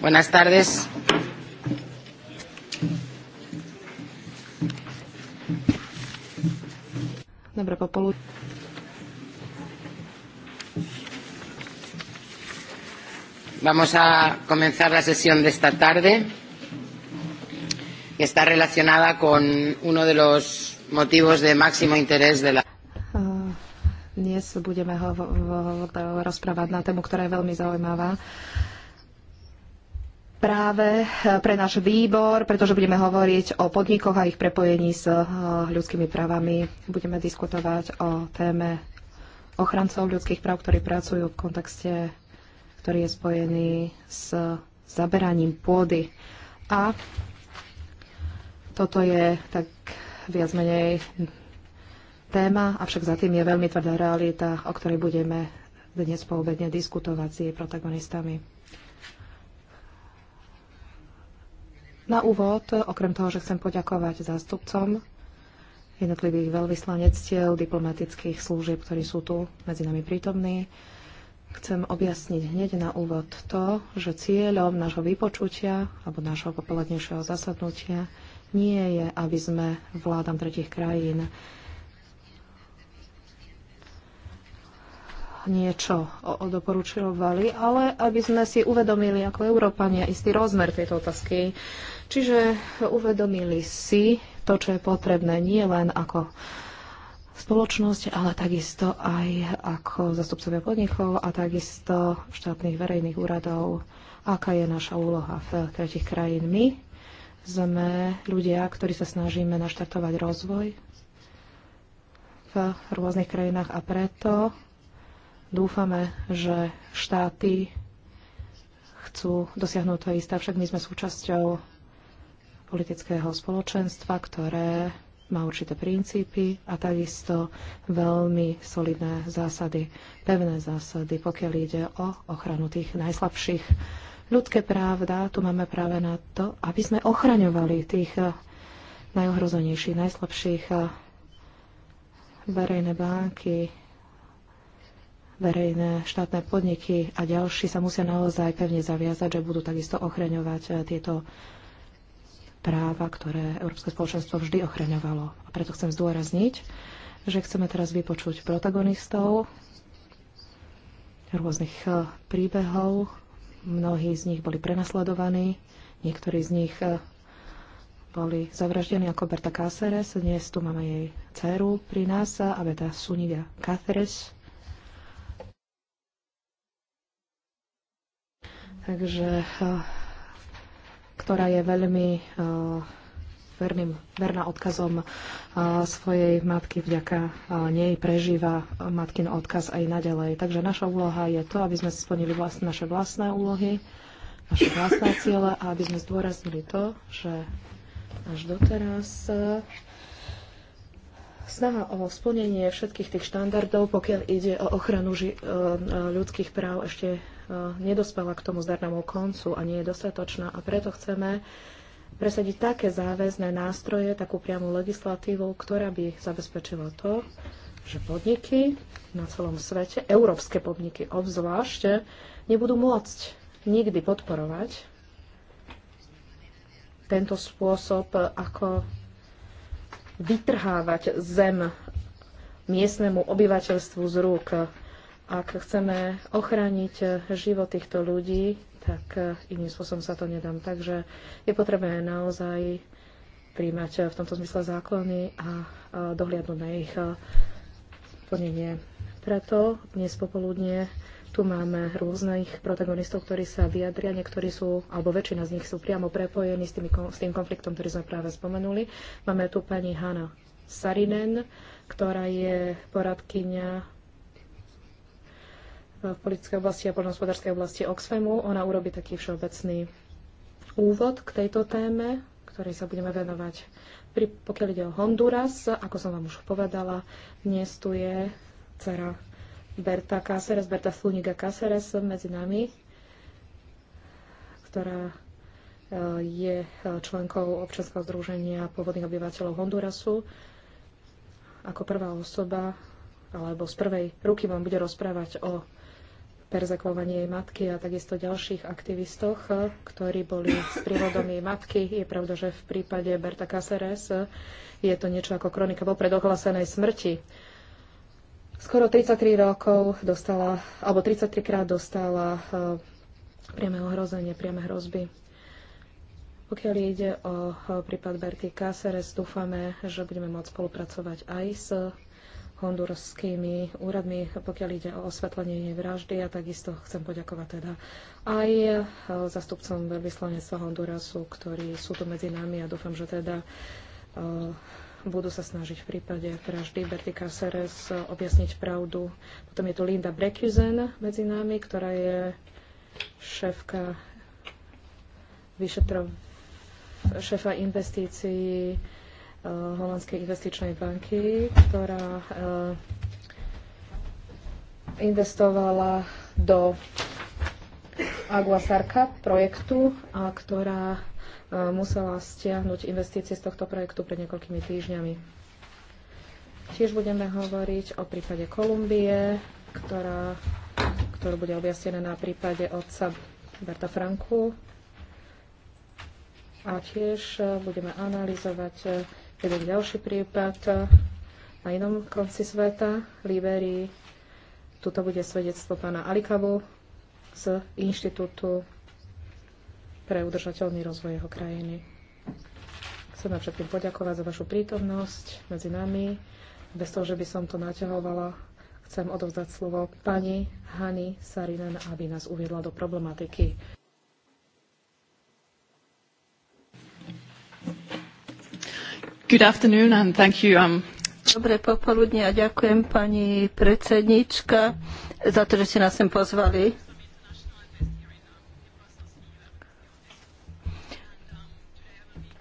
Buenas tardes. Dobre popolu. Vamos a comenzar la sesión de esta tarde, que está relacionada con uno de los motivos de máximo interés de la dnes budeme ho, ho, ho rozprávať na tému, ktorá je veľmi zaujímavá práve eh, pre náš výbor, pretože budeme hovoriť o podnikoch a ich prepojení s eh, ľudskými právami. Budeme diskutovať o téme ochrancov ľudských práv, ktorí pracujú v kontexte, ktorý je spojený s zaberaním pôdy. A toto je tak viac menej téma, avšak za tým je veľmi tvrdá realita, o ktorej budeme dnes poobedne diskutovať s jej protagonistami. Na úvod, okrem toho, že chcem poďakovať zástupcom jednotlivých veľvyslanectiev, diplomatických služieb, ktorí sú tu medzi nami prítomní, chcem objasniť hneď na úvod to, že cieľom nášho vypočutia alebo nášho popolednejšieho zasadnutia nie je, aby sme vládam tretich krajín niečo odoporučovali, ale aby sme si uvedomili ako Európania istý rozmer tejto otázky. Čiže uvedomili si to, čo je potrebné nie len ako spoločnosť, ale takisto aj ako zastupcovia podnikov a takisto štátnych verejných úradov, aká je naša úloha v tretich krajín. My sme ľudia, ktorí sa snažíme naštartovať rozvoj v rôznych krajinách a preto Dúfame, že štáty chcú dosiahnuť to isté, však my sme súčasťou politického spoločenstva, ktoré má určité princípy a takisto veľmi solidné zásady, pevné zásady, pokiaľ ide o ochranu tých najslabších. Ľudské právda, tu máme práve na to, aby sme ochraňovali tých najohrozenejších, najslabších verejné banky, verejné štátne podniky a ďalší sa musia naozaj pevne zaviazať, že budú takisto ochraňovať e, tieto práva, ktoré Európske spoločenstvo vždy ochraňovalo. A preto chcem zdôrazniť, že chceme teraz vypočuť protagonistov rôznych e, príbehov. Mnohí z nich boli prenasledovaní, niektorí z nich e, boli zavraždení ako Berta Cáceres. Dnes tu máme jej dceru pri nás, Abeta Suniga Cáceres, takže, eh, ktorá je veľmi eh, verným, verná odkazom eh, svojej matky. Vďaka nej prežíva matkin odkaz aj naďalej. Takže naša úloha je to, aby sme splnili vlastne, naše vlastné úlohy, naše vlastné ciele a aby sme zdôraznili to, že až doteraz snaha o splnenie všetkých tých štandardov, pokiaľ ide o ochranu ľudských práv, ešte Eh, nedospela k tomu zdarnému koncu a nie je dostatočná. A preto chceme presadiť také záväzné nástroje, takú priamu legislatívu, ktorá by zabezpečila to, že podniky na celom svete, európske podniky obzvlášť, nebudú môcť nikdy podporovať tento spôsob, ako vytrhávať zem miestnemu obyvateľstvu z rúk ak chceme ochrániť e, život týchto ľudí, tak e, iným spôsobom sa to nedám. Takže je potrebné naozaj príjmať e, v tomto zmysle zákony a dohliadnúť na ich plnenie. Preto dnes popoludne tu máme rôznych protagonistov, ktorí sa vyjadria. Niektorí sú, alebo väčšina z nich sú priamo prepojení s, tými, s tým konfliktom, ktorý sme práve spomenuli. Máme tu pani Hanna Sarinen, ktorá je poradkyňa v politickej oblasti a poľnohospodárskej oblasti Oxfamu. Ona urobí taký všeobecný úvod k tejto téme, ktorej sa budeme venovať. Pri, pokiaľ ide o Honduras, ako som vám už povedala, dnes tu je dcera Berta Cáceres, Berta Sluniga Cáceres medzi nami, ktorá eh, je eh, členkou občanského združenia pôvodných obyvateľov Hondurasu. Ako prvá osoba alebo z prvej ruky vám bude rozprávať o perzekovanie jej matky a takisto ďalších aktivistoch, ktorí boli s prívodom jej matky. Je pravda, že v prípade Berta Caceres je to niečo ako kronika vo predohlasenej smrti. Skoro 33 rokov dostala, alebo 33 krát dostala eh, priame ohrozenie, priame hrozby. Pokiaľ ide o eh, prípad Berty Cáceres, dúfame, že budeme môcť spolupracovať aj s hondurskými úradmi, pokiaľ ide o osvetlenie jej vraždy a takisto chcem poďakovať teda aj zastupcom veľvyslanectva Hondurasu, ktorí sú tu medzi nami a dúfam, že teda eh, budú sa snažiť v prípade vraždy Berty Cáceres objasniť pravdu. Potom je tu Linda Brekusen medzi nami, ktorá je šéfka vyšetrov, šéfa investícií Eh, Holandskej investičnej banky, ktorá eh, investovala do Aguasarka projektu, a ktorá eh, musela stiahnuť investície z tohto projektu pred niekoľkými týždňami. Tiež budeme hovoriť o prípade Kolumbie, ktorá, ktorú bude objasnená na prípade otca Berta Franku. A tiež budeme analyzovať jeden ďalší prípad na inom konci sveta, Liberii. Tuto bude svedectvo pána Alikavu z Inštitútu pre udržateľný rozvoj jeho krajiny. Chcem vám všetkým poďakovať za vašu prítomnosť medzi nami. Bez toho, že by som to naťahovala, chcem odovzdať slovo pani Hany Sarinen, aby nás uviedla do problematiky. Good afternoon and thank you. Um... Dobré popoludne a ďakujem pani predsednička za to, že ste nás sem pozvali.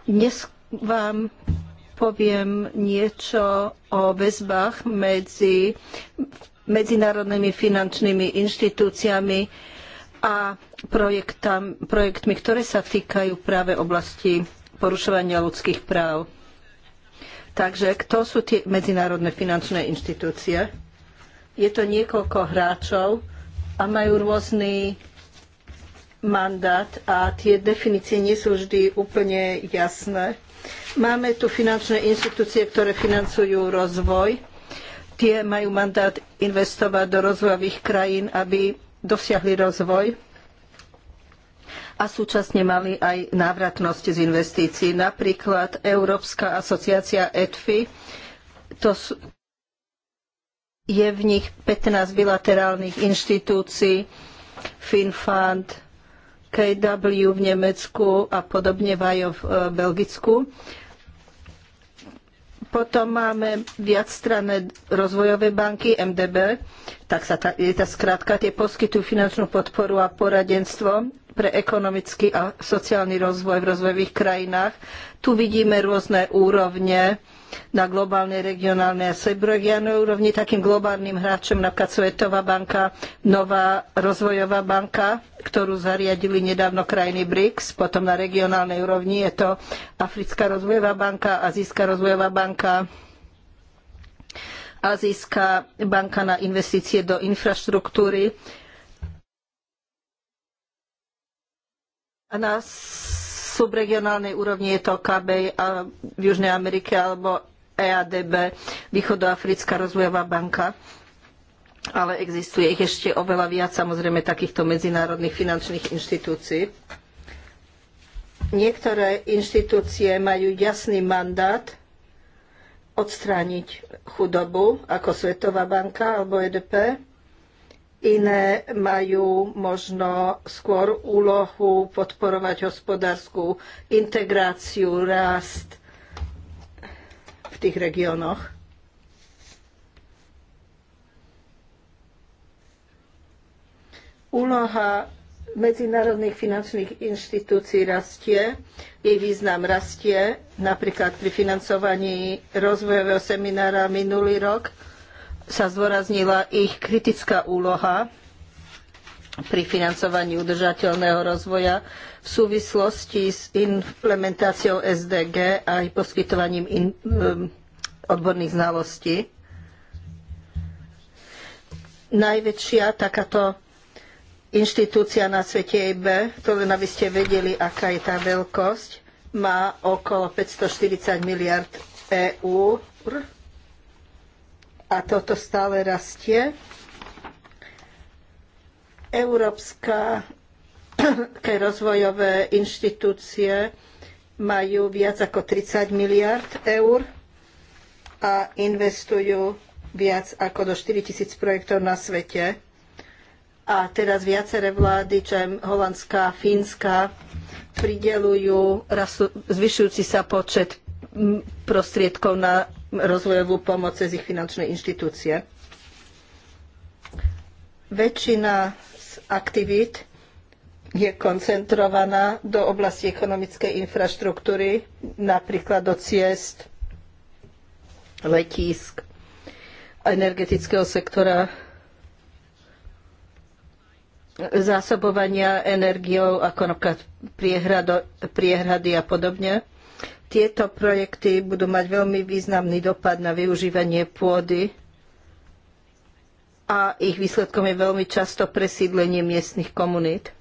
Dnes vám poviem niečo o väzbách medzi medzinárodnými finančnými inštitúciami a projektami, ktoré sa týkajú práve oblasti porušovania ľudských práv. Takže kto sú tie medzinárodné finančné inštitúcie? Je to niekoľko hráčov a majú rôzny mandát a tie definície nie sú vždy úplne jasné. Máme tu finančné inštitúcie, ktoré financujú rozvoj. Tie majú mandát investovať do rozvojových krajín, aby dosiahli rozvoj a súčasne mali aj návratnosť z investícií. Napríklad Európska asociácia EDFI, to sú, je v nich 15 bilaterálnych inštitúcií, FinFund, KW v Nemecku a podobne VAJO v e, Belgicku. Potom máme viacstranné rozvojové banky, MDB, tak sa tá, je tá skrátka, tie poskytujú finančnú podporu a poradenstvo pre ekonomický a sociálny rozvoj v rozvojových krajinách. Tu vidíme rôzne úrovne na globálnej, regionálnej a subregionálnej úrovni. Takým globálnym hráčom napríklad Svetová banka, Nová rozvojová banka, ktorú zariadili nedávno krajiny BRICS, potom na regionálnej úrovni je to Africká rozvojová banka, Azijská rozvojová banka, Azijská banka na investície do infraštruktúry na subregionálnej úrovni je to KB a v Južnej Amerike alebo EADB, Východoafrická rozvojová banka. Ale existuje ich ešte oveľa viac, samozrejme, takýchto medzinárodných finančných inštitúcií. Niektoré inštitúcie majú jasný mandát odstrániť chudobu, ako Svetová banka alebo EDP, Iné majú možno skôr úlohu podporovať hospodárskú integráciu, rast v tých regiónoch. Úloha medzinárodných finančných inštitúcií rastie, jej význam rastie, napríklad pri financovaní rozvojového seminára minulý rok sa zdôraznila ich kritická úloha pri financovaní udržateľného rozvoja v súvislosti s implementáciou SDG a aj poskytovaním in, um, odborných znalostí. Najväčšia takáto inštitúcia na svete EIB, to len aby ste vedeli, aká je tá veľkosť, má okolo 540 miliard eur a toto stále rastie. Európska rozvojové inštitúcie majú viac ako 30 miliard eur a investujú viac ako do 4 tisíc projektov na svete. A teraz viaceré vlády, čo je holandská, fínska, pridelujú zvyšujúci sa počet prostriedkov na rozvojovú pomoc cez ich finančné inštitúcie. Väčšina z aktivít je koncentrovaná do oblasti ekonomickej infraštruktúry, napríklad do ciest, letísk, energetického sektora, zásobovania energiou, ako napríklad priehrady a podobne. Tieto projekty budú mať veľmi významný dopad na využívanie pôdy a ich výsledkom je veľmi často presídlenie miestnych komunít.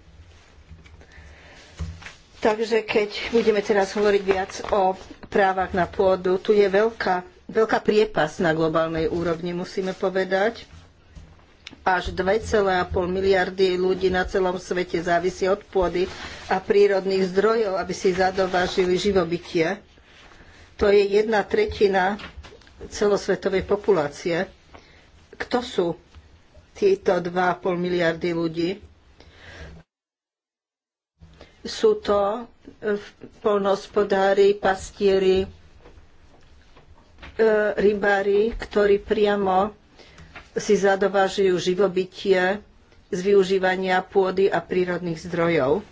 Takže keď budeme teraz hovoriť viac o právach na pôdu, tu je veľká, veľká priepas na globálnej úrovni, musíme povedať až 2,5 miliardy ľudí na celom svete závisí od pôdy a prírodných zdrojov, aby si zadovážili živobytie. To je jedna tretina celosvetovej populácie. Kto sú títo 2,5 miliardy ľudí? Sú to polnohospodári, pastieri, e, rybári, ktorí priamo si zadovážujú živobytie z využívania pôdy a prírodných zdrojov.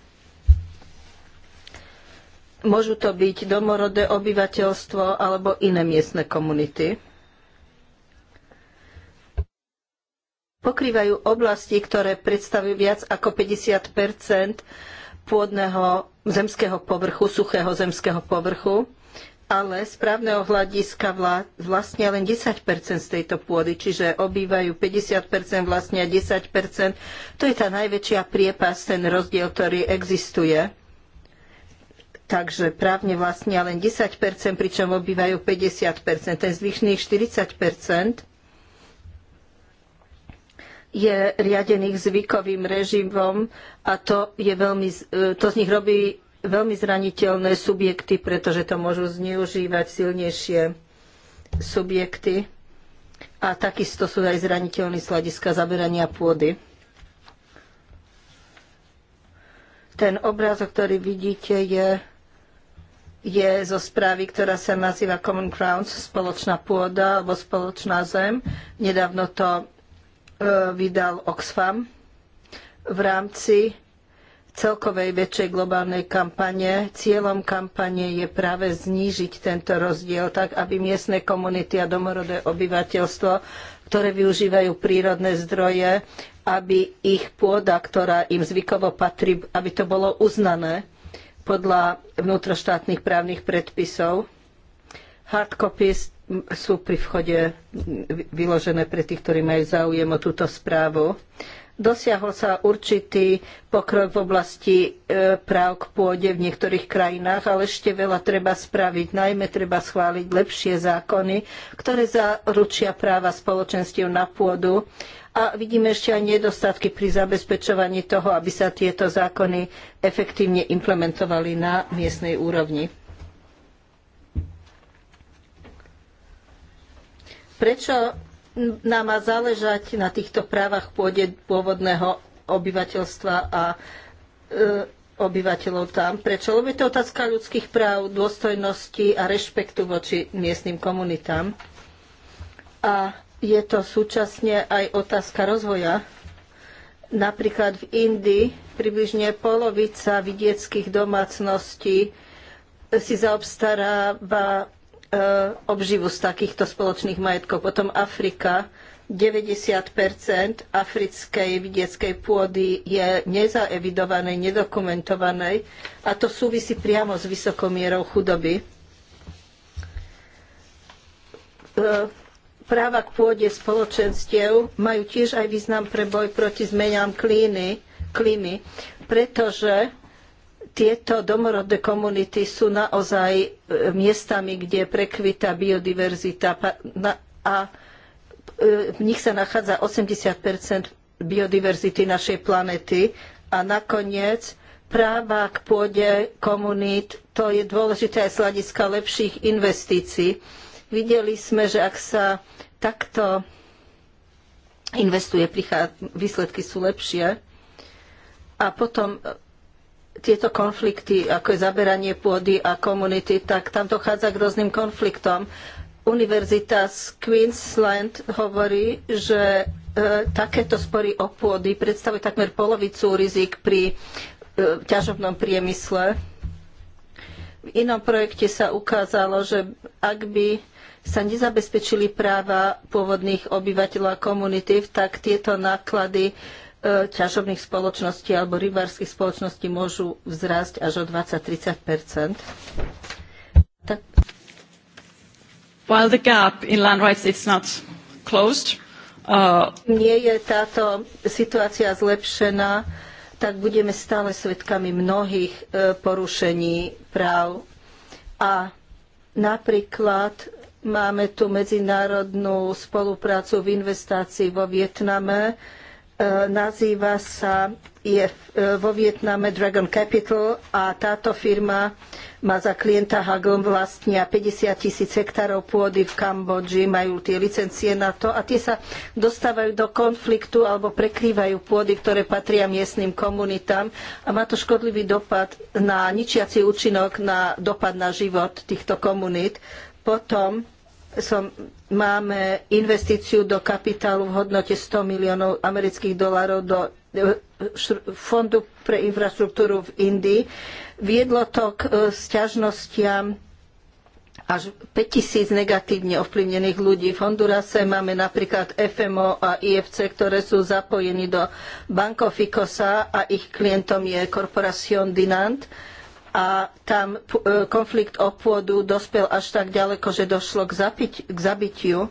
Môžu to byť domorodé obyvateľstvo alebo iné miestne komunity. Pokrývajú oblasti, ktoré predstavujú viac ako 50 pôdneho zemského povrchu, suchého zemského povrchu ale z právneho hľadiska vlastnia len 10 z tejto pôdy, čiže obývajú 50 vlastnia 10 To je tá najväčšia priepas, ten rozdiel, ktorý existuje. Takže právne vlastnia len 10 pričom obývajú 50 Ten zvyšných 40 je riadených zvykovým režimom a to, je veľmi, e, to z nich robí veľmi zraniteľné subjekty, pretože to môžu zneužívať silnejšie subjekty a takisto sú aj zraniteľní z hľadiska zaberania pôdy. Ten obrázok, ktorý vidíte, je, je zo správy, ktorá sa nazýva Common Grounds, spoločná pôda alebo spoločná zem. Nedávno to e, vydal Oxfam v rámci celkovej väčšej globálnej kampane. Cieľom kampane je práve znížiť tento rozdiel tak, aby miestne komunity a domorodé obyvateľstvo, ktoré využívajú prírodné zdroje, aby ich pôda, ktorá im zvykovo patrí, aby to bolo uznané podľa vnútroštátnych právnych predpisov. Hardcopies sú pri vchode vyložené pre tých, ktorí majú záujem o túto správu. Dosiahol sa určitý pokrok v oblasti e, práv k pôde v niektorých krajinách, ale ešte veľa treba spraviť. Najmä treba schváliť lepšie zákony, ktoré zaručia práva spoločenstiev na pôdu. A vidíme ešte aj nedostatky pri zabezpečovaní toho, aby sa tieto zákony efektívne implementovali na miestnej úrovni. Prečo nám má záležať na týchto právach pôde pôvodného obyvateľstva a e, obyvateľov tam. Prečo? Lebo je to otázka ľudských práv, dôstojnosti a rešpektu voči miestnym komunitám. A je to súčasne aj otázka rozvoja. Napríklad v Indii približne polovica vidieckých domácností si zaobstaráva Eh, obživu z takýchto spoločných majetkov. Potom Afrika. 90 africkej vidieckej pôdy je nezaevidovanej, nedokumentovanej a to súvisí priamo s vysokou mierou chudoby. Eh, práva k pôde spoločenstiev majú tiež aj význam pre boj proti zmenám klímy, pretože tieto domorodé komunity sú naozaj e, miestami, kde prekvita biodiverzita a e, v nich sa nachádza 80 biodiverzity našej planety. A nakoniec práva k pôde komunít, to je dôležité aj z hľadiska lepších investícií. Videli sme, že ak sa takto investuje, výsledky sú lepšie. A potom tieto konflikty, ako je zaberanie pôdy a komunity, tak tam dochádza k rôznym konfliktom. Univerzita z Queensland hovorí, že e, takéto spory o pôdy predstavujú takmer polovicu rizik pri e, ťažobnom priemysle. V inom projekte sa ukázalo, že ak by sa nezabezpečili práva pôvodných obyvateľov a komunity, tak tieto náklady e, E, ťažobných spoločností alebo rybárskych spoločností môžu vzrásť až o 20-30 tak... While the gap in land rights is not closed, uh... Nie je táto situácia zlepšená, tak budeme stále svedkami mnohých e, porušení práv. A napríklad máme tu medzinárodnú spoluprácu v investácii vo Vietname, E, nazýva sa, je e, vo Vietname Dragon Capital a táto firma má za klienta Hagom vlastnia 50 tisíc hektárov pôdy v Kambodži, majú tie licencie na to a tie sa dostávajú do konfliktu alebo prekrývajú pôdy, ktoré patria miestnym komunitám a má to škodlivý dopad na ničiaci účinok na dopad na život týchto komunít. Potom som, máme investíciu do kapitálu v hodnote 100 miliónov amerických dolarov do e, Fondu pre infraštruktúru v Indii. Viedlo to k e, sťažnostiam až 5000 negatívne ovplyvnených ľudí. V Hondurase máme napríklad FMO a IFC, ktoré sú zapojení do Banco Ficosa a ich klientom je Corporación Dinant a tam e, konflikt o pôdu dospel až tak ďaleko, že došlo k, zapiť, k zabitiu e,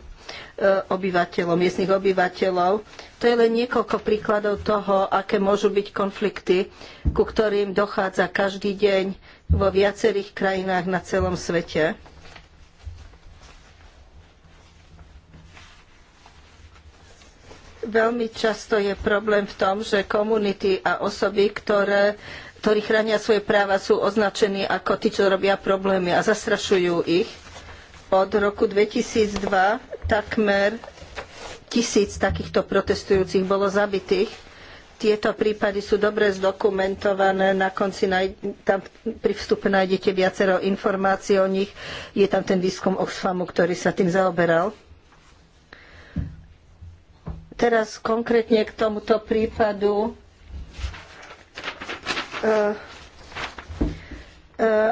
obyvateľov, miestnych obyvateľov. To je len niekoľko príkladov toho, aké môžu byť konflikty, ku ktorým dochádza každý deň vo viacerých krajinách na celom svete. veľmi často je problém v tom, že komunity a osoby, ktoré ktorí chránia svoje práva, sú označení ako tí, čo robia problémy a zastrašujú ich. Od roku 2002 takmer tisíc takýchto protestujúcich bolo zabitých. Tieto prípady sú dobre zdokumentované, na konci tam pri vstupe nájdete viacero informácií o nich. Je tam ten výskum Oxfamu, ktorý sa tým zaoberal. Teraz konkrétne k tomuto prípadu E, e,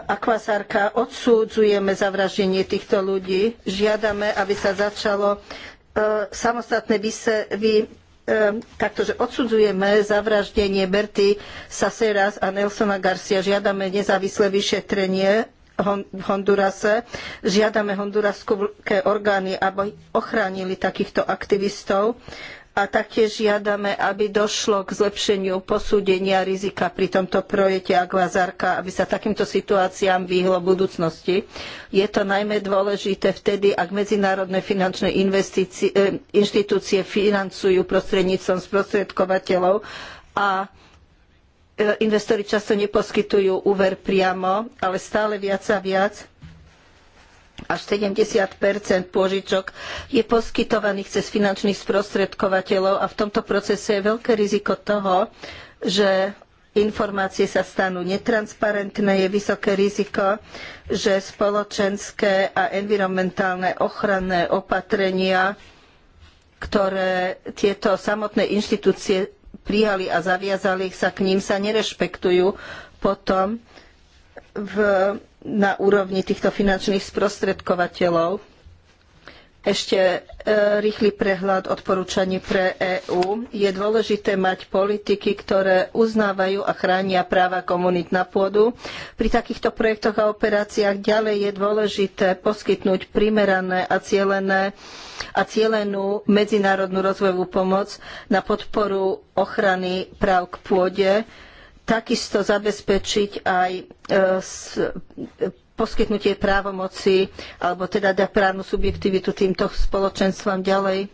a Kvasárka odsúdzujeme zavraždenie týchto ľudí. Žiadame, aby sa začalo e, samostatné vyse, vy, takto, že odsudzujeme zavraždenie Berty Saseras a Nelsona Garcia. Žiadame nezávislé vyšetrenie v Hondurase. Žiadame honduraské orgány, aby ochránili takýchto aktivistov a taktiež žiadame, aby došlo k zlepšeniu posúdenia rizika pri tomto projekte Agvazarka, aby sa takýmto situáciám vyhlo v budúcnosti. Je to najmä dôležité vtedy, ak medzinárodné finančné eh, inštitúcie financujú prostredníctvom sprostredkovateľov a eh, investori často neposkytujú úver priamo, ale stále viac a viac až 70 pôžičok je poskytovaných cez finančných sprostredkovateľov a v tomto procese je veľké riziko toho, že informácie sa stanú netransparentné, je vysoké riziko, že spoločenské a environmentálne ochranné opatrenia, ktoré tieto samotné inštitúcie prijali a zaviazali sa k ním, sa nerešpektujú potom v na úrovni týchto finančných sprostredkovateľov. Ešte e, rýchly prehľad odporúčaní pre EÚ. Je dôležité mať politiky, ktoré uznávajú a chránia práva komunít na pôdu. Pri takýchto projektoch a operáciách ďalej je dôležité poskytnúť primerané a cielené a cielenú medzinárodnú rozvojovú pomoc na podporu ochrany práv k pôde, takisto zabezpečiť aj e, e, poskytnutie právomoci alebo teda dať právnu subjektivitu týmto spoločenstvom ďalej.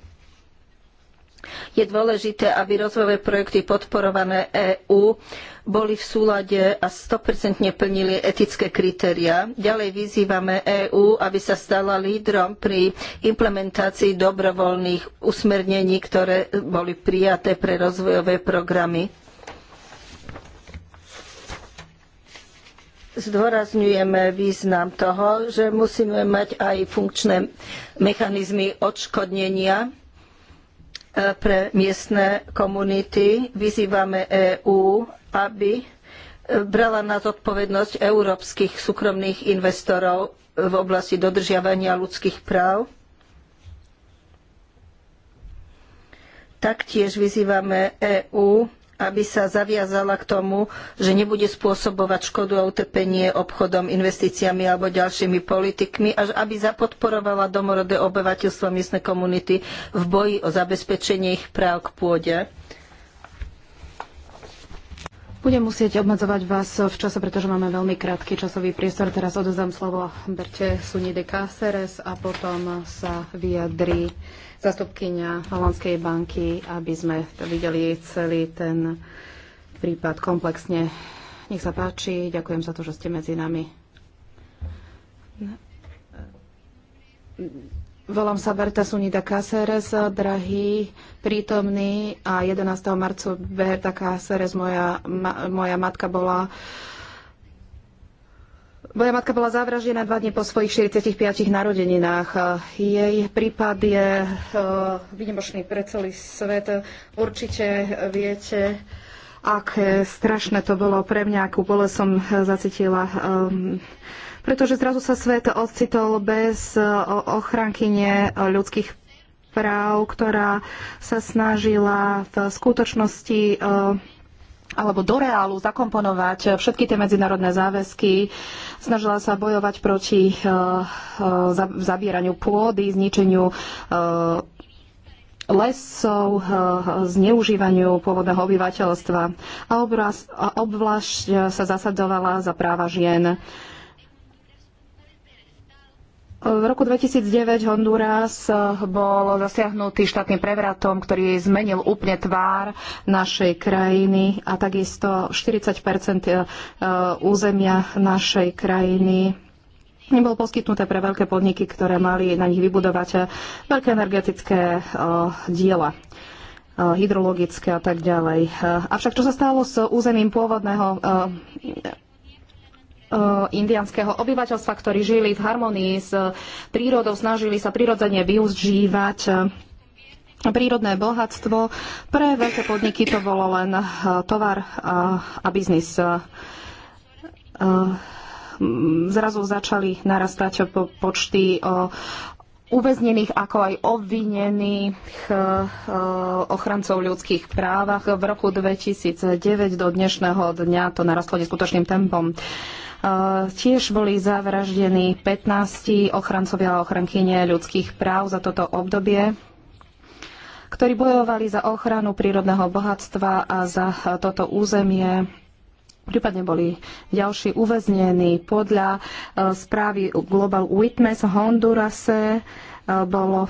Je dôležité, aby rozvojové projekty podporované EÚ boli v súlade a 100% plnili etické kritériá. Ďalej vyzývame EÚ, aby sa stala lídrom pri implementácii dobrovoľných usmernení, ktoré boli prijaté pre rozvojové programy zdôrazňujeme význam toho, že musíme mať aj funkčné mechanizmy odškodnenia e, pre miestne komunity. Vyzývame EÚ, aby e, brala na zodpovednosť európskych súkromných investorov v oblasti dodržiavania ľudských práv. Taktiež vyzývame EÚ, aby sa zaviazala k tomu, že nebude spôsobovať škodu a utrpenie obchodom, investíciami alebo ďalšími politikmi a aby zapodporovala domorodé obyvateľstvo miestne komunity v boji o zabezpečenie ich práv k pôde. Budem musieť obmedzovať vás v čase, pretože máme veľmi krátky časový priestor. Teraz odozdám slovo Berte sunide de Cáceres a potom sa vyjadrí zastupkynia Holandskej banky, aby sme videli celý ten prípad komplexne. Nech sa páči, ďakujem za to, že ste medzi nami. Volám sa Berta Sunida Cáceres, drahý prítomný a 11. marcu Berta Cáceres, moja, ma, moja matka bola uh, moja matka bola zavraždená dva dne po svojich 45 narodeninách. Jej prípad je e, výnimočný pre celý svet. Určite viete, aké strašné to bolo pre mňa, akú bolesť som zacítila. Ehm, pretože zrazu sa svet ocitol bez e, ochrankyne ľudských práv, ktorá sa snažila v skutočnosti e, alebo do reálu zakomponovať všetky tie medzinárodné záväzky. Snažila sa bojovať proti eh, eh, zabieraniu pôdy, zničeniu eh, lesov, zneužívaniu pôvodného obyvateľstva a, obvlášť sa zasadovala za práva žien. V roku 2009 Honduras eh, bol zasiahnutý štátnym prevratom, ktorý zmenil úplne tvár našej krajiny a takisto 40 eh, eh, územia našej krajiny nebol poskytnuté pre veľké podniky, ktoré mali na nich vybudovať veľké energetické diela hydrologické a tak ďalej. Avšak čo sa stalo s územím pôvodného Eh, indianského obyvateľstva, ktorí žili v harmonii s prírodou, snažili sa prirodzene využívať eh, prírodné bohatstvo. Pre veľké podniky to bolo len eh, tovar a biznis. Zrazu začali narastať počty uväznených ako aj obvinených ochrancov ľudských právach. V roku 2009 do dnešného dňa to narastlo neskutočným tempom. Eh, tiež boli zavraždení 15 ochrancovia a ochrankyne ľudských práv za toto obdobie ktorí bojovali za ochranu prírodného bohatstva a za eh, toto územie prípadne boli ďalší uväznení podľa eh, správy Global Witness Hondurase bol eh,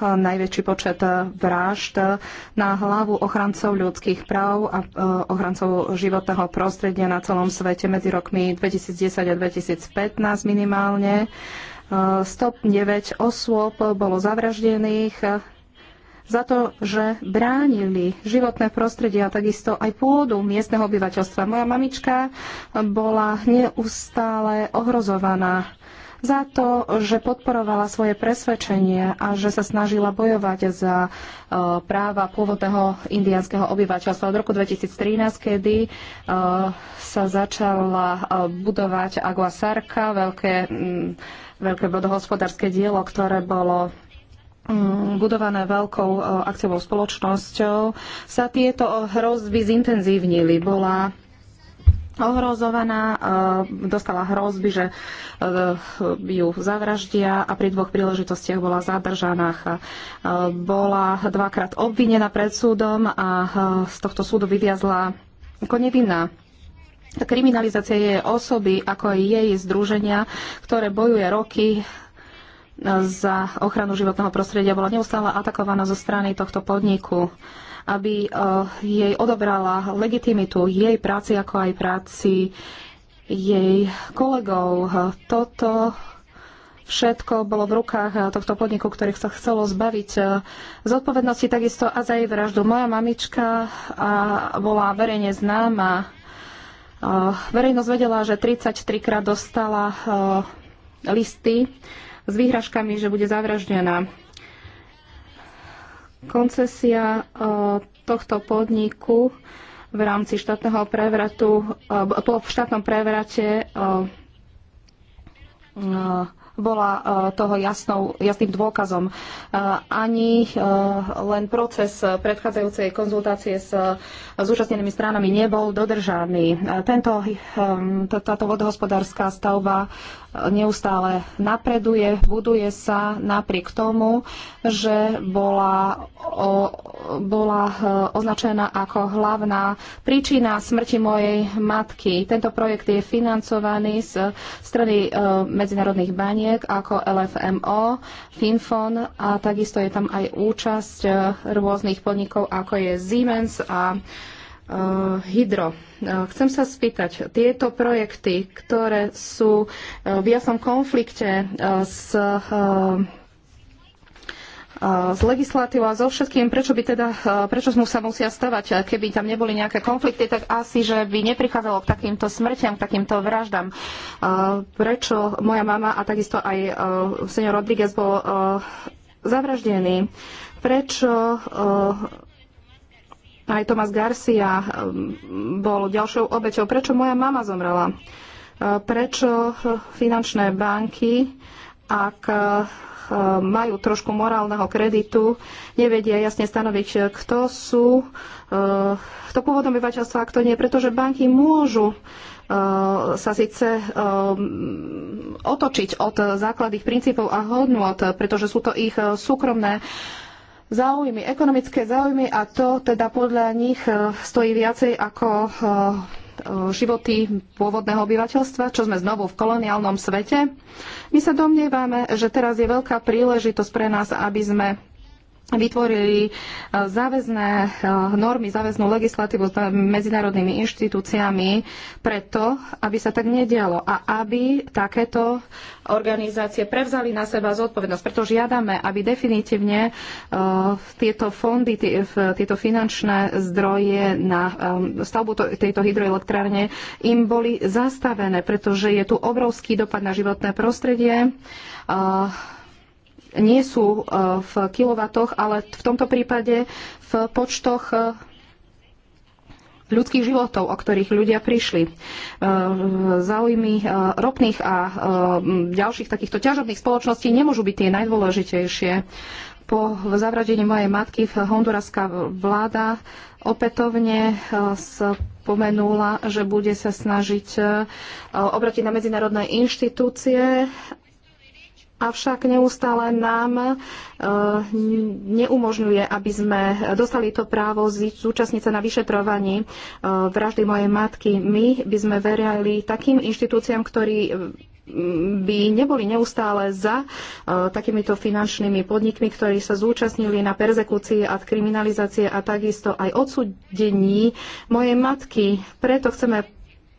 najväčší počet eh, vražd na hlavu ochrancov ľudských práv a eh, ochrancov životného prostredia na celom svete medzi rokmi 2010 a 2015 minimálne. 109 osôb bolo zavraždených za to, že bránili životné prostredie a takisto aj pôdu miestneho obyvateľstva. Moja mamička bola neustále ohrozovaná za to, že podporovala svoje presvedčenie a že sa snažila bojovať za e, práva pôvodného indianského obyvateľstva. Od roku 2013, kedy e, sa začala e, budovať Agua Sarka, veľké, veľké vodohospodárske dielo, ktoré bolo budované veľkou akciovou spoločnosťou, sa tieto hrozby zintenzívnili. Bola ohrozovaná, e, dostala hrozby, že e, ju zavraždia a pri dvoch príležitostiach bola zadržaná. E, bola dvakrát obvinená pred súdom a z tohto súdu vyviazla ako nevinná. Kriminalizácia jej osoby, ako aj jej združenia, ktoré bojuje roky za ochranu životného prostredia, bola neustále atakovaná zo strany tohto podniku aby eh, jej odobrala legitimitu jej práci ako aj práci jej kolegov. Toto všetko bolo v rukách eh, tohto podniku, ktorých sa chcelo zbaviť eh, z odpovednosti takisto a za jej vraždu. Moja mamička bola verejne známa. Verejnosť vedela, že 33 krát dostala listy s výhražkami, že bude zavraždená. Koncesia e, tohto podniku v rámci štátneho prevratu, e, po štátnom prevrate e, bola e, toho jasnou, jasným dôkazom. E, ani e, len proces predchádzajúcej konzultácie s zúčastnenými stranami nebol dodržaný. Tento, táto vodohospodárska stavba neustále napreduje, buduje sa napriek tomu, že bola, o, bola označená ako hlavná príčina smrti mojej matky. Tento projekt je financovaný z strany medzinárodných baní buniek ako LFMO, Finfon a takisto je tam aj účasť eh, rôznych podnikov ako je Siemens a uh, hydro. Eh, chcem sa spýtať, tieto projekty, ktoré sú v jasnom konflikte s uh, s legislatívou a so všetkým, prečo, by teda, prečo mu sa musia stavať, keby tam neboli nejaké konflikty, tak asi, že by neprichádzalo k takýmto smrťam, k takýmto vraždám. Prečo moja mama a takisto aj senior Rodriguez bol zavraždený? Prečo aj Tomás Garcia bol ďalšou obeťou? Prečo moja mama zomrela? Prečo finančné banky, ak Eh, majú trošku morálneho kreditu, nevedia jasne stanoviť, eh, kto sú eh, to pôvodné obyvateľstvo a kto nie, pretože banky môžu sa síce otočiť od základných princípov a hodnot, pretože sú to ich súkromné záujmy, ekonomické záujmy a to teda podľa nich stojí viacej ako životy pôvodného obyvateľstva, čo sme znovu v koloniálnom svete. My sa domnievame, že teraz je veľká príležitosť pre nás, aby sme vytvorili e, záväzné e, normy, záväznú legislatívu s medzinárodnými inštitúciami preto, aby sa tak nedialo a aby takéto organizácie prevzali na seba zodpovednosť. Preto žiadame, aby definitívne e, tieto fondy, tieto finančné zdroje na stavbu tejto hydroelektrárne im boli zastavené, pretože je tu obrovský dopad na životné prostredie nie sú e, v kilovatoch, ale v tomto prípade v počtoch e, ľudských životov, o ktorých ľudia prišli. E, záujmy ropných a ďalších takýchto ťažobných spoločností nemôžu byť tie najdôležitejšie. Po zavradení mojej matky honduraská vláda opätovne spomenula, že bude sa snažiť obratiť na medzinárodné inštitúcie avšak neustále nám e, neumožňuje, aby sme dostali to právo zúčastniť sa na vyšetrovaní e, vraždy mojej matky. My by sme verili takým inštitúciám, ktorí by neboli neustále za e, takýmito finančnými podnikmi, ktorí sa zúčastnili na perzekúcii a kriminalizácie a takisto aj odsudení mojej matky. Preto chceme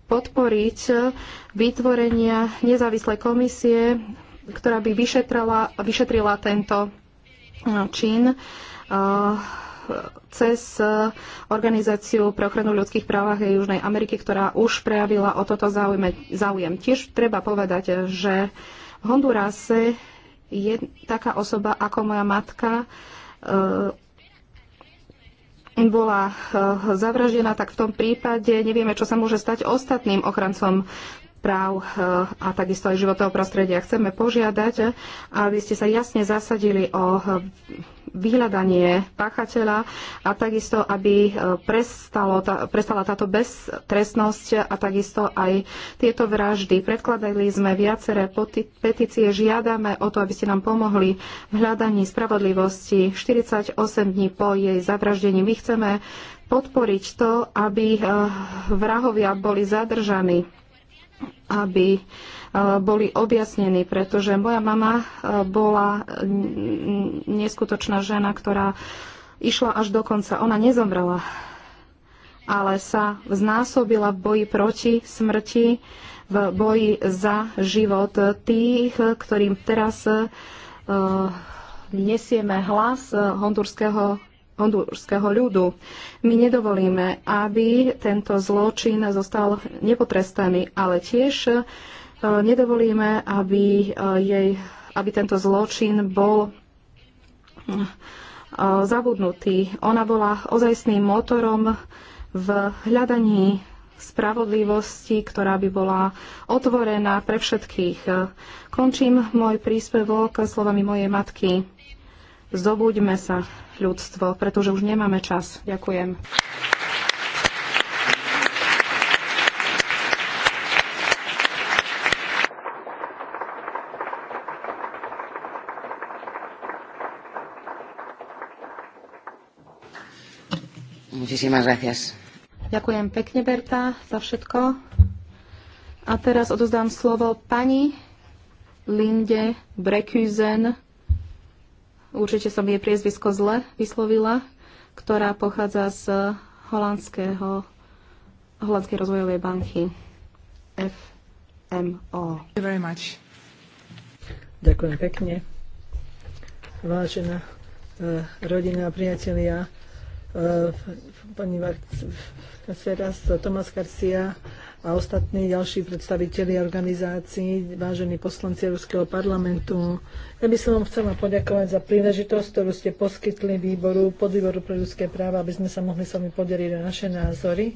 podporiť vytvorenia nezávislej komisie ktorá by vyšetrila, vyšetrila tento e, čin e, cez Organizáciu pre ochranu ľudských práv Južnej Ameriky, ktorá už prejavila o toto záujem. Tiež treba povedať, že v Hondurase je taká osoba ako moja matka e, bola zavraždená, tak v tom prípade nevieme, čo sa môže stať ostatným ochrancom práv eh, a takisto aj životného prostredia. Chceme požiadať, eh, aby ste sa jasne zasadili o eh, vyhľadanie páchateľa a takisto, aby prestalo, prestala táto beztrestnosť a takisto aj tieto vraždy. Predkladali sme viaceré petície, žiadame o to, aby ste nám pomohli v hľadaní spravodlivosti 48 dní po jej zavraždení. My chceme podporiť to, aby vrahovia boli zadržaní aby e, boli objasnení, pretože moja mama e, bola neskutočná žena, ktorá išla až do konca. Ona nezomrela, ale sa znásobila v boji proti smrti, v boji za život tých, ktorým teraz e, nesieme hlas hondurského hondúrskeho ľudu. My nedovolíme, aby tento zločin zostal nepotrestaný, ale tiež e, nedovolíme, aby, e, jej, aby tento zločin bol e, zabudnutý. Ona bola ozajstným motorom v hľadaní spravodlivosti, ktorá by bola otvorená pre všetkých. Končím môj príspevok slovami mojej matky. Zobuďme sa, ľudstvo, pretože už nemáme čas. Ďakujem. Ďakujem pekne, Berta, za všetko. A teraz odozdám slovo pani Linde Brekuzen, určite som jej priezvisko zle vyslovila, ktorá pochádza z holandského, holandskej rozvojovej banky FMO. Ďakujem pekne. Vážená rodina a priatelia, pani Marcera Tomás Garcia a ostatní ďalší predstaviteľi organizácií, vážení poslanci Európskeho parlamentu. Ja by som vám chcela poďakovať za príležitosť, ktorú ste poskytli výboru, podvýboru pre ľudské práva, aby sme sa mohli s vami podeliť na naše názory.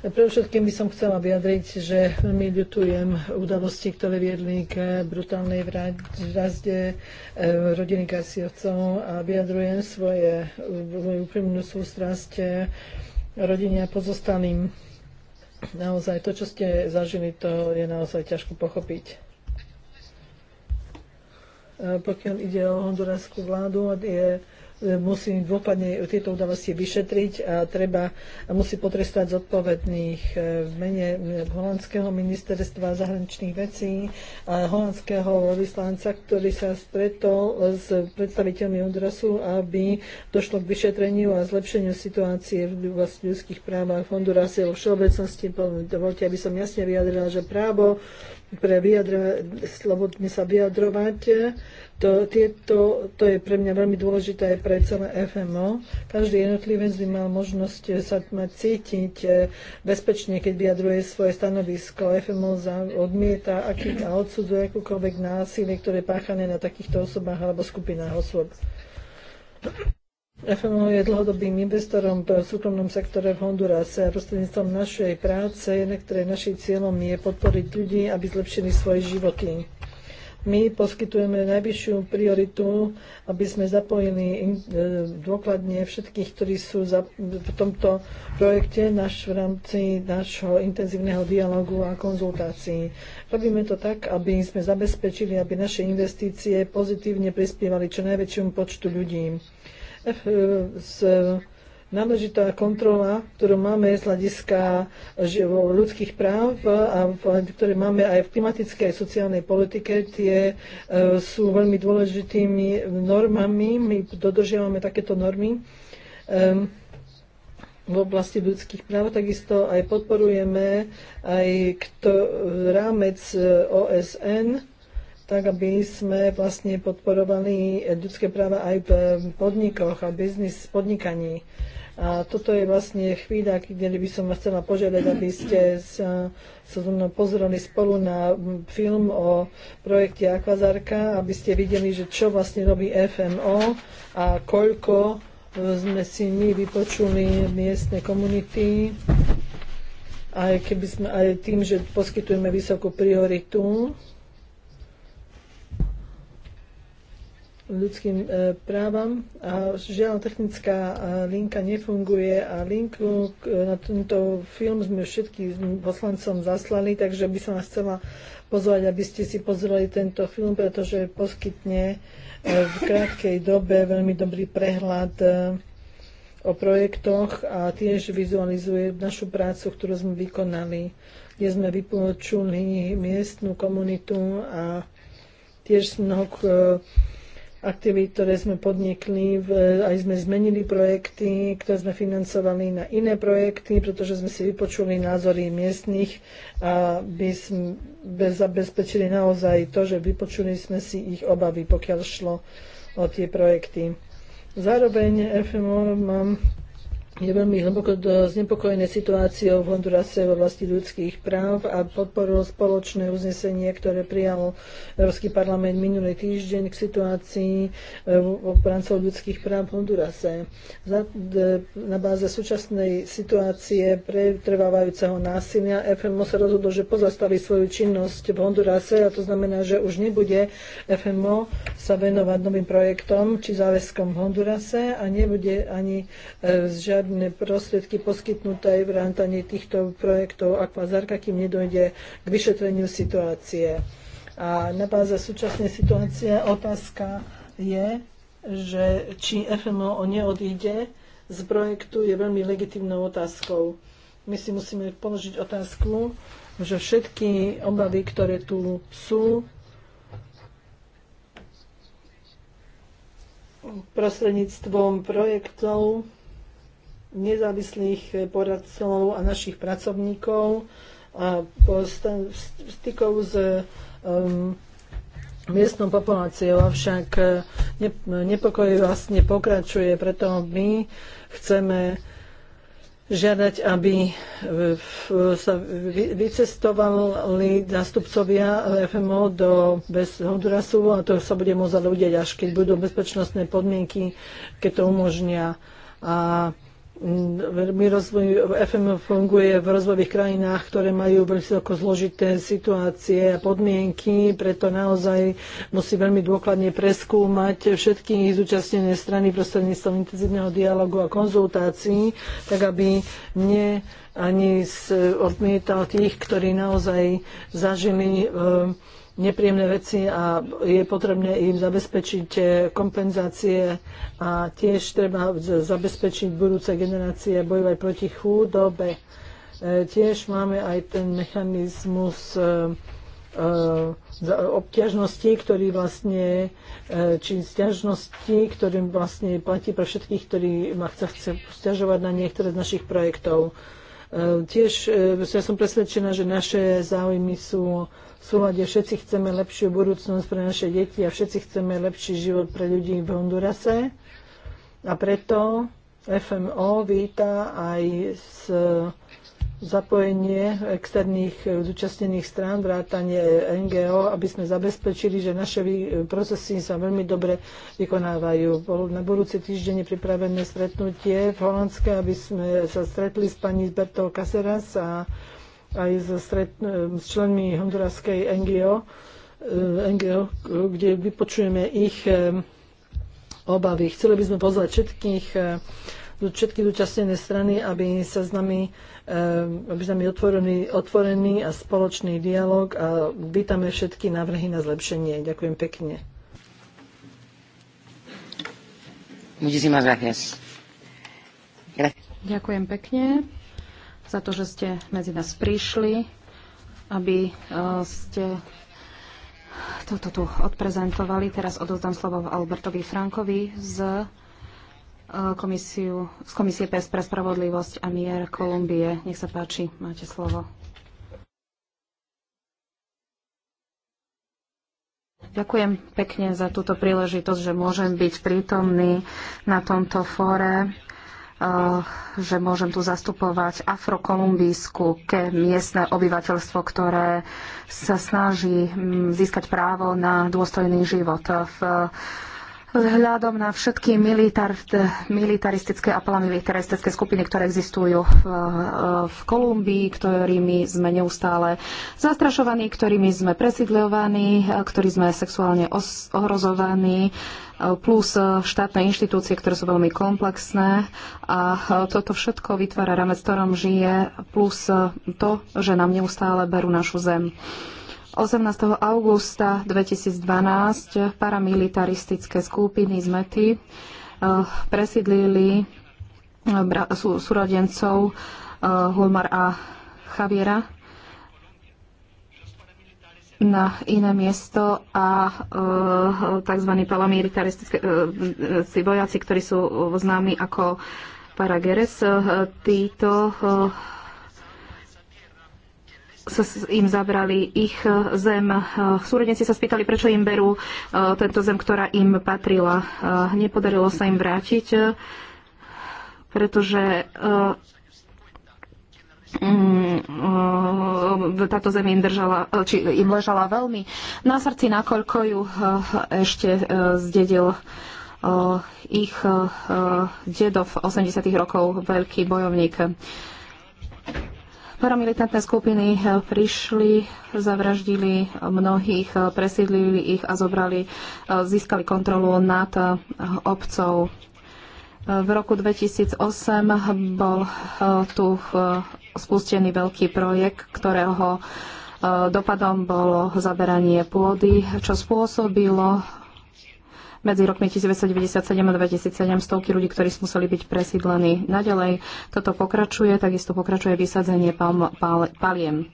Pre všetkým by som chcela vyjadriť, že veľmi ľutujem udalosti, ktoré viedli k brutálnej vražde eh, rodiny Kasiovcov a vyjadrujem svoje, úprimnú sústrasť eh, rodine a pozostalým. Naozaj to, čo ste zažili, to je naozaj ťažko pochopiť. E, pokiaľ ide o hondurasskú vládu, je, e, musí dôkladne tieto udalosti vyšetriť a treba a musí potrestať zodpovedných e, v mene holandského ministerstva zahraničných vecí a holandského vyslanca, ktorý sa stretol s predstaviteľmi Hondurasu, aby došlo k vyšetreniu a zlepšeniu situácie v ľudských právach v Hondurase vo všeobecnosti. Dovolte, aby som jasne vyjadrila, že právo pre slobodne sa vyjadrovať. To, tieto, to je pre mňa veľmi dôležité aj pre celé FMO. Každý jednotlivec by mal možnosť sa mať cítiť e, bezpečne, keď vyjadruje svoje stanovisko. FMO odmieta aký, a odsudzuje akúkoľvek násilie, ktoré je páchané na takýchto osobách alebo skupinách osôb. FMO je dlhodobým investorom v súkromnom sektore v Hondurase a prostredníctvom našej práce, na ktorej našim cieľom je podporiť ľudí, aby zlepšili svoje životy. My poskytujeme najvyššiu prioritu, aby sme zapojili eh, dôkladne všetkých, ktorí sú v tomto projekte naš, v rámci nášho intenzívneho dialogu a konzultácií. Robíme to tak, aby sme zabezpečili, aby naše investície pozitívne prispievali čo najväčšiemu počtu ľudí E, e, náležitá kontrola, ktorú máme z hľadiska e, ľudských práv a ktoré máme aj v klimatickej a sociálnej politike, tie sú veľmi dôležitými normami. My dodržiavame takéto normy v oblasti ľudských práv. Takisto aj podporujeme aj rámec OSN, tak aby sme vlastne podporovali ľudské práva aj v podnikoch a biznis podnikaní. A toto je vlastne chvíľa, kde by som vás chcela požiadať, aby ste sa, sa so mnou pozreli spolu na film o projekte Akvazarka, aby ste videli, že čo vlastne robí FMO a koľko sme si my vypočuli miestne komunity, aj, keby sme, aj tým, že poskytujeme vysokú prioritu ľudským e, právam a žiaľ technická e, linka nefunguje a linku e, na tento film sme všetkým poslancom zaslali, takže by som vás chcela pozvať, aby ste si pozreli tento film, pretože poskytne v krátkej dobe veľmi dobrý prehľad o projektoch a tiež vizualizuje našu prácu, ktorú sme vykonali, kde sme vypočuli miestnú komunitu a tiež mnoho aktivít, ktoré sme podnikli. Aj sme zmenili projekty, ktoré sme financovali na iné projekty, pretože sme si vypočuli názory miestnych, aby sme zabezpečili naozaj to, že vypočuli sme si ich obavy, pokiaľ šlo o tie projekty. Zároveň FMO mám je veľmi hlboko znepokojené situáciou v Hondurase v oblasti ľudských práv a podporil spoločné uznesenie, ktoré prijal Európsky parlament minulý týždeň k situácii e, obrancov ľudských práv v Hondurase. Na báze súčasnej situácie pretrvávajúceho násilia FMO sa rozhodlo, že pozastaví svoju činnosť v Hondurase a to znamená, že už nebude FMO sa venovať novým projektom či záväzkom v Hondurase a nebude ani e, žiadny právne prostriedky poskytnuté v rámci týchto projektov Akvazarka, kým nedojde k vyšetreniu situácie. A na báze súčasnej situácie otázka je, že či FMO neodíde z projektu je veľmi legitimnou otázkou. My si musíme položiť otázku, že všetky obavy, ktoré tu sú, prostredníctvom projektov nezávislých eh, poradcov a našich pracovníkov a stykov s um, miestnou populáciou, avšak eh, nepokoj vlastne pokračuje, preto my chceme žiadať, aby eh, sa vycestovali zástupcovia FMO do bez Hondurasu a to sa bude môcť ľudia, až keď budú bezpečnostné podmienky, keď to umožnia. A veľmi mm, rozvoj, FM funguje v rozvojových krajinách, ktoré majú vysoko zložité situácie a podmienky, preto naozaj musí veľmi dôkladne preskúmať všetky zúčastnené strany prostredníctvom intenzívneho dialogu a konzultácií, tak aby ne ani odmietal tých, ktorí naozaj zažili e, nepríjemné veci a je potrebné im zabezpečiť eh, kompenzácie a tiež treba zabezpečiť budúce generácie bojovať proti chudobe. Eh, tiež máme aj ten mechanizmus eh, obťažnosti, ktorý vlastne, či stiažnosti, ktorým vlastne platí pre všetkých, ktorí ma chce, chce stiažovať na niektoré z našich projektov. Ehm, tiež ehm, ja som presvedčená, že naše záujmy sú v súlade. Všetci chceme lepšiu budúcnosť pre naše deti a všetci chceme lepší život pre ľudí v Hondurase. A preto FMO víta aj s zapojenie externých e, zúčastnených strán, vrátanie NGO, aby sme zabezpečili, že naše e, procesy sa veľmi dobre vykonávajú. Bolo na budúci týždeň pripravené stretnutie v Holandske, aby sme sa stretli s pani Bertou Caseras a aj so stret, e, s členmi honduraskej NGO, NGO, kde vypočujeme ich obavy. Chceli by sme pozvať všetkých všetky zúčastnené strany, aby sa s nami, eh, aby s nami otvorený, otvorený a spoločný dialog a vítame všetky návrhy na zlepšenie. Ďakujem pekne. Ďakujem pekne za to, že ste medzi nás prišli, aby eh, ste toto tu odprezentovali. Teraz odozdám slovo Albertovi Frankovi z E, komisiu, z Komisie PS pre spravodlivosť a mier Kolumbie. Nech sa páči, máte slovo. Ďakujem pekne za túto príležitosť, že môžem byť prítomný na tomto fóre e, že môžem tu zastupovať afrokolumbijskú ke miestne obyvateľstvo, ktoré sa snaží získať právo na dôstojný život. V vzhľadom na všetky militar, militaristické a paramilitaristické skupiny, ktoré existujú v, v Kolumbii, ktorými sme neustále zastrašovaní, ktorými sme presidľovaní, ktorí sme sexuálne ohrozovaní plus štátne inštitúcie, ktoré sú veľmi komplexné. A toto všetko vytvára ramec, ktorom žije, plus to, že nám neustále berú našu zem. 18. augusta 2012 paramilitaristické skupiny z Mety eh, presídlili eh, súrodencov eh, Hulmar a Javiera na iné miesto a tzv. paramilitaristické vojaci, ktorí sú známi ako Parageres, títo sa im zabrali ich e, zem. E, Súrodenci sa spýtali, prečo im berú e, tento zem, ktorá im patrila. Nepodarilo sa im vrátiť, pretože mm, táto zem im, držala, či im ležala veľmi na srdci, nakoľko ju ešte zdedil ich dedo v 80. rokov veľký bojovník. Paramilitantné skupiny eh, prišli, zavraždili mnohých, eh, presídlili ich a zobrali, eh, získali kontrolu nad obcov. V roku 2008 bol tu spustený veľký projekt, ktorého dopadom bolo zaberanie pôdy, čo spôsobilo medzi rokmi 1997 a 2007 stovky ľudí, ktorí museli byť presídlení. Naďalej toto pokračuje, takisto pokračuje vysadzenie palm, pal, paliem.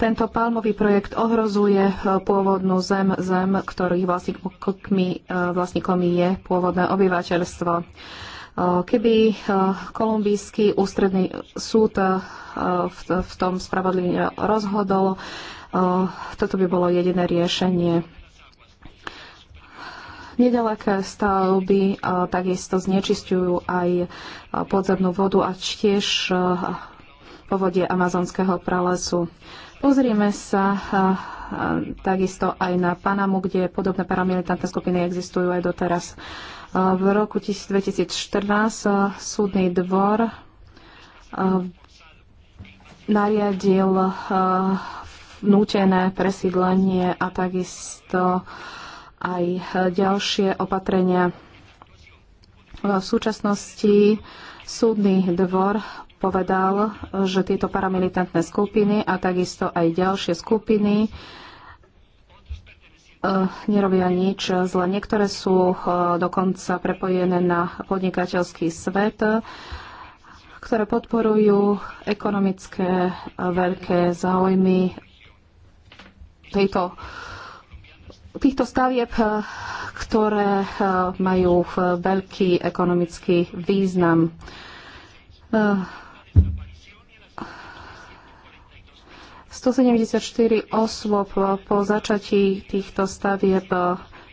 Tento palmový projekt ohrozuje e, pôvodnú zem, zem, ktorých vlastníkmi, e, vlastníkmi je pôvodné obyvateľstvo. E, keby kolumbijský ústredný súd v tom spravodlivne rozhodol, toto by bolo jediné riešenie Nedaleké stavby e, takisto znečisťujú aj e, podzemnú vodu a tiež e, povodie amazonského pralesu. Pozrieme sa takisto aj na Panamu, kde podobné paramilitantné skupiny existujú aj doteraz. V roku 2014 súdny dvor nariadil vnútené presídlenie a takisto aj eh, ďalšie opatrenia. V súčasnosti súdny dvor povedal, že tieto paramilitantné skupiny a takisto aj ďalšie skupiny eh, nerobia nič zle. Niektoré sú eh, dokonca prepojené na podnikateľský svet, ktoré podporujú ekonomické veľké záujmy tejto týchto stavieb, eh, ktoré eh, majú eh, veľký ekonomický význam. E, 174 osôb po začatí týchto stavieb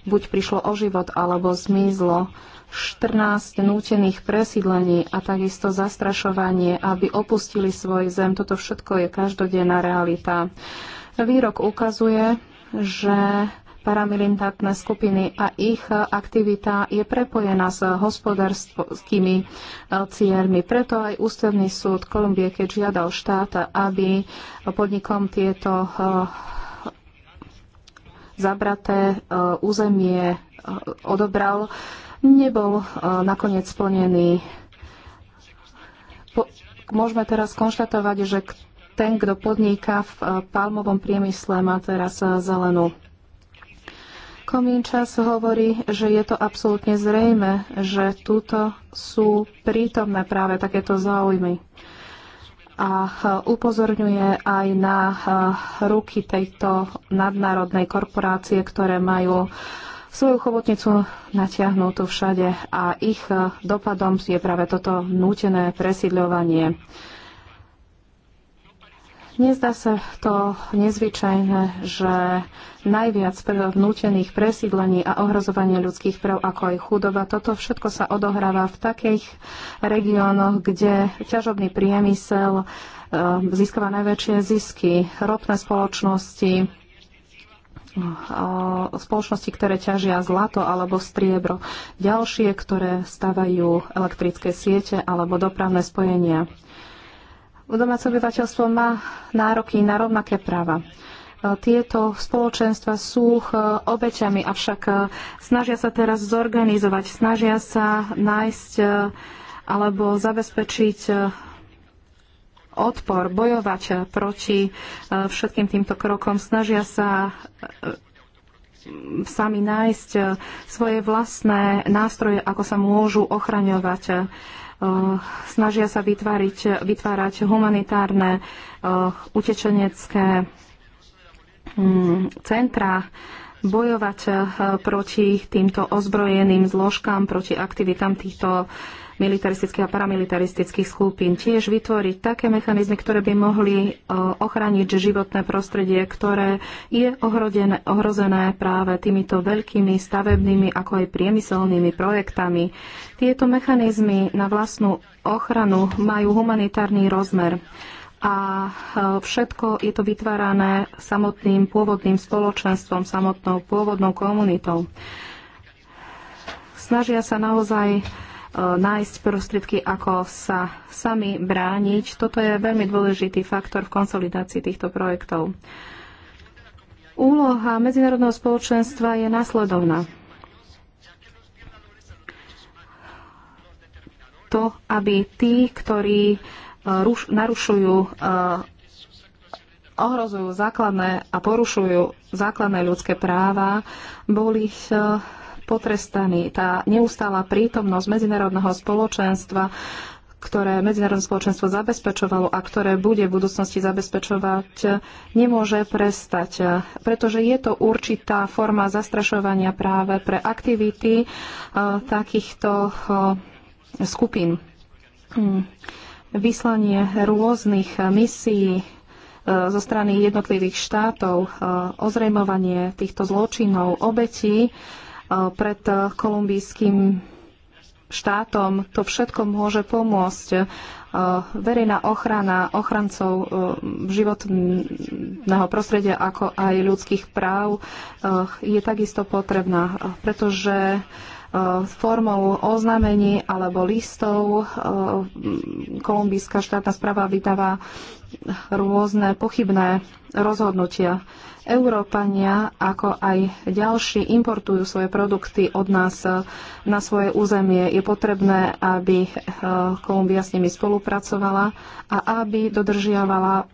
buď prišlo o život alebo zmizlo. 14 nútených presídlení a takisto zastrašovanie, aby opustili svoj zem. Toto všetko je každodenná realita. Výrok ukazuje, že paramilitantné skupiny a ich aktivita je prepojená s hospodárskými e, cieľmi. Preto aj Ústavný súd Kolumbie, keď žiadal štát, aby podnikom tieto e, zabraté e, územie odobral, nebol nakoniec splnený. Po, môžeme teraz konštatovať, že ten, kto podniká v palmovom priemysle, má teraz zelenú Komínčas hovorí, že je to absolútne zrejme, že túto sú prítomné práve takéto záujmy a e, upozorňuje aj na e, ruky tejto nadnárodnej korporácie, ktoré majú svoju chobotnicu natiahnutú všade a ich e, dopadom je práve toto nútené presídľovanie. Nezdá sa to nezvyčajné, že najviac vnútených presídlení a ohrozovanie ľudských prv ako aj chudoba, toto všetko sa odohráva v takých regiónoch, kde ťažobný priemysel e, získava najväčšie zisky, ropné spoločnosti, e, spoločnosti, ktoré ťažia zlato alebo striebro, ďalšie, ktoré stavajú elektrické siete alebo dopravné spojenia domáce obyvateľstvo má nároky na rovnaké práva e, tieto spoločenstva sú e, obeťami, avšak e, snažia sa teraz zorganizovať, snažia sa nájsť alebo zabezpečiť odpor, bojovať proti všetkým týmto krokom, snažia sa sami nájsť svoje vlastné nástroje, ako sa môžu ochraňovať. Eh, snažia sa vytváriť, vytvárať humanitárne eh, utečenecké mm, centra, bojovať eh, proti týmto ozbrojeným zložkám, proti aktivitám týchto militaristických a paramilitaristických skupín. Tiež vytvoriť také mechanizmy, ktoré by mohli e, ochrániť životné prostredie, ktoré je ohrodené, ohrozené práve týmito veľkými stavebnými ako aj priemyselnými projektami. Tieto mechanizmy na vlastnú ochranu majú humanitárny rozmer a e, všetko je to vytvárané samotným pôvodným spoločenstvom, samotnou pôvodnou komunitou. Snažia sa naozaj nájsť prostriedky, ako sa sami brániť. Toto je veľmi dôležitý faktor v konsolidácii týchto projektov. Úloha medzinárodného spoločenstva je následovná. To, aby tí, ktorí e, narušujú e, ohrozujú základné a porušujú základné ľudské práva, boli e, potrestaní. Tá neustála prítomnosť medzinárodného spoločenstva ktoré medzinárodné spoločenstvo zabezpečovalo a ktoré bude v budúcnosti zabezpečovať, nemôže prestať. Pretože je to určitá forma zastrašovania práve pre aktivity eh, takýchto eh, skupín. Hm. Vyslanie rôznych eh, misií zo strany jednotlivých štátov, ozrejmovanie týchto zločinov, obetí pred e, kolumbijským štátom. To všetko môže pomôcť. E, verejná ochrana ochrancov e, životného prostredia, ako aj ľudských práv, je takisto potrebná, pretože Eh, formou oznámení alebo listov. Eh, kolumbijská štátna správa vydáva rôzne pochybné rozhodnutia. Európania, ako aj ďalší, importujú svoje produkty od nás eh, na svoje územie. Je potrebné, aby Kolumbia s nimi spolupracovala a aby dodržiavala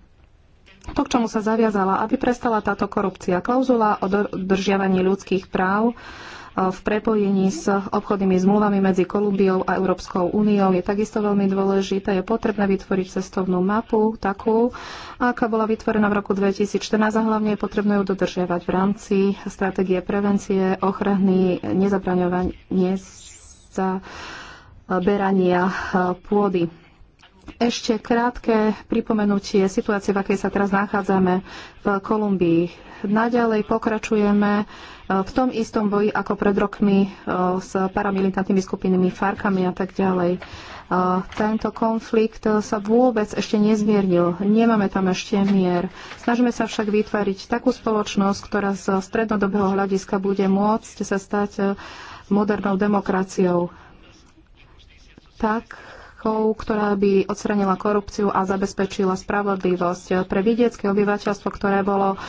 to, k čomu sa zaviazala, aby prestala táto korupcia. Klauzula o dodržiavaní ľudských práv v prepojení s obchodnými zmluvami medzi Kolumbiou a Európskou úniou je takisto veľmi dôležité. Je potrebné vytvoriť cestovnú mapu takú, aká bola vytvorená v roku 2014 a hlavne je potrebné ju dodržiavať v rámci stratégie prevencie, ochrany, nezabraňovania, berania pôdy. Ešte krátke pripomenutie situácie, v akej sa teraz nachádzame v Kolumbii naďalej pokračujeme e, v tom istom boji ako pred rokmi e, s paramilitantnými skupinami, farkami a tak ďalej. E, tento konflikt sa vôbec ešte nezmiernil. Nemáme tam ešte mier. Snažíme sa však vytvoriť takú spoločnosť, ktorá z strednodobého hľadiska bude môcť sa stať modernou demokraciou. Tak, ktorá by odstranila korupciu a zabezpečila spravodlivosť pre vidiecké obyvateľstvo, ktoré bolo uh,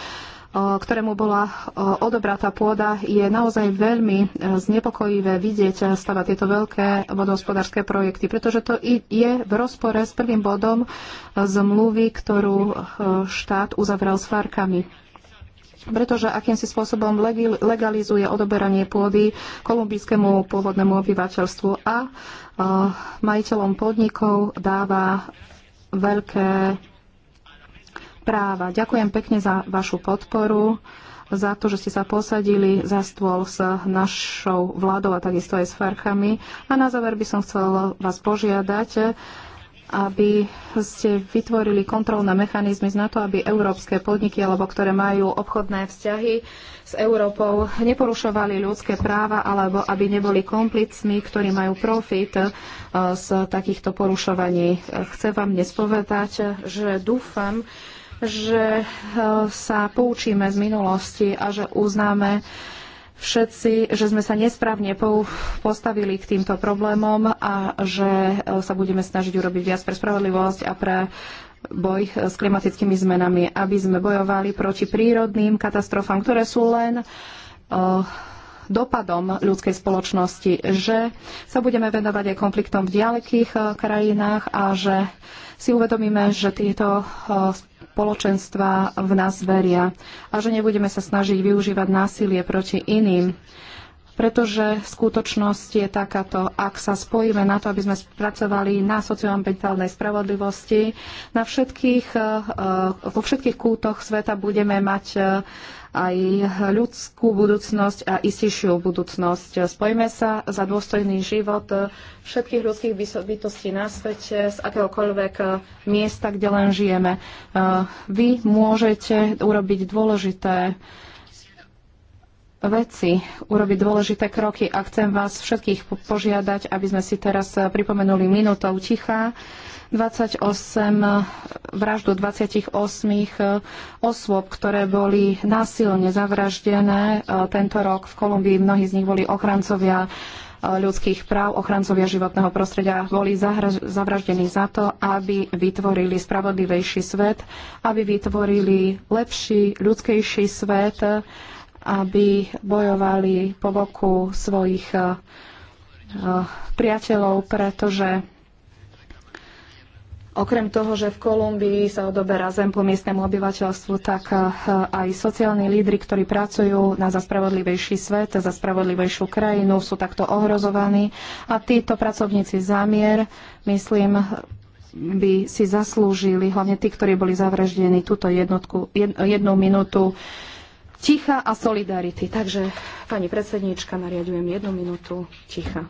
ktorému bola odobratá pôda, je naozaj veľmi e, znepokojivé vidieť e, stavať tieto veľké vodohospodárske projekty, pretože to je v rozpore s prvým bodom e, zmluvy, ktorú štát uzavrel s Farkami pretože akýmsi spôsobom legalizuje odoberanie pôdy kolumbijskému pôvodnému obyvateľstvu a majiteľom podnikov dáva veľké práva. Ďakujem pekne za vašu podporu, za to, že ste sa posadili za stôl s našou vládou a takisto aj s farchami. A na záver by som chcel vás požiadať, aby ste vytvorili kontrolné mechanizmy na to, aby európske podniky, alebo ktoré majú obchodné vzťahy s Európou, neporušovali ľudské práva, alebo aby neboli komplicmi, ktorí majú profit eh, z takýchto porušovaní. Chcem vám dnes povedať, že dúfam, že e, sa poučíme z minulosti a že uznáme všetci, že sme sa nesprávne postavili k týmto problémom a že e, sa budeme snažiť urobiť viac pre spravodlivosť a pre boj e, s klimatickými zmenami, aby sme bojovali proti prírodným katastrofám, ktoré sú len dopadom ľudskej spoločnosti, že sa budeme venovať aj konfliktom v ďalekých krajinách a že si uvedomíme, že tieto spoločenstva v nás veria a že nebudeme sa snažiť využívať násilie proti iným pretože skutočnosť je takáto. Ak sa spojíme na to, aby sme pracovali na socioambientálnej spravodlivosti, na všetkých, eh, eh, vo všetkých kútoch sveta budeme mať eh, aj ľudskú budúcnosť a istejšiu budúcnosť. Spojme sa za dôstojný život všetkých ľudských bytostí na svete z akéhokoľvek miesta, kde len žijeme. Vy môžete urobiť dôležité veci, urobiť dôležité kroky a chcem vás všetkých požiadať, aby sme si teraz pripomenuli minútou ticha 28 vraždu 28 eh, osôb, ktoré boli násilne zavraždené eh, tento rok v Kolumbii. Mnohí z nich boli ochrancovia eh, ľudských práv, ochrancovia životného prostredia boli zavraždení za to, aby vytvorili spravodlivejší svet, aby vytvorili lepší, ľudskejší svet, aby bojovali po boku svojich priateľov, pretože Okrem toho, že v Kolumbii sa odoberá zem po miestnemu obyvateľstvu, tak eh, aj sociálni lídry, ktorí pracujú na za spravodlivejší svet, za spravodlivejšiu krajinu, sú takto ohrozovaní. A títo pracovníci zámier, myslím, by si zaslúžili, hlavne tí, ktorí boli zavraždení, túto jednotku, jednu minútu ticha a solidarity. Takže, pani predsedníčka, nariadujem jednu minútu ticha.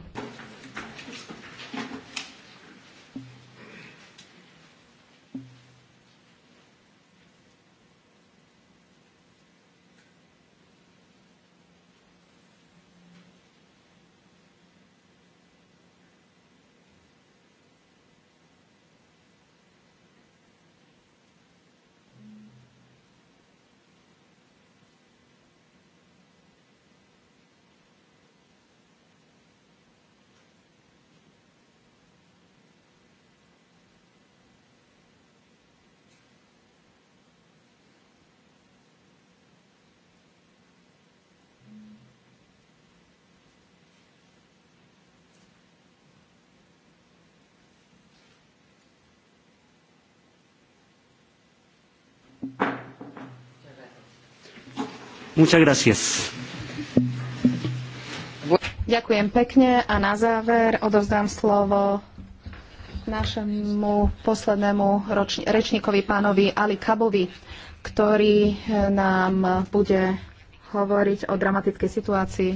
Ďakujem pekne a na záver odovzdám slovo našemu poslednému roč- rečníkovi pánovi Ali Kabovi, ktorý eh, nám bude hovoriť o dramatickej situácii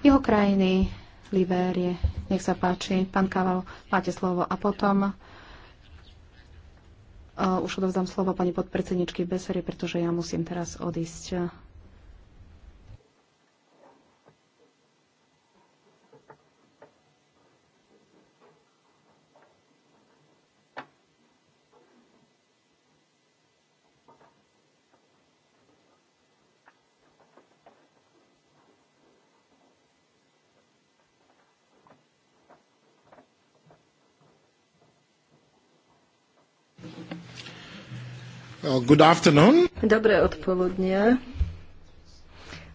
jeho krajiny Liberie. Nech sa páči, pán Kaval, máte slovo a potom uh, už odovzdám slovo pani podpredsedničky Besery, pretože ja musím teraz odísť Dobré odpoludnie.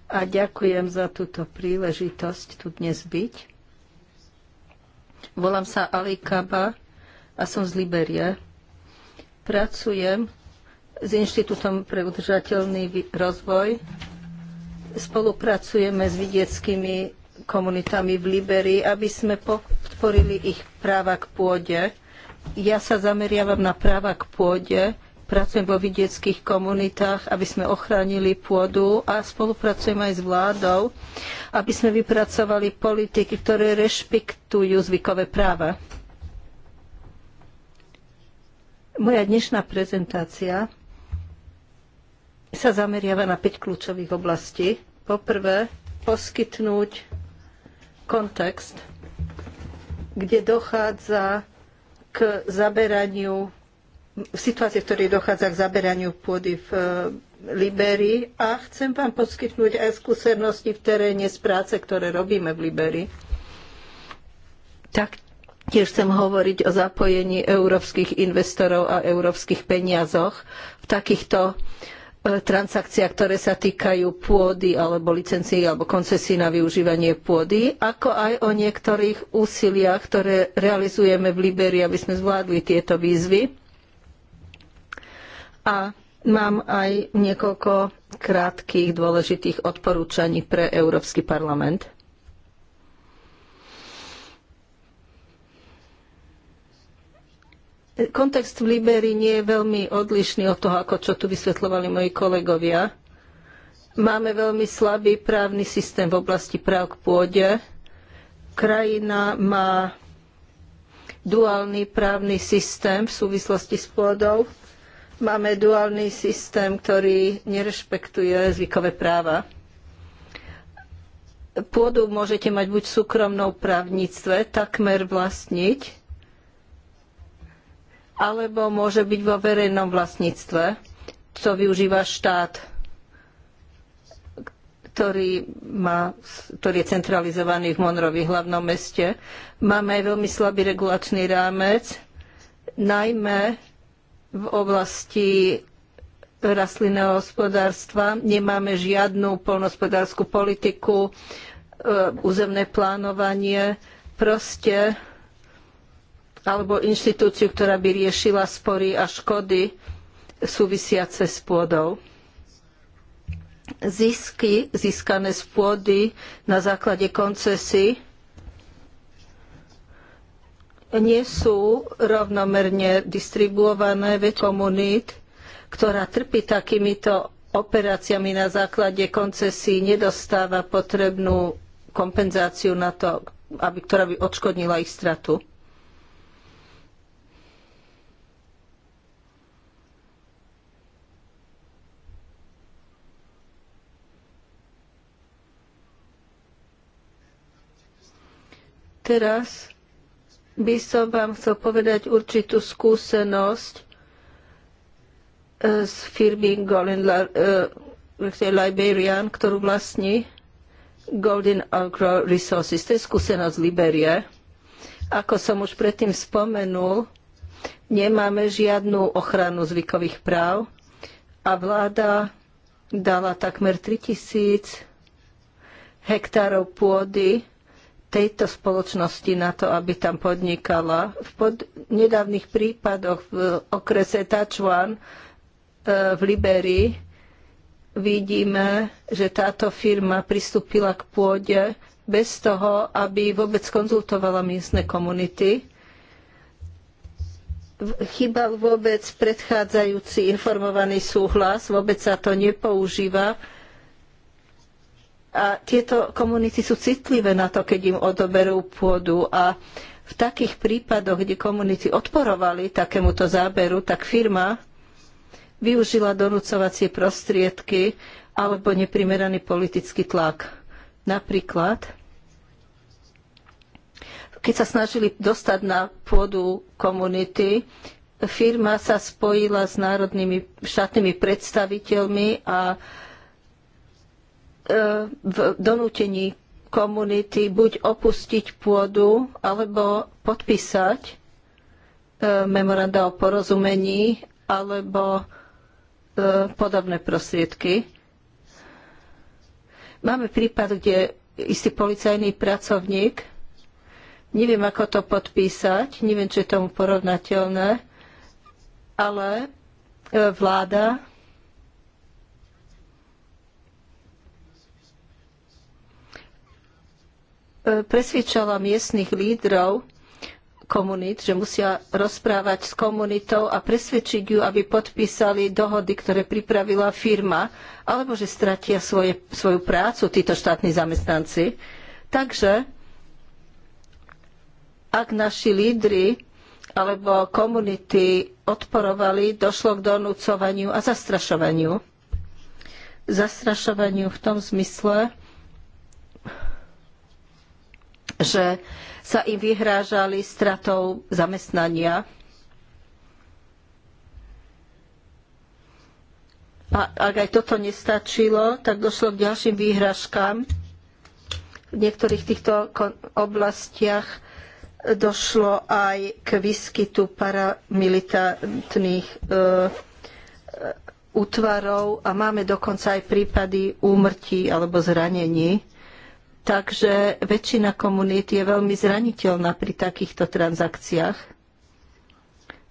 a ďakujem za túto príležitosť tu dnes byť. Volám sa Ali Kaba a som z Liberie. Pracujem s Inštitútom pre udržateľný rozvoj. Spolupracujeme s vidieckými komunitami v Liberii, aby sme podporili ich práva k pôde. Ja sa zameriavam na práva k pôde, Pracujem vo vidieckých komunitách, aby sme ochránili pôdu a spolupracujem aj s vládou, aby sme vypracovali politiky, ktoré rešpektujú zvykové práva. Moja dnešná prezentácia sa zameriava na 5 kľúčových oblastí. Poprvé, poskytnúť kontext, kde dochádza k zaberaniu v situácii, v ktorej dochádza k zaberaniu pôdy v e, Liberii a chcem vám poskytnúť aj skúsenosti v teréne z práce, ktoré robíme v Liberii. Tak Tiež chcem hovoriť o zapojení európskych investorov a európskych peniazoch v takýchto e, transakciách, ktoré sa týkajú pôdy alebo licencií alebo koncesí na využívanie pôdy, ako aj o niektorých úsiliach, ktoré realizujeme v Liberii, aby sme zvládli tieto výzvy a mám aj niekoľko krátkých dôležitých odporúčaní pre Európsky parlament. Kontext v Liberii nie je veľmi odlišný od toho, ako čo tu vysvetľovali moji kolegovia. Máme veľmi slabý právny systém v oblasti práv k pôde. Krajina má duálny právny systém v súvislosti s pôdou máme duálny systém, ktorý nerešpektuje zvykové práva. Pôdu môžete mať buď v súkromnom právnictve, takmer vlastniť, alebo môže byť vo verejnom vlastníctve, čo využíva štát, ktorý, má, ktorý je centralizovaný v Monrovi, hlavnom meste. Máme aj veľmi slabý regulačný rámec, najmä v oblasti rastlinného hospodárstva, nemáme žiadnu polnospodárskú politiku, e, územné plánovanie, proste alebo inštitúciu, ktorá by riešila spory a škody súvisiace s pôdou. Zisky získané z pôdy na základe koncesí nie sú rovnomerne distribuované veď komunít, ktorá trpí takýmito operáciami na základe koncesí, nedostáva potrebnú kompenzáciu na to, aby, ktorá by odškodnila ich stratu. Teraz by som vám chcel povedať určitú skúsenosť eh, z firmy Golden eh, Liberian, ktorú vlastní Golden Agro Resources. To je skúsenosť Liberie. Ako som už predtým spomenul, nemáme žiadnu ochranu zvykových práv a vláda dala takmer 3000 hektárov pôdy tejto spoločnosti na to, aby tam podnikala. V pod- nedávnych prípadoch v okrese Tačuan e, v Liberii vidíme, že táto firma pristúpila k pôde bez toho, aby vôbec konzultovala miestne komunity. Chýbal vôbec predchádzajúci informovaný súhlas, vôbec sa to nepoužíva a tieto komunity sú citlivé na to, keď im odoberú pôdu a v takých prípadoch, kde komunity odporovali takémuto záberu, tak firma využila donúcovacie prostriedky alebo neprimeraný politický tlak. Napríklad, keď sa snažili dostať na pôdu komunity, firma sa spojila s národnými štátnymi predstaviteľmi a v donútení komunity buď opustiť pôdu alebo podpísať e, memoranda o porozumení alebo e, podobné prostriedky. Máme prípad, kde istý policajný pracovník, neviem ako to podpísať, neviem, či je tomu porovnateľné, ale e, vláda presvičala miestnych lídrov komunít, že musia rozprávať s komunitou a presvedčiť ju, aby podpísali dohody, ktoré pripravila firma, alebo že stratia svoje, svoju prácu títo štátni zamestnanci. Takže ak naši lídri alebo komunity odporovali, došlo k donúcovaniu a zastrašovaniu. Zastrašovaniu v tom zmysle, že sa im vyhrážali stratou zamestnania A ak aj toto nestačilo, tak došlo k ďalším výhražkám. V niektorých týchto oblastiach došlo aj k výskytu paramilitantných e, e, útvarov a máme dokonca aj prípady úmrtí alebo zranení. Takže väčšina komunít je veľmi zraniteľná pri takýchto transakciách.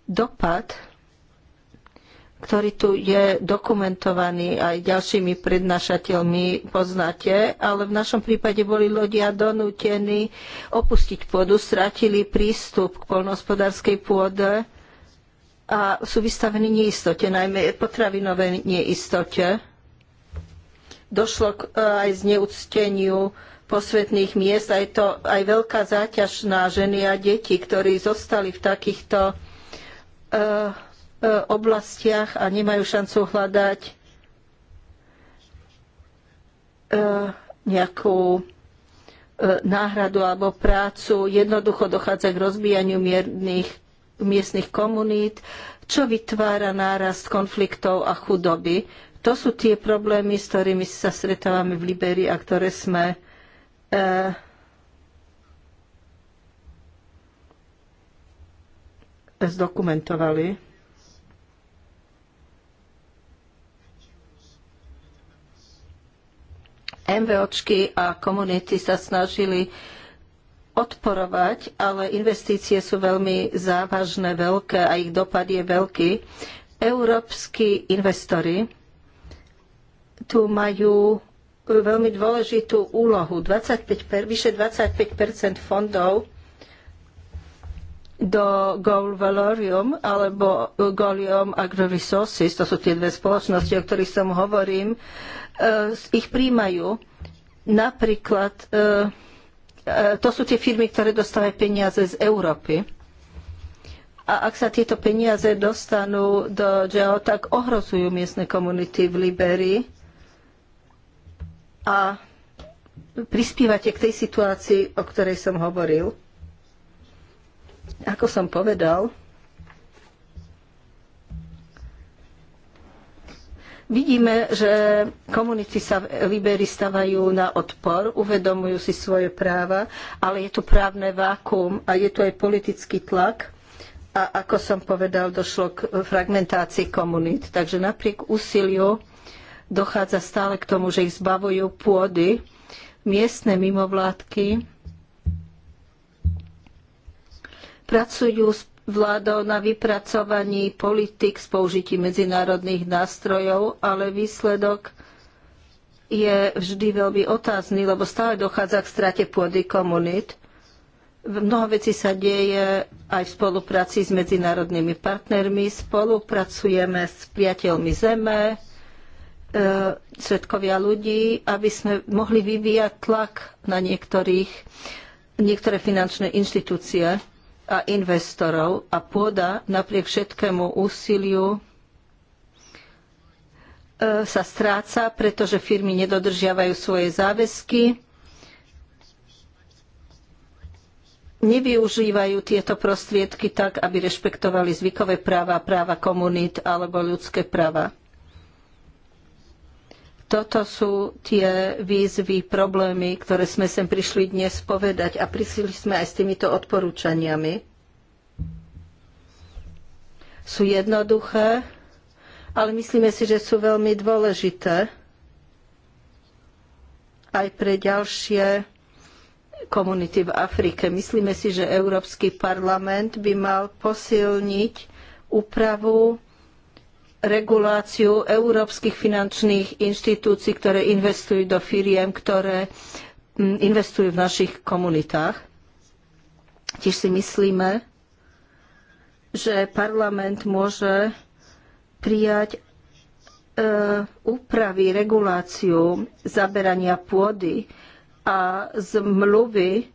Dopad, ktorý tu je dokumentovaný aj ďalšími prednášateľmi, poznáte, ale v našom prípade boli ľudia donútení opustiť pôdu, stratili prístup k poľnohospodárskej pôde a sú vystavení neistote, najmä potravinovej neistote. Došlo e, aj z zneúcteniu posvetných miest a je to aj veľká záťaž na ženy a deti, ktorí zostali v takýchto e, e, oblastiach a nemajú šancu hľadať e, nejakú náhradu alebo prácu. Jednoducho dochádza k rozbijaniu miernych, miestnych komunít, čo vytvára nárast konfliktov a chudoby. To sú tie problémy, s ktorými sa stretávame v Liberii a ktoré sme E, zdokumentovali. MVOčky a komunity sa snažili odporovať, ale investície sú veľmi závažné, veľké a ich dopad je veľký. Európsky investori tu majú veľmi dôležitú úlohu. 25, vyše 25 fondov do Goal Valorium alebo Golium Agro Resources, to sú tie dve spoločnosti, o ktorých som hovorím, eh, ich príjmajú. Napríklad eh, eh, to sú tie firmy, ktoré dostávajú peniaze z Európy. A ak sa tieto peniaze dostanú do GEO, tak ohrozujú miestne komunity v Liberii a prispívate k tej situácii, o ktorej som hovoril. Ako som povedal, Vidíme, že komunity sa v Liberi stavajú na odpor, uvedomujú si svoje práva, ale je tu právne vákuum a je tu aj politický tlak. A ako som povedal, došlo k fragmentácii komunít. Takže napriek úsiliu dochádza stále k tomu, že ich zbavujú pôdy. Miestne mimovládky pracujú s vládou na vypracovaní politik s použitím medzinárodných nástrojov, ale výsledok je vždy veľmi otázny, lebo stále dochádza k strate pôdy komunít. Mnoho vecí sa deje aj v spolupráci s medzinárodnými partnermi. Spolupracujeme s priateľmi zeme, E, svetkovia ľudí, aby sme mohli vyvíjať tlak na niektorých, niektoré finančné inštitúcie a investorov a pôda napriek všetkému úsiliu e, sa stráca, pretože firmy nedodržiavajú svoje záväzky, nevyužívajú tieto prostriedky tak, aby rešpektovali zvykové práva, práva komunít alebo ľudské práva. Toto sú tie výzvy, problémy, ktoré sme sem prišli dnes povedať a prišli sme aj s týmito odporúčaniami. Sú jednoduché, ale myslíme si, že sú veľmi dôležité aj pre ďalšie komunity v Afrike. Myslíme si, že Európsky parlament by mal posilniť úpravu reguláciu európskych finančných inštitúcií, ktoré investujú do firiem, ktoré mm, investujú v našich komunitách. Tiež si myslíme, že parlament môže prijať e, úpravy, reguláciu zaberania pôdy a zmluvy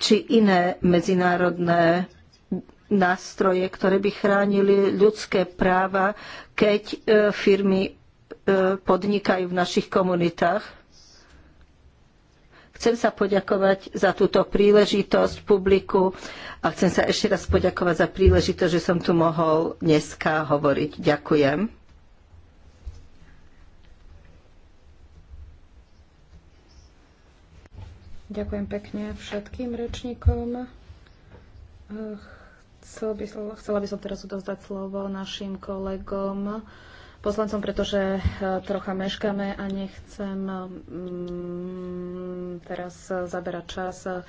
či iné medzinárodné nástroje, ktoré by chránili ľudské práva, keď e, firmy e, podnikajú v našich komunitách. Chcem sa poďakovať za túto príležitosť publiku a chcem sa ešte raz poďakovať za príležitosť, že som tu mohol dneska hovoriť. Ďakujem. Ďakujem pekne všetkým rečníkom. Chcel by, chcela by som teraz odovzdať slovo našim kolegom poslancom, pretože eh, trocha meškame a nechcem mm, teraz eh, zaberať čas eh,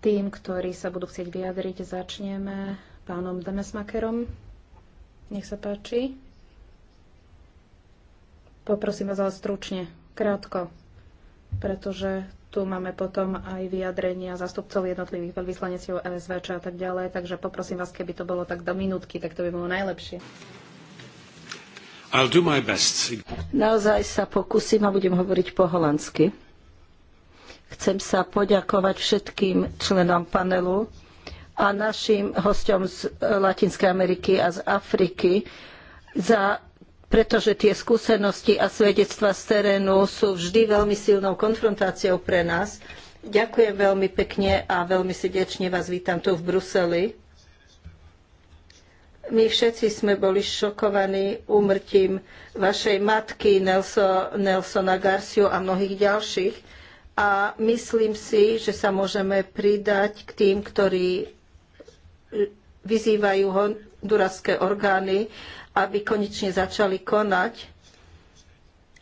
tým, ktorí sa budú chcieť vyjadriť. Začneme pánom Demesmakerom. Nech sa páči. Poprosím vás ale stručne, krátko, pretože tu máme potom aj vyjadrenia zastupcov jednotlivých veľvyslanectiev MSVČ a tak ďalej, takže poprosím vás, keby to bolo tak do minútky, tak to by bolo najlepšie. I'll do my best. Naozaj sa pokúsim a budem hovoriť po holandsky. Chcem sa poďakovať všetkým členom panelu a našim hostom z Latinskej Ameriky a z Afriky za pretože tie skúsenosti a svedectva z terénu sú vždy veľmi silnou konfrontáciou pre nás. Ďakujem veľmi pekne a veľmi srdečne vás vítam tu v Bruseli. My všetci sme boli šokovaní úmrtím vašej matky Nelson, Nelsona Garciu a mnohých ďalších. A myslím si, že sa môžeme pridať k tým, ktorí vyzývajú honduraské orgány, aby konečne začali konať,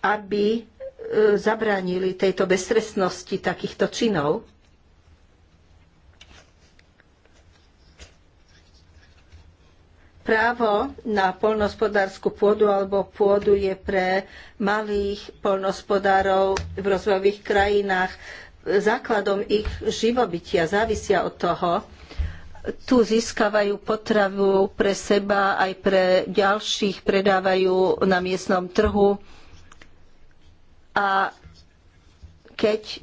aby e, zabránili tejto bestresnosti takýchto činov. Právo na poľnohospodárskú pôdu alebo pôdu je pre malých poľnohospodárov v rozvojových krajinách základom ich živobytia. Závisia od toho, tu získavajú potravu pre seba aj pre ďalších, predávajú na miestnom trhu. A keď e,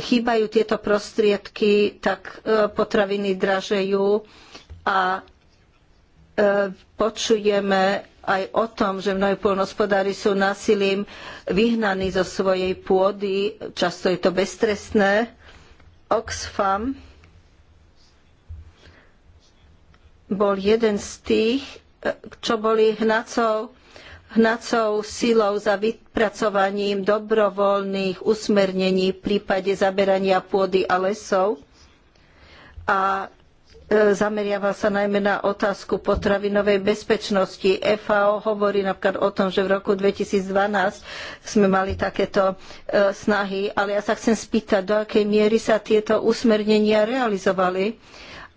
chýbajú tieto prostriedky, tak e, potraviny dražejú a e, počujeme aj o tom, že mnohí poľnohospodári sú násilím vyhnaní zo svojej pôdy, často je to beztrestné. Oxfam bol jeden z tých, e, čo boli hnacou, hnacou silou za vypracovaním dobrovoľných usmernení v prípade zaberania pôdy a lesov a e, zameriava sa najmä na otázku potravinovej bezpečnosti. FAO hovorí napríklad o tom, že v roku 2012 sme mali takéto e, snahy, ale ja sa chcem spýtať, do akej miery sa tieto usmernenia realizovali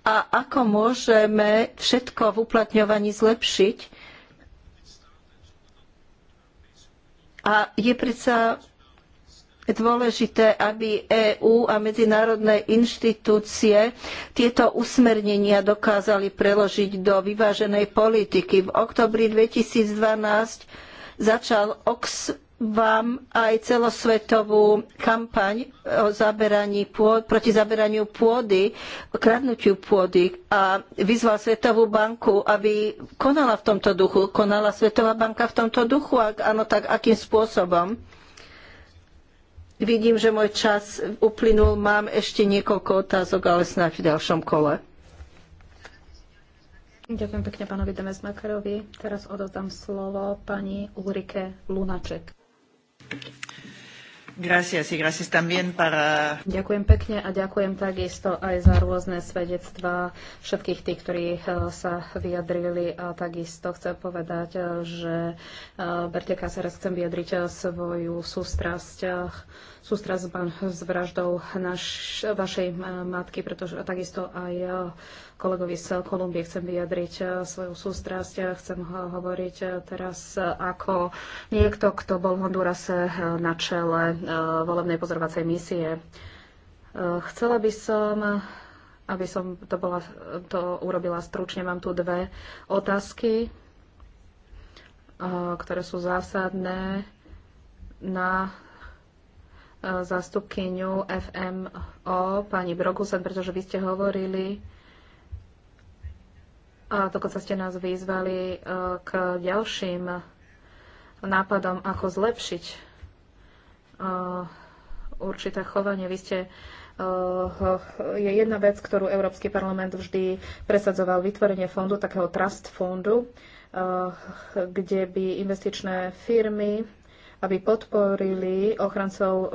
a ako môžeme všetko v uplatňovaní zlepšiť. A je predsa dôležité, aby EÚ a medzinárodné inštitúcie tieto usmernenia dokázali preložiť do vyváženej politiky. V oktobri 2012 začal Ox vám aj celosvetovú kampaň o zaberaní pôd, proti zaberaniu pôdy, kradnutiu pôdy a vyzval Svetovú banku, aby konala v tomto duchu. Konala Svetová banka v tomto duchu? Ak áno, tak akým spôsobom? Vidím, že môj čas uplynul. Mám ešte niekoľko otázok, ale snáď v ďalšom kole. Ďakujem pekne pánovi Demesmakerovi. Teraz odozdám slovo pani Ulrike Lunaček. Ďakujem pekne a ďakujem takisto aj za rôzne svedectvá všetkých tých, ktorí eh, sa vyjadrili a takisto chcem povedať, eh, že eh, Berte Cáceres chcem vyjadriť svoju sústrasť sústrasť s vraždou naš, vašej matky, pretože takisto aj e, kolegovi z Kolumbie chcem vyjadriť e, svoju sústrasť. E, chcem hovoriť teraz ako niekto, kto bol v Hondurase na čele volebnej pozorovacej misie. Chcela by som aby som to, bola, to urobila stručne, mám tu dve otázky, ktoré sú zásadné na zástupkyňu FMO, pani Brogusen, pretože vy ste hovorili a dokonca ste nás vyzvali e, k ďalším nápadom, ako zlepšiť e, určité chovanie. Vy ste e, je jedna vec, ktorú Európsky parlament vždy presadzoval, vytvorenie fondu, takého trust fondu, kde by investičné firmy aby podporili ochrancov eh,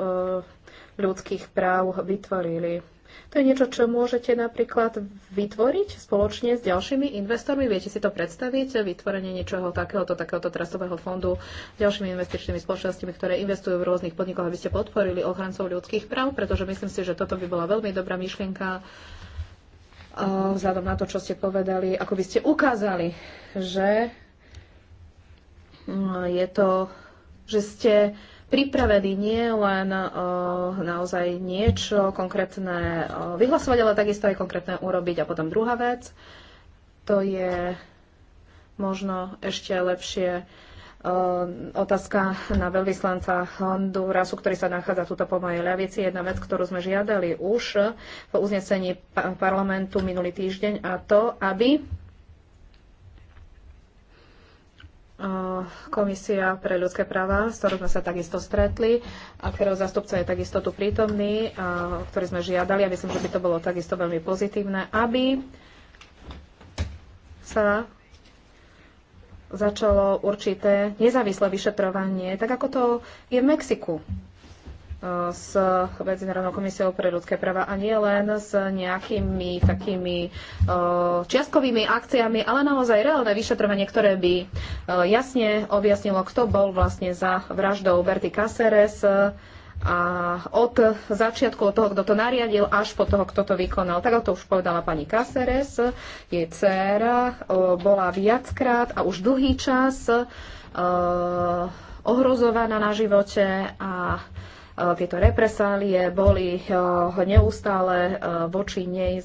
ľudských práv, vytvorili. To je niečo, čo môžete napríklad vytvoriť spoločne s ďalšími investormi. Viete si to predstaviť, vytvorenie niečoho takéhoto, takéhoto trastového fondu s ďalšími investičnými spoločnosťami, ktoré investujú v rôznych podnikoch, aby ste podporili ochrancov ľudských práv, pretože myslím si, že toto by bola veľmi dobrá myšlienka eh, vzhľadom na to, čo ste povedali, ako by ste ukázali, že mm, je to že ste pripravení nie len uh, naozaj niečo konkrétne uh, vyhlasovať, ale takisto aj konkrétne urobiť. A potom druhá vec, to je možno ešte lepšie uh, otázka na veľvyslanca Hondurasu, ktorý sa nachádza tuto po mojej ľavici. Jedna vec, ktorú sme žiadali už po uznesení parlamentu minulý týždeň a to, aby Eh, Komisia pre ľudské práva, s ktorou sme sa takisto stretli a ktorého zastupca je takisto tu prítomný, ktorý sme žiadali a myslím, že by to bolo takisto veľmi pozitívne, aby sa začalo určité nezávislé vyšetrovanie, tak ako to je v Mexiku s Medzinárodnou komisiou pre ľudské práva a nie len s nejakými takými čiastkovými akciami, ale naozaj reálne vyšetrovanie, ktoré by jasne objasnilo, kto bol vlastne za vraždou Berty Caceres e, a od začiatku, od toho, kto to nariadil, až po toho, kto to vykonal. Tak to už povedala pani Caceres, jej dcéra bola viackrát a už dlhý čas ohrozovaná na živote a Eh, tieto represálie boli eh, neustále eh, voči nej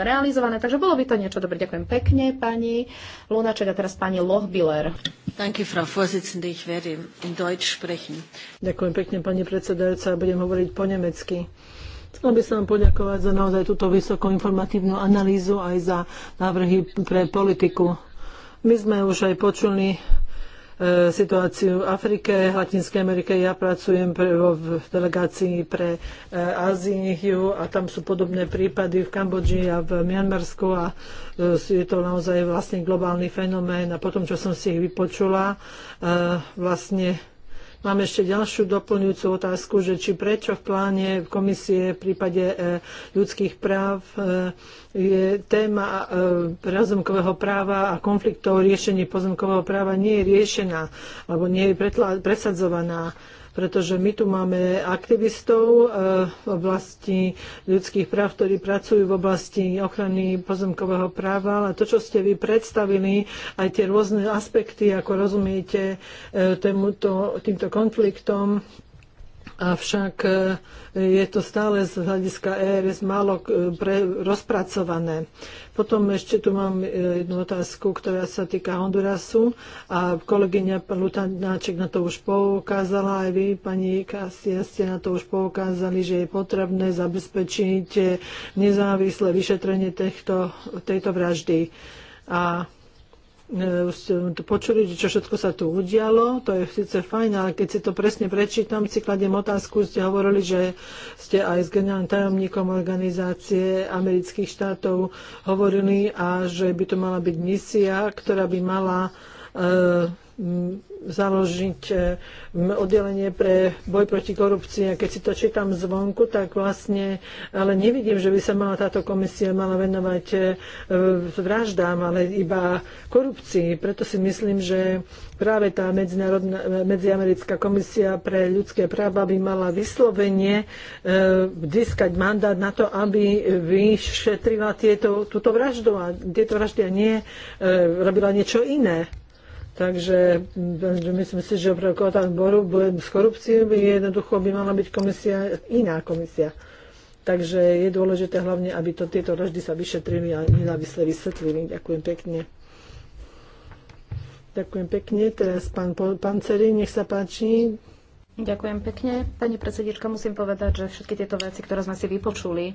realizované. Takže bolo by to niečo dobre. Ďakujem pekne, pani Lunaček a teraz pani Lochbiller. Danke, Frau Vorsitzende. Ich werde in Deutsch sprechen. Ďakujem pekne, pani predsedajúca. Budem hovoriť po nemecky. Chcela by som poďakovať za naozaj túto vysoko informatívnu analýzu aj za návrhy pre politiku. My sme už aj počuli E, situáciu v Afrike, v Latinskej Amerike. Ja pracujem pre, v delegácii pre e, Áziu a tam sú podobné prípady v Kambodži a v Mianmarsku a e, je to naozaj vlastne globálny fenomén. A potom, čo som si ich vypočula, vlastne Mám ešte ďalšiu doplňujúcu otázku, že či prečo v pláne komisie v prípade e, ľudských práv e, je téma e, pozemkového práva a konfliktov riešenie pozemkového práva nie je riešená alebo nie je presadzovaná pretože my tu máme aktivistov eh, v oblasti ľudských práv, ktorí pracujú v oblasti ochrany pozemkového práva, ale to, čo ste vy predstavili, aj tie rôzne aspekty, ako rozumiete eh, týmto konfliktom, avšak e, je to stále z hľadiska ERS málo e, pre, rozpracované. Potom ešte tu mám e, jednu otázku, ktorá sa týka Hondurasu a kolegyňa Lutanáček na to už poukázala, aj vy, pani Kastia, ste na to už poukázali, že je potrebné zabezpečiť nezávislé vyšetrenie tejto, tejto vraždy. A E, počuli, čo všetko sa tu udialo, to je síce fajn, ale keď si to presne prečítam, si kladiem otázku, ste hovorili, že ste aj s generálnym tajomníkom organizácie amerických štátov hovorili a že by to mala byť misia, ktorá by mala e, založiť e, oddelenie pre boj proti korupcii. A keď si to čítam zvonku, tak vlastne, ale nevidím, že by sa mala táto komisia mala venovať e, vraždám, ale iba korupcii. Preto si myslím, že práve tá medzinárodná, e, medziamerická komisia pre ľudské práva by mala vyslovene získať mandát na to, aby vyšetrila tieto, túto vraždu a tieto vraždy a nie robila niečo iné. Takže mm, myslím si, že opravdu boru s korupciou by jednoducho by mala byť komisia, iná komisia. Takže je dôležité hlavne, aby to, tieto vraždy sa vyšetrili a nezávisle vysvetlili. Ďakujem pekne. Ďakujem pekne. Teraz pán Panceri, nech sa páči. Ďakujem pekne. Pani predsedička, musím povedať, že všetky tieto veci, ktoré sme si vypočuli,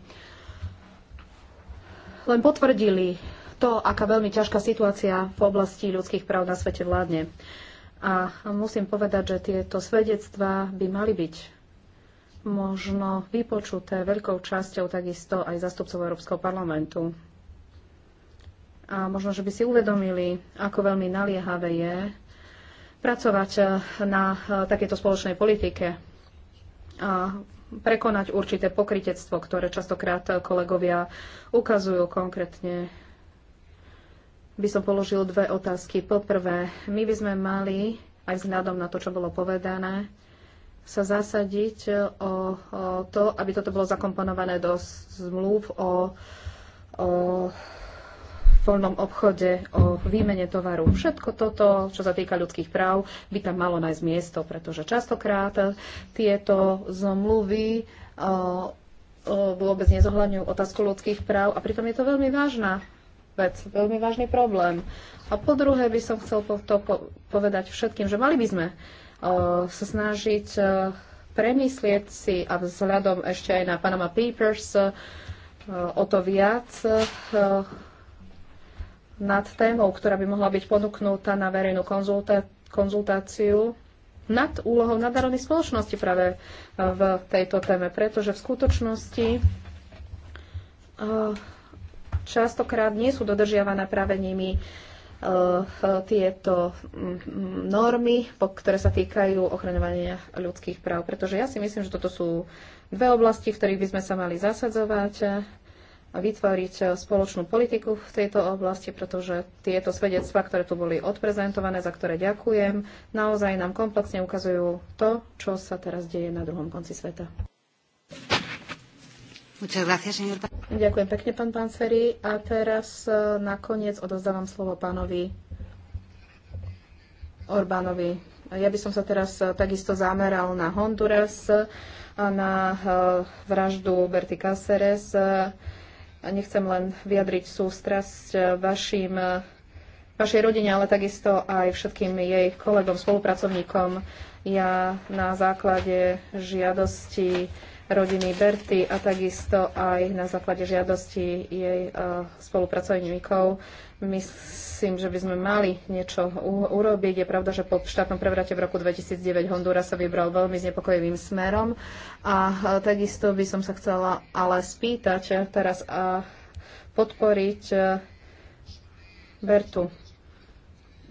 len potvrdili to, aká veľmi ťažká situácia v oblasti ľudských práv na svete vládne. A musím povedať, že tieto svedectvá by mali byť možno vypočuté veľkou časťou takisto aj zastupcov Európskeho parlamentu. A možno, že by si uvedomili, ako veľmi naliehavé je pracovať na takéto spoločnej politike a prekonať určité pokritectvo, ktoré častokrát kolegovia ukazujú konkrétne by som položil dve otázky. Poprvé, my by sme mali, aj vzhľadom na to, čo bolo povedané, sa zasadiť o, o to, aby toto bolo zakomponované do zmluv o, o voľnom obchode, o výmene tovaru. Všetko toto, čo sa týka ľudských práv, by tam malo nájsť miesto, pretože častokrát tieto zmluvy o, o, vôbec nezohľadňujú otázku ľudských práv a pritom je to veľmi vážna vec, veľmi vážny problém. A po druhé by som chcel to povedať všetkým, že mali by sme uh, sa snažiť uh, premyslieť si a vzhľadom ešte aj na Panama Papers uh, o to viac uh, nad témou, ktorá by mohla byť ponúknutá na verejnú konzulta- konzultáciu nad úlohou nadarovnej spoločnosti práve uh, v tejto téme, pretože v skutočnosti uh, častokrát nie sú dodržiavané práve nimi e, tieto normy, ktoré sa týkajú ochraňovania ľudských práv. Pretože ja si myslím, že toto sú dve oblasti, v ktorých by sme sa mali zasadzovať a vytvoriť spoločnú politiku v tejto oblasti, pretože tieto svedectva, ktoré tu boli odprezentované, za ktoré ďakujem, naozaj nám komplexne ukazujú to, čo sa teraz deje na druhom konci sveta. Ďakujem pekne, pán Panceri. A teraz e, nakoniec odozdávam slovo pánovi Orbánovi. Ja by som sa teraz e, takisto zameral na Honduras, e, na vraždu Berti Cáceres. Nechcem len vyjadriť sústrasť vašim, vašej rodine, ale takisto aj všetkým jej kolegom, spolupracovníkom. Ja na základe žiadosti rodiny Berty a takisto aj na základe žiadosti jej eh, spolupracovníkov. Myslím, že by sme mali niečo urobiť. Je pravda, že po štátnom prevrate v roku 2009 Hondúra sa vybral veľmi znepokojivým smerom a eh, takisto by som sa chcela ale spýtať eh, teraz a podporiť Bertu.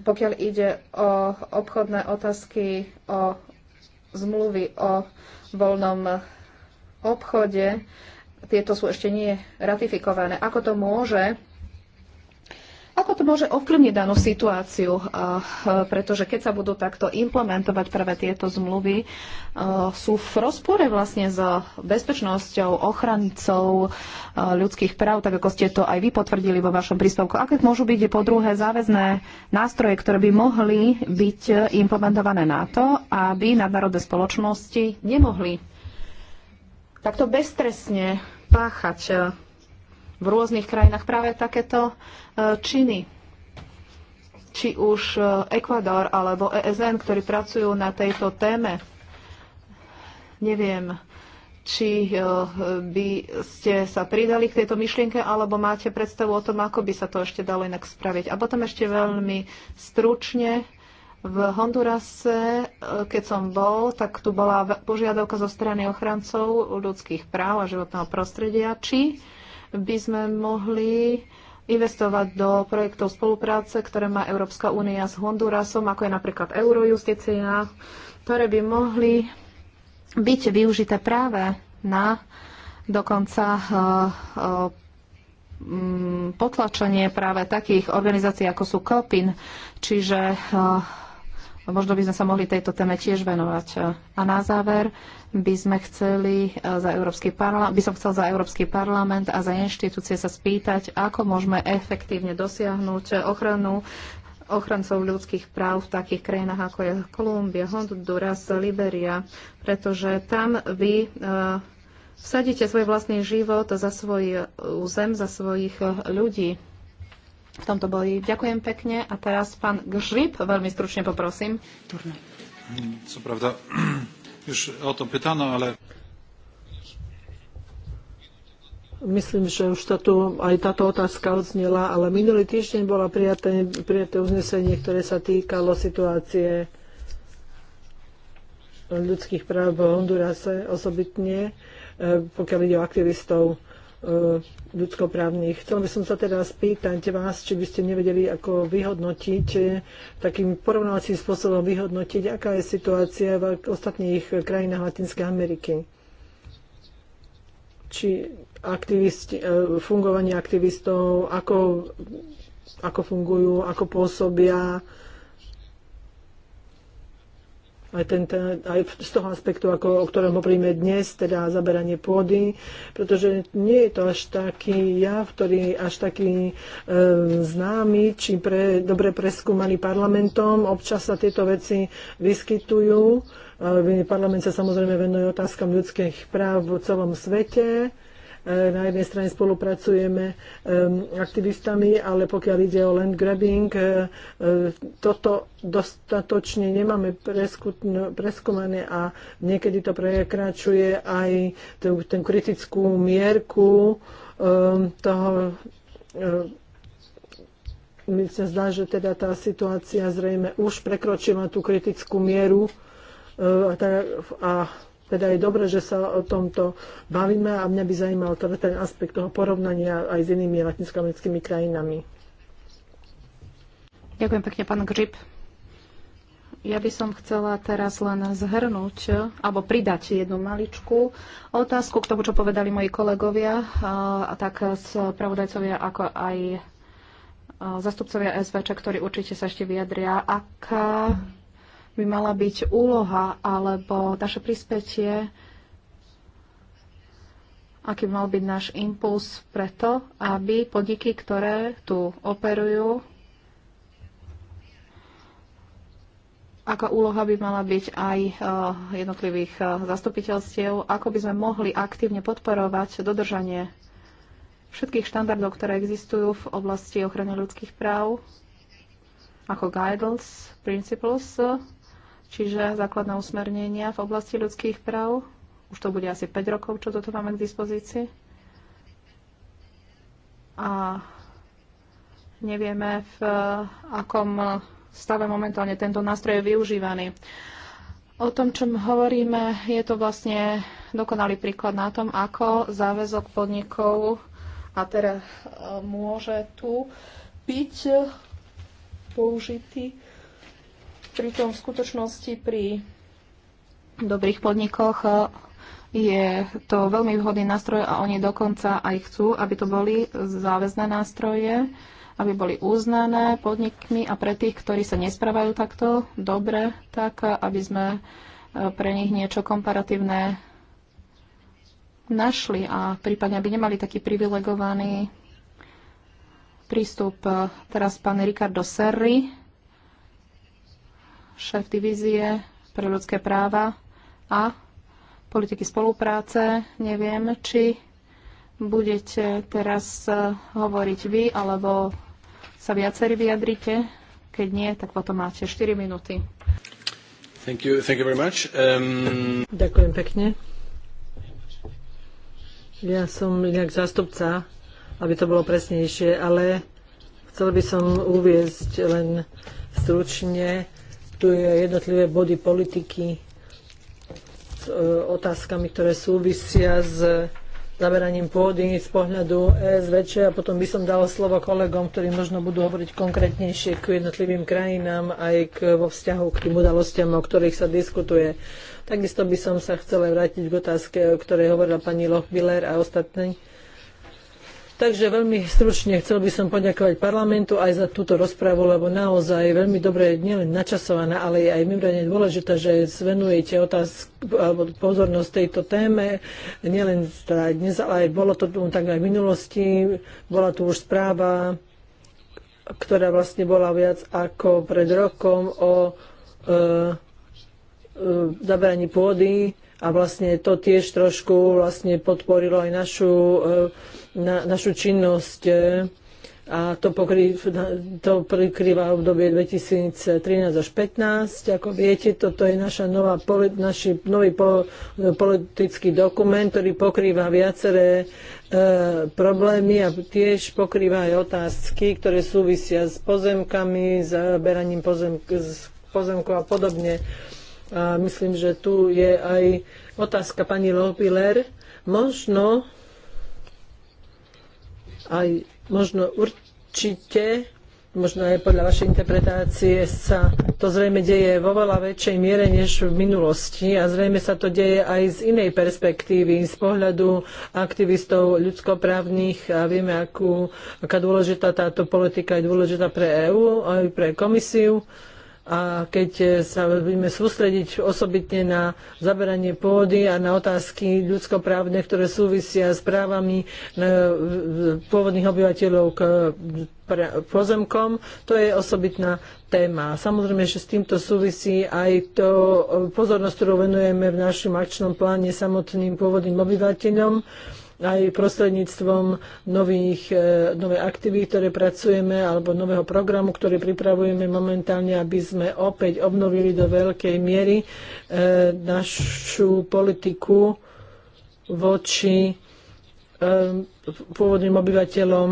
Pokiaľ ide o obchodné otázky, o zmluvy o voľnom obchode, tieto sú ešte nie ratifikované. Ako to môže ako to môže ovplyvniť danú situáciu? Pretože keď sa budú takto implementovať práve tieto zmluvy, sú v rozpore vlastne s bezpečnosťou, ochranicou ľudských práv, tak ako ste to aj vy potvrdili vo vašom príspevku. Aké môžu byť po druhé záväzné nástroje, ktoré by mohli byť implementované na to, aby nadnárodné spoločnosti nemohli takto beztresne páchať eh, v rôznych krajinách práve takéto eh, činy. Či už eh, Ekvador alebo ESN, ktorí pracujú na tejto téme. Neviem, či by ste sa pridali k tejto myšlienke, alebo máte predstavu o tom, ako by sa to ešte dalo inak spraviť. A potom ešte veľmi stručne v Hondurase, eh, keď som bol, tak tu bola požiadavka zo strany ochrancov ľudských práv a životného prostredia, či by sme mohli investovať do projektov spolupráce, ktoré má Európska únia s Hondurasom, ako je napríklad Eurojustícia, ktoré by mohli byť využité práve na dokonca eh, eh, potlačenie práve takých organizácií, ako sú COPIN, čiže Možno by sme sa mohli tejto téme tiež venovať. A na záver by sme chceli eh, za Európsky parlament, by som chcel za Európsky parlament a za inštitúcie sa spýtať, ako môžeme efektívne dosiahnuť ochranu ochrancov ľudských práv v takých krajinách ako je Kolumbia, Honduras, Liberia, pretože tam vy eh, vsadíte svoj vlastný život za svoj eh, zem, za svojich ľudí v tomto boji. Ďakujem pekne a teraz pán Gžip, veľmi stručne poprosím. Co pravda, už o to pýtano, ale... Myslím, že už táto, aj táto otázka odznela, ale minulý týždeň bola prijaté, prijaté uznesenie, ktoré sa týkalo situácie ľudských práv v Hondurase osobitne, e, pokiaľ ide o aktivistov E, ľudskoprávnych. Chcel by som sa teraz pýtať vás, či by ste nevedeli, ako vyhodnotiť, takým porovnávacím spôsobom vyhodnotiť, aká je situácia v ostatných krajinách Latinskej Ameriky. Či aktivisti, e, fungovanie aktivistov, ako, ako fungujú, ako pôsobia, aj, ten aj z toho aspektu, ako, o ktorom hovoríme dnes, teda zaberanie pôdy, pretože nie je to až taký jav, ktorý je až taký e, známy, či pre, dobre preskúmaný parlamentom. Občas sa tieto veci vyskytujú. E, parlament sa samozrejme venuje otázkam ľudských práv v celom svete. Na jednej strane spolupracujeme aktivistami, ale pokiaľ ide o land grabbing, toto dostatočne nemáme preskúmané a niekedy to prekračuje aj ten kritickú mierku toho mi sa zdá, že teda tá situácia zrejme už prekročila tú kritickú mieru a, a teda je dobré, že sa o tomto bavíme a mňa by zaujímal teda ten aspekt toho porovnania aj s inými latinskoamerickými krajinami. Ďakujem pekne, pán Grip. Ja by som chcela teraz len zhrnúť alebo pridať jednu maličku otázku k tomu, čo povedali moji kolegovia, a tak spravodajcovia ako aj zastupcovia SVČ, ktorí určite sa ešte vyjadria, aká by mala byť úloha alebo naše prispätie, aký by mal byť náš impuls preto, aby podniky, ktoré tu operujú, aká úloha by mala byť aj eh, jednotlivých eh, zastupiteľstiev, ako by sme mohli aktívne podporovať dodržanie všetkých štandardov, ktoré existujú v oblasti ochrany ľudských práv, ako Guidance Principles, čiže základné usmernenia v oblasti ľudských práv. Už to bude asi 5 rokov, čo toto máme k dispozícii. A nevieme, v akom stave momentálne tento nástroj je využívaný. O tom, čo hovoríme, je to vlastne dokonalý príklad na tom, ako záväzok podnikov a teraz e, môže tu byť použitý Pritom v skutočnosti pri dobrých podnikoch e, je to veľmi vhodný nástroj a oni dokonca aj chcú, aby to boli záväzné nástroje, aby boli uznané podnikmi a pre tých, ktorí sa nesprávajú takto dobre, tak e, aby sme e, pre nich niečo komparatívne našli a prípadne, aby nemali taký privilegovaný prístup. Teraz pán Ricardo Serri šéf divízie pre ľudské práva a politiky spolupráce. Neviem, či budete teraz e, hovoriť vy, alebo sa viacerí vyjadrite. Keď nie, tak potom máte 4 minúty. Thank you, thank you very much. Um... Ďakujem pekne. Ja som inak zástupca, aby to bolo presnejšie, ale chcel by som uviezť len stručne kontaktuje jednotlivé body politiky s e, otázkami, ktoré súvisia s zaberaním pôdy z pohľadu ESVČ a potom by som dala slovo kolegom, ktorí možno budú hovoriť konkrétnejšie k jednotlivým krajinám aj k, vo vzťahu k tým udalostiam, o ktorých sa diskutuje. Takisto by som sa chcela vrátiť k otázke, o ktorej hovorila pani Lochbiller a ostatní Takže veľmi stručne chcel by som poďakovať parlamentu aj za túto rozpravu, lebo naozaj veľmi dobre nielen načasovaná, ale je aj mimoriadne dôležité, že venujete otázku alebo pozornosť tejto téme. Nielen teda dnes, ale aj bolo to tak aj v minulosti. Bola tu už správa, ktorá vlastne bola viac ako pred rokom o e, e zabraní pôdy a vlastne to tiež trošku vlastne podporilo aj našu e, na našu činnosť e, a to, pokry, to prikrýva obdobie 2013 až 2015. Ako viete, toto je naša nová, naši nový po, politický dokument, ktorý pokrýva viaceré e, problémy a tiež pokrýva aj otázky, ktoré súvisia s pozemkami, beraním pozemk, pozemkov a podobne. A myslím, že tu je aj otázka pani Lopiler. Možno aj možno určite možno aj podľa vašej interpretácie sa to zrejme deje vo veľa väčšej miere než v minulosti a zrejme sa to deje aj z inej perspektívy, z pohľadu aktivistov ľudskoprávnych a vieme, akú, aká dôležitá táto politika je dôležitá pre EÚ aj pre komisiu a keď sa budeme sústrediť osobitne na zaberanie pôdy a na otázky ľudskoprávne, ktoré súvisia s právami e, pôvodných obyvateľov k pozemkom, to je osobitná téma. Samozrejme, že s týmto súvisí aj to e, pozornosť, ktorú venujeme v našom akčnom pláne samotným pôvodným obyvateľom aj prostredníctvom nových, e, nové aktivít, ktoré pracujeme, alebo nového programu, ktorý pripravujeme momentálne, aby sme opäť obnovili do veľkej miery e, našu politiku voči e, pôvodným obyvateľom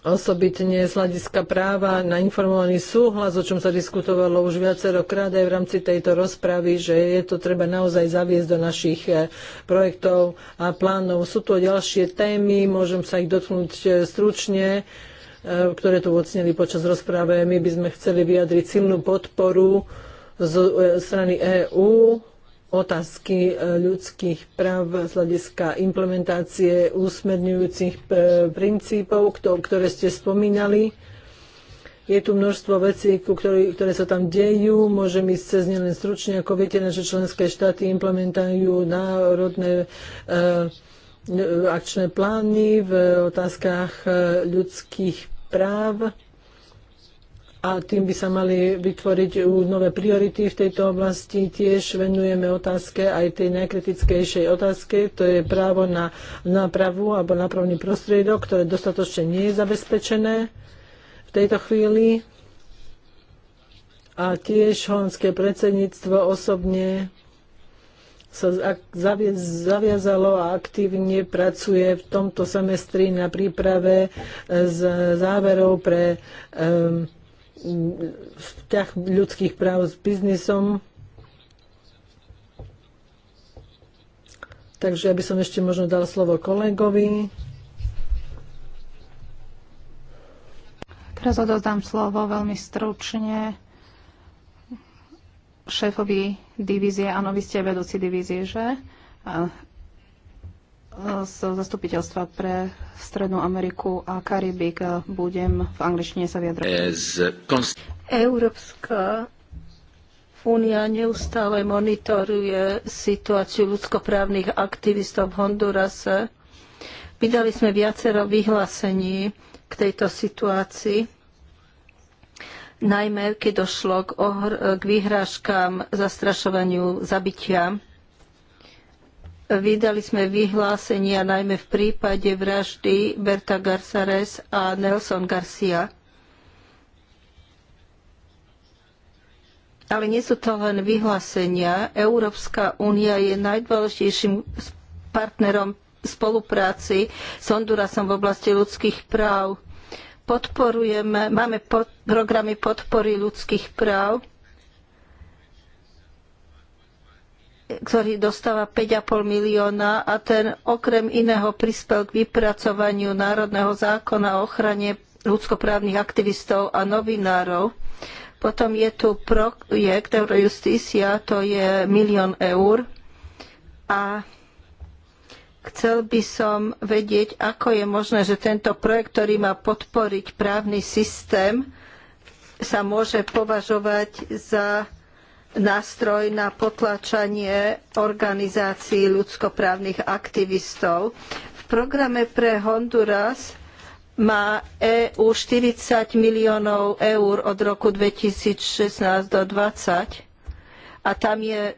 osobitne z hľadiska práva na informovaný súhlas, o čom sa diskutovalo už viacerokrát aj v rámci tejto rozpravy, že je to treba naozaj zaviesť do našich eh, projektov a plánov. Sú tu ďalšie témy, môžem sa ich dotknúť eh, stručne eh, ktoré tu ocnili počas rozprave. My by sme chceli vyjadriť silnú podporu zo strany EÚ otázky e, ľudských práv z hľadiska implementácie úsmerňujúcich e, princípov, ktoré ste spomínali. Je tu množstvo vecí, ktoré, ktoré sa tam dejú. Môžem ísť cez ne len stručne. Ako viete, naše členské štáty implementujú národné e, akčné plány v otázkach ľudských práv a tým by sa mali vytvoriť nové priority v tejto oblasti. Tiež venujeme otázke aj tej najkritickejšej otázke, to je právo na nápravu alebo nápravný prostriedok, ktoré dostatočne nie je zabezpečené v tejto chvíli. A tiež holandské predsedníctvo osobne sa zaviazalo a aktívne pracuje v tomto semestri na príprave e, záverov pre um, vzťah ľudských práv s biznisom. Takže ja by som ešte možno dal slovo kolegovi. Teraz odozdám slovo veľmi stručne šéfovi divízie. Áno, vy ste vedúci divízie, že? z zastupiteľstva pre Strednú Ameriku a Karibik. Budem v angličtine sa vyjadrovať. Európska Únia neustále monitoruje situáciu ľudskoprávnych aktivistov v Hondurase. Vydali sme viacero vyhlásení k tejto situácii, najmä keď došlo k, ohr- k vyhrážkám, zastrašovaniu, zabitia Vydali sme vyhlásenia najmä v prípade vraždy Berta Garzares a Nelson Garcia. Ale nie sú to len vyhlásenia. Európska únia je najdôležitejším partnerom spolupráci s Hondurasom v oblasti ľudských práv. Podporujeme, máme pod, programy podpory ľudských práv ktorý dostáva 5,5 milióna a ten okrem iného prispel k vypracovaniu Národného zákona o ochrane ľudskoprávnych aktivistov a novinárov. Potom je tu projekt Eurojustícia, to je milión eur. A chcel by som vedieť, ako je možné, že tento projekt, ktorý má podporiť právny systém, sa môže považovať za nástroj na potlačanie organizácií ľudskoprávnych aktivistov. V programe pre Honduras má EÚ 40 miliónov eur od roku 2016 do 2020 a tam je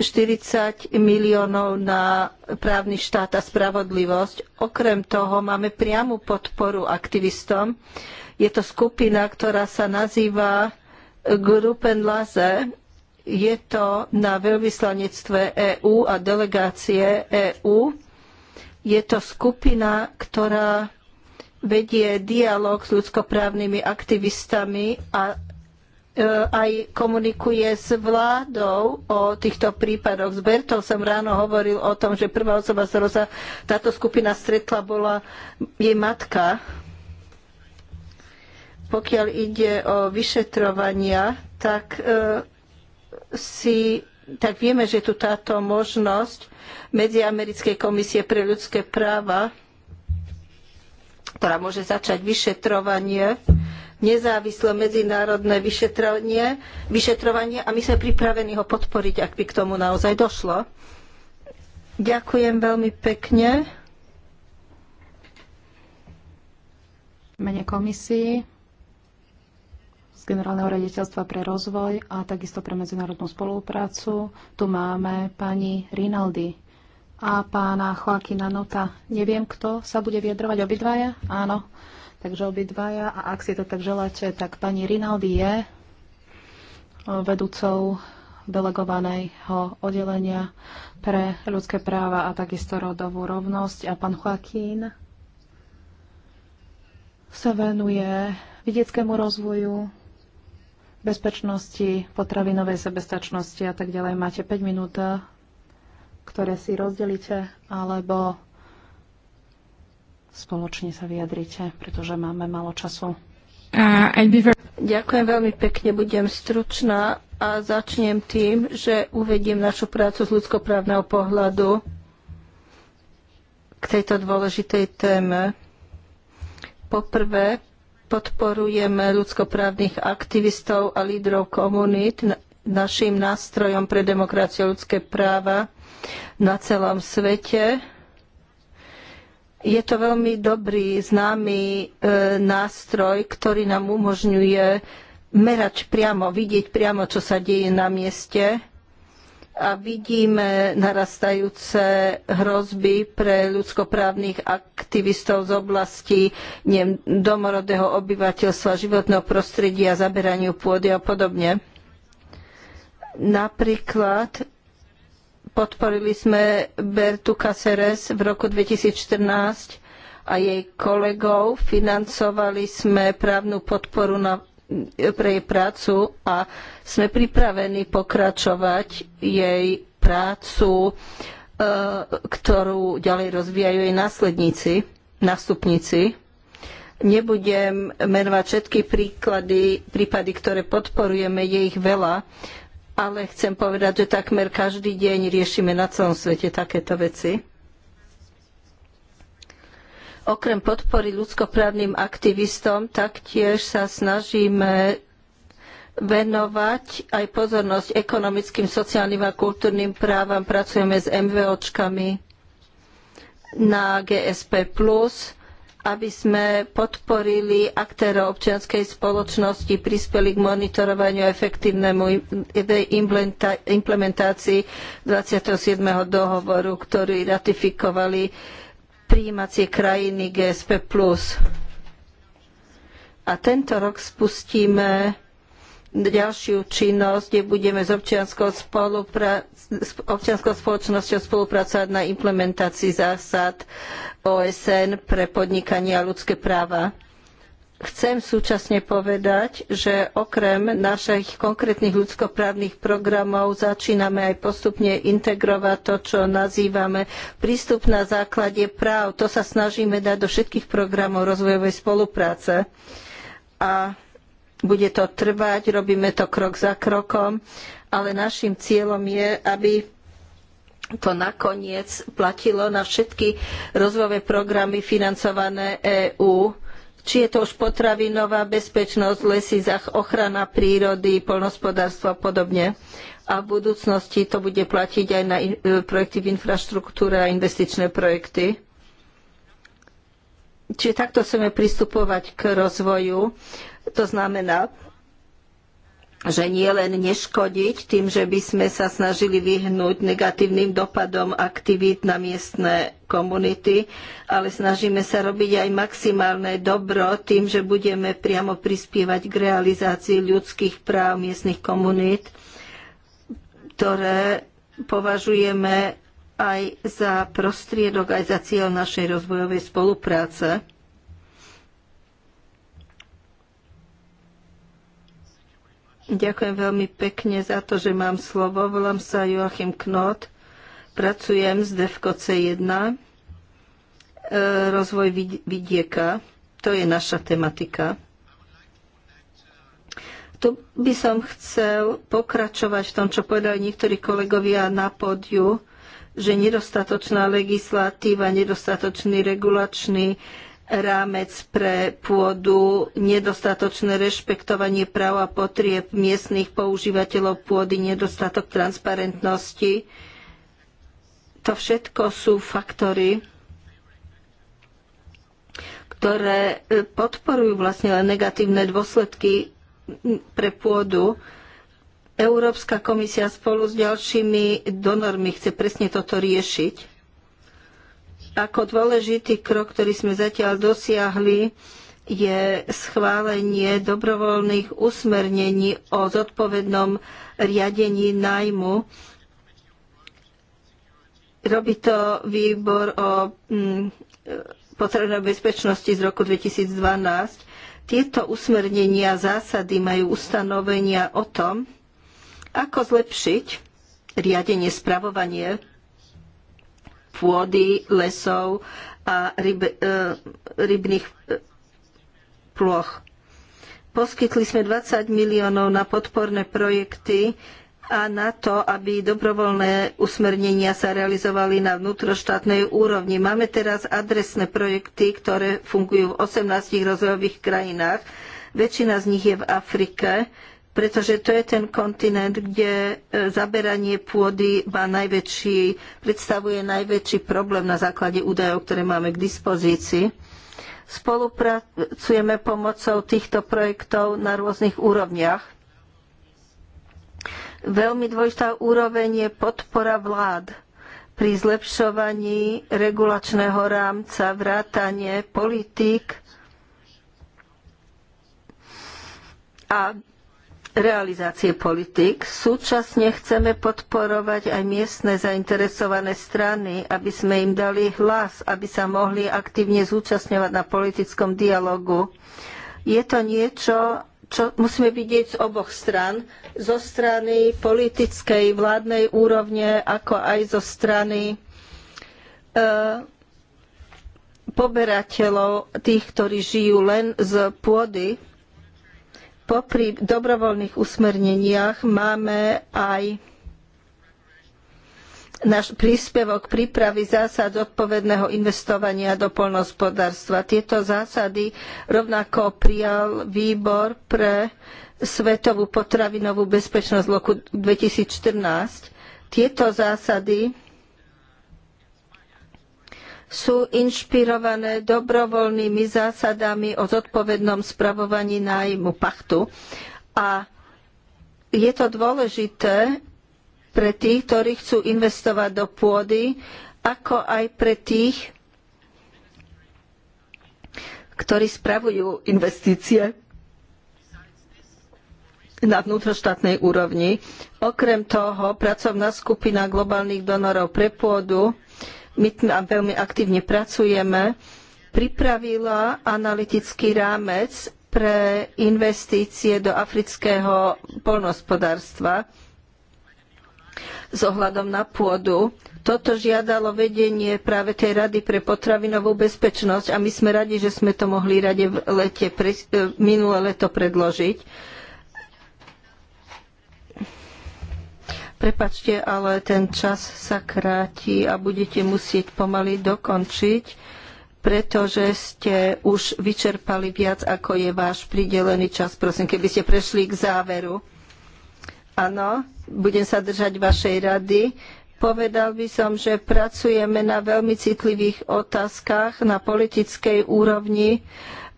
40 miliónov na právny štát a spravodlivosť. Okrem toho máme priamu podporu aktivistom. Je to skupina, ktorá sa nazýva Gruppen Laze. Je to na veľvyslanectve EÚ a delegácie EÚ. Je to skupina, ktorá vedie dialog s ľudskoprávnymi aktivistami a e, aj komunikuje s vládou o týchto prípadoch. S Bertou som ráno hovoril o tom, že prvá osoba, s ktorou sa táto skupina stretla, bola jej matka, pokiaľ ide o vyšetrovania, tak e, si tak vieme, že tu táto možnosť Medziamerickej komisie pre ľudské práva, ktorá môže začať vyšetrovanie, nezávislé medzinárodné vyšetrovanie, vyšetrovanie a my sme pripravení ho podporiť, ak by k tomu naozaj došlo. Ďakujem veľmi pekne. Mene komisii Generálneho raditeľstva pre rozvoj a takisto pre medzinárodnú spoluprácu. Tu máme pani Rinaldi a pána Joaquina Nota. Neviem, kto sa bude vyjadrovať obidvaja? Áno, takže obidvaja. A ak si to tak želáte, tak pani Rinaldi je vedúcou delegovaného oddelenia pre ľudské práva a takisto rodovú rovnosť. A pán Joaquín sa venuje vidieckému rozvoju bezpečnosti, potravinovej sebestačnosti a tak ďalej. Máte 5 minút, eh, ktoré si rozdelíte, alebo spoločne sa vyjadrite, pretože máme málo času. Uh, Ďakujem veľmi pekne, budem stručná a začnem tým, že uvediem našu prácu z ľudskoprávneho pohľadu k tejto dôležitej téme. Poprvé, podporujeme ľudskoprávnych aktivistov a lídrov komunít našim nástrojom pre demokraciu a ľudské práva na celom svete. Je to veľmi dobrý, známy e, nástroj, ktorý nám umožňuje merať priamo, vidieť priamo, čo sa deje na mieste a vidíme narastajúce hrozby pre ľudskoprávnych aktivistov z oblasti neviem, domorodého obyvateľstva, životného prostredia, zaberaniu pôdy a podobne. Napríklad podporili sme Bertu Caceres v roku 2014 a jej kolegov. Financovali sme právnu podporu na pre jej prácu a sme pripravení pokračovať jej prácu, e, ktorú ďalej rozvíjajú jej následníci, nástupníci. Nebudem menovať všetky príklady, prípady, ktoré podporujeme, je ich veľa, ale chcem povedať, že takmer každý deň riešime na celom svete takéto veci. Okrem podpory ľudskoprávnym aktivistom taktiež sa snažíme venovať aj pozornosť ekonomickým, sociálnym a kultúrnym právam. Pracujeme s MVOčkami na GSP+, aby sme podporili aktérov občianskej spoločnosti, prispeli k monitorovaniu a efektívnemu implementácii 27. dohovoru, ktorý ratifikovali prijímacie krajiny GSP+. A tento rok spustíme ďalšiu činnosť, kde budeme s občianskou, spolupra- s občianskou spoločnosťou spolupracovať na implementácii zásad OSN pre podnikanie a ľudské práva. Chcem súčasne povedať, že okrem našich konkrétnych ľudskoprávnych programov začíname aj postupne integrovať to, čo nazývame prístup na základe práv. To sa snažíme dať do všetkých programov rozvojovej spolupráce. A bude to trvať, robíme to krok za krokom, ale našim cieľom je, aby to nakoniec platilo na všetky rozvojové programy financované EÚ či je to už potravinová bezpečnosť, lesy, ochrana prírody, poľnohospodárstvo a podobne. A v budúcnosti to bude platiť aj na e, projekty v infraštruktúre a investičné projekty. Čiže takto chceme pristupovať k rozvoju. To znamená, že nie len neškodiť tým, že by sme sa snažili vyhnúť negatívnym dopadom aktivít na miestne komunity, ale snažíme sa robiť aj maximálne dobro tým, že budeme priamo prispievať k realizácii ľudských práv miestnych komunít, ktoré považujeme aj za prostriedok, aj za cieľ našej rozvojovej spolupráce. Ďakujem veľmi pekne za to, že mám slovo. Volám sa Joachim Knot. Pracujem z DEFCO C1, e, rozvoj vidieka. To je naša tematika. Tu by som chcel pokračovať v tom, čo povedali niektorí kolegovia na pódiu, že nedostatočná legislatíva, nedostatočný regulačný rámec pre pôdu, nedostatočné rešpektovanie práv a potrieb miestnych používateľov pôdy, nedostatok transparentnosti. To všetko sú faktory, ktoré e, podporujú vlastne len negatívne dôsledky pre pôdu. Európska komisia spolu s ďalšími donormi chce presne toto riešiť ako dôležitý krok, ktorý sme zatiaľ dosiahli, je schválenie dobrovoľných usmernení o zodpovednom riadení najmu. Robí to výbor o mm, potrebnej bezpečnosti z roku 2012. Tieto usmernenia zásady majú ustanovenia o tom, ako zlepšiť riadenie, spravovanie pôdy, lesov a ryb, e, rybných e, ploch. Poskytli sme 20 miliónov na podporné projekty a na to, aby dobrovoľné usmernenia sa realizovali na vnútroštátnej úrovni. Máme teraz adresné projekty, ktoré fungujú v 18 rozvojových krajinách. Väčšina z nich je v Afrike pretože to je ten kontinent, kde e, zaberanie pôdy má najväčší, predstavuje najväčší problém na základe údajov, ktoré máme k dispozícii. Spolupracujeme pomocou týchto projektov na rôznych úrovniach. Veľmi dôležitá úroveň je podpora vlád pri zlepšovaní regulačného rámca, vrátanie politík a realizácie politik. Súčasne chceme podporovať aj miestne zainteresované strany, aby sme im dali hlas, aby sa mohli aktívne zúčastňovať na politickom dialogu. Je to niečo, čo musíme vidieť z oboch stran, zo strany politickej vládnej úrovne, ako aj zo strany e, poberateľov, tých, ktorí žijú len z pôdy Popri dobrovoľných usmerneniach máme aj náš príspevok prípravy zásad odpovedného investovania do poľnohospodárstva. Tieto zásady rovnako prijal výbor pre svetovú potravinovú bezpečnosť v roku 2014. Tieto zásady sú inšpirované dobrovoľnými zásadami o zodpovednom spravovaní nájmu pachtu. A je to dôležité pre tých, ktorí chcú investovať do pôdy, ako aj pre tých, ktorí spravujú investície na vnútroštátnej úrovni. Okrem toho, pracovná skupina globálnych donorov pre pôdu my tam veľmi aktívne pracujeme, pripravila analytický rámec pre investície do afrického poľnohospodárstva s ohľadom na pôdu. Toto žiadalo vedenie práve tej Rady pre potravinovú bezpečnosť a my sme radi, že sme to mohli rade v lete, e, minulé leto predložiť Prepačte, ale ten čas sa kráti a budete musieť pomaly dokončiť, pretože ste už vyčerpali viac, ako je váš pridelený čas. Prosím, keby ste prešli k záveru. Áno, budem sa držať vašej rady. Povedal by som, že pracujeme na veľmi citlivých otázkach na politickej úrovni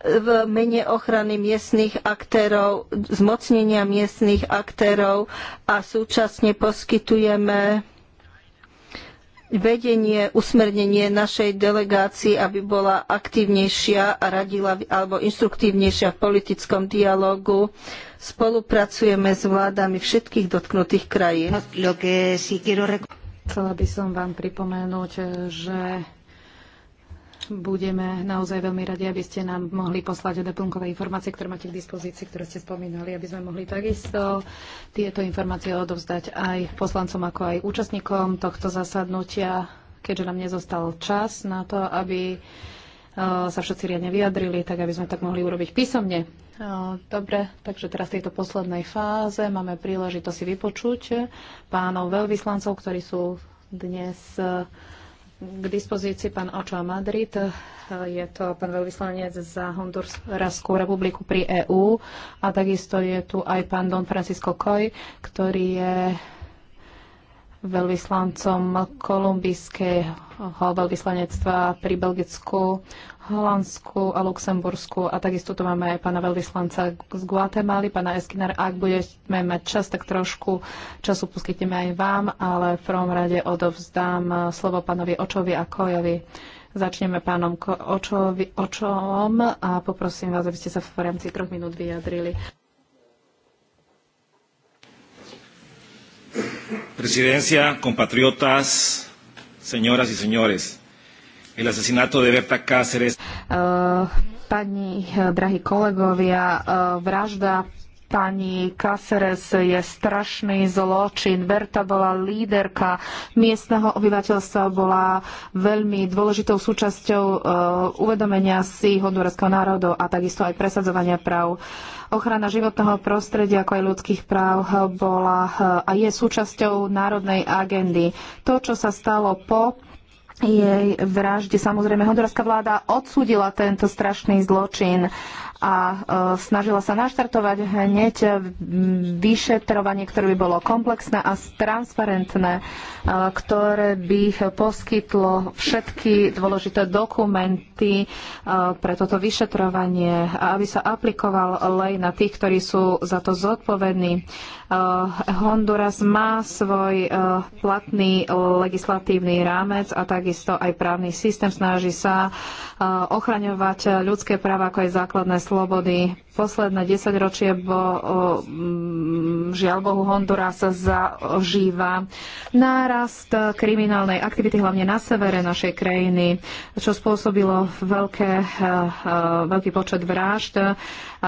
v mene ochrany miestnych aktérov, zmocnenia miestnych aktérov a súčasne poskytujeme vedenie, usmernenie našej delegácii, aby bola aktívnejšia a radila alebo inštruktívnejšia v politickom dialógu. Spolupracujeme s vládami všetkých dotknutých krajín. Chcela by som vám pripomenúť, že budeme naozaj veľmi radi, aby ste nám mohli poslať doplnkové informácie, ktoré máte k dispozícii, ktoré ste spomínali, aby sme mohli takisto tieto informácie odovzdať aj poslancom, ako aj účastníkom tohto zasadnutia, keďže nám nezostal čas na to, aby e, sa všetci riadne vyjadrili, tak aby sme tak mohli urobiť písomne. E, dobre, takže teraz v tejto poslednej fáze máme príležitosť si vypočuť pánov veľvyslancov, ktorí sú dnes e, k dispozícii pán Očo Madrid. Je to pán veľvyslanec za Hondurskú republiku pri EÚ a takisto je tu aj pán Don Francisco Coy, ktorý je veľvyslancom kolumbijského veľvyslanectva pri Belgicku Holandsku a Luxembursku a takisto tu máme aj pána veľvyslanca z Guatemaly, pána Eskinar. Ak budeme mať čas, tak trošku času poskytneme aj vám, ale v prvom rade odovzdám slovo pánovi Očovi a Kojovi. Začneme pánom Očovi, Očom a poprosím vás, aby ste sa v rámci troch minút vyjadrili. Presidencia, compatriotas, señoras y señores. El asesinato de Berta Cáceres. Uh, eh, pani, eh, drahí kolegovia, uh, vražda pani Cáceres je strašný zločin. Berta bola líderka miestneho obyvateľstva, bola veľmi dôležitou súčasťou uh, uvedomenia si hondurského národa a takisto aj presadzovania práv ochrana životného prostredia ako aj ľudských práv bola a je súčasťou národnej agendy. To, čo sa stalo po jej vražde. Samozrejme, honduraská vláda odsúdila tento strašný zločin a e, snažila sa naštartovať hneď e, vyšetrovanie, ktoré by bolo komplexné a transparentné, e, ktoré by poskytlo všetky dôležité dokumenty pre toto vyšetrovanie a aby sa aplikoval lej na tých, ktorí sú za to zodpovední. Honduras má svoj platný legislatívny rámec a takisto aj právny systém. Snaží sa ochraňovať ľudské práva ako aj základné slobody. Posledné desaťročie bo, mm, žiaľ Bohu sa zažíva nárast kriminálnej aktivity, hlavne na severe našej krajiny, čo spôsobilo veľké, e, e, veľký počet vražd e,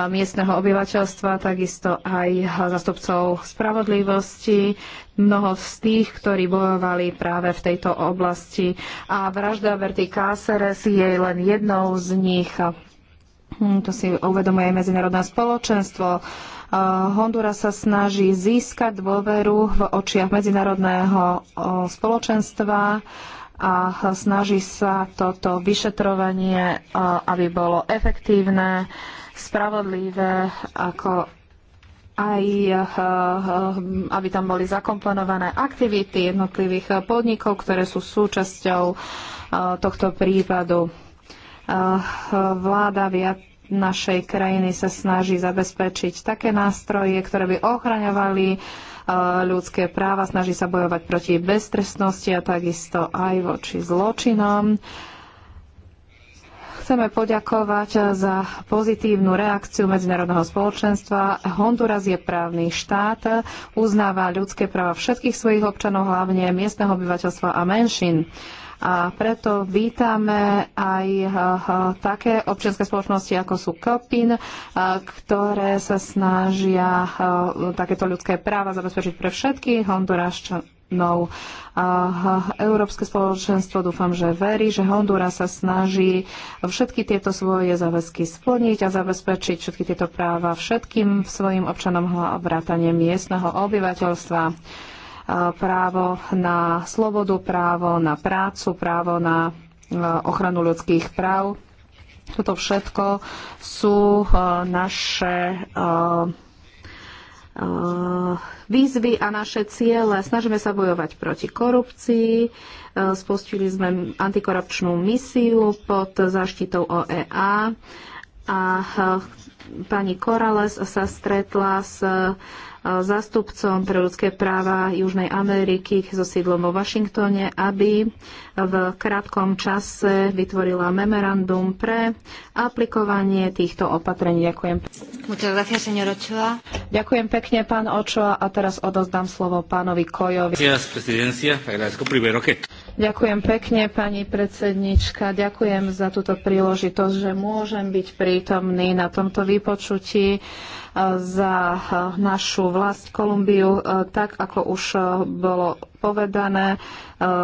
miestneho obyvateľstva, takisto aj zastupcov spravodlivosti, mnoho z tých, ktorí bojovali práve v tejto oblasti. A vražda Verty Cáceres je len jednou z nich. Hm, to si uvedomuje aj medzinárodné spoločenstvo. Eh, Honduras sa snaží získať dôveru v očiach medzinárodného eh, spoločenstva a snaží sa toto vyšetrovanie, eh, aby bolo efektívne, spravodlivé, ako aj aby tam boli zakomponované aktivity jednotlivých podnikov, ktoré sú súčasťou tohto prípadu. Eh, vláda viac našej krajiny sa snaží zabezpečiť také nástroje, ktoré by ochraňovali eh, ľudské práva, snaží sa bojovať proti beztrestnosti a takisto aj voči zločinom. Chceme poďakovať eh, za pozitívnu reakciu medzinárodného spoločenstva. Honduras je právny štát, uznáva ľudské práva všetkých svojich občanov, hlavne miestneho obyvateľstva a menšín. A preto vítame aj eh, eh, také občianske spoločnosti, ako sú Kopin, eh, ktoré sa snažia takéto ľudské práva zabezpečiť pre všetky Honduraščanov no, Európske spoločenstvo dúfam, že verí, že Honduras sa snaží všetky tieto svoje záväzky splniť a zabezpečiť všetky tieto práva všetkým svojim občanom a vrátanie miestneho obyvateľstva právo na slobodu, právo na prácu, právo na ochranu ľudských práv. Toto všetko sú naše výzvy a naše ciele. Snažíme sa bojovať proti korupcii, spustili sme antikorupčnú misiu pod záštitou OEA a pani Korales sa stretla s zástupcom pre ľudské práva Južnej Ameriky so sídlom vo Washingtone, aby v krátkom čase vytvorila memorandum pre aplikovanie týchto opatrení. Ďakujem. Ďakujem pekne, pán Očoa. A teraz odozdám slovo pánovi Kojovi. Ďakujem pekne, pani predsednička. Ďakujem za túto príležitosť, že môžem byť prítomný na tomto vypočutí eh, za eh, našu vlast Kolumbiu. Eh, tak, ako už bolo povedané,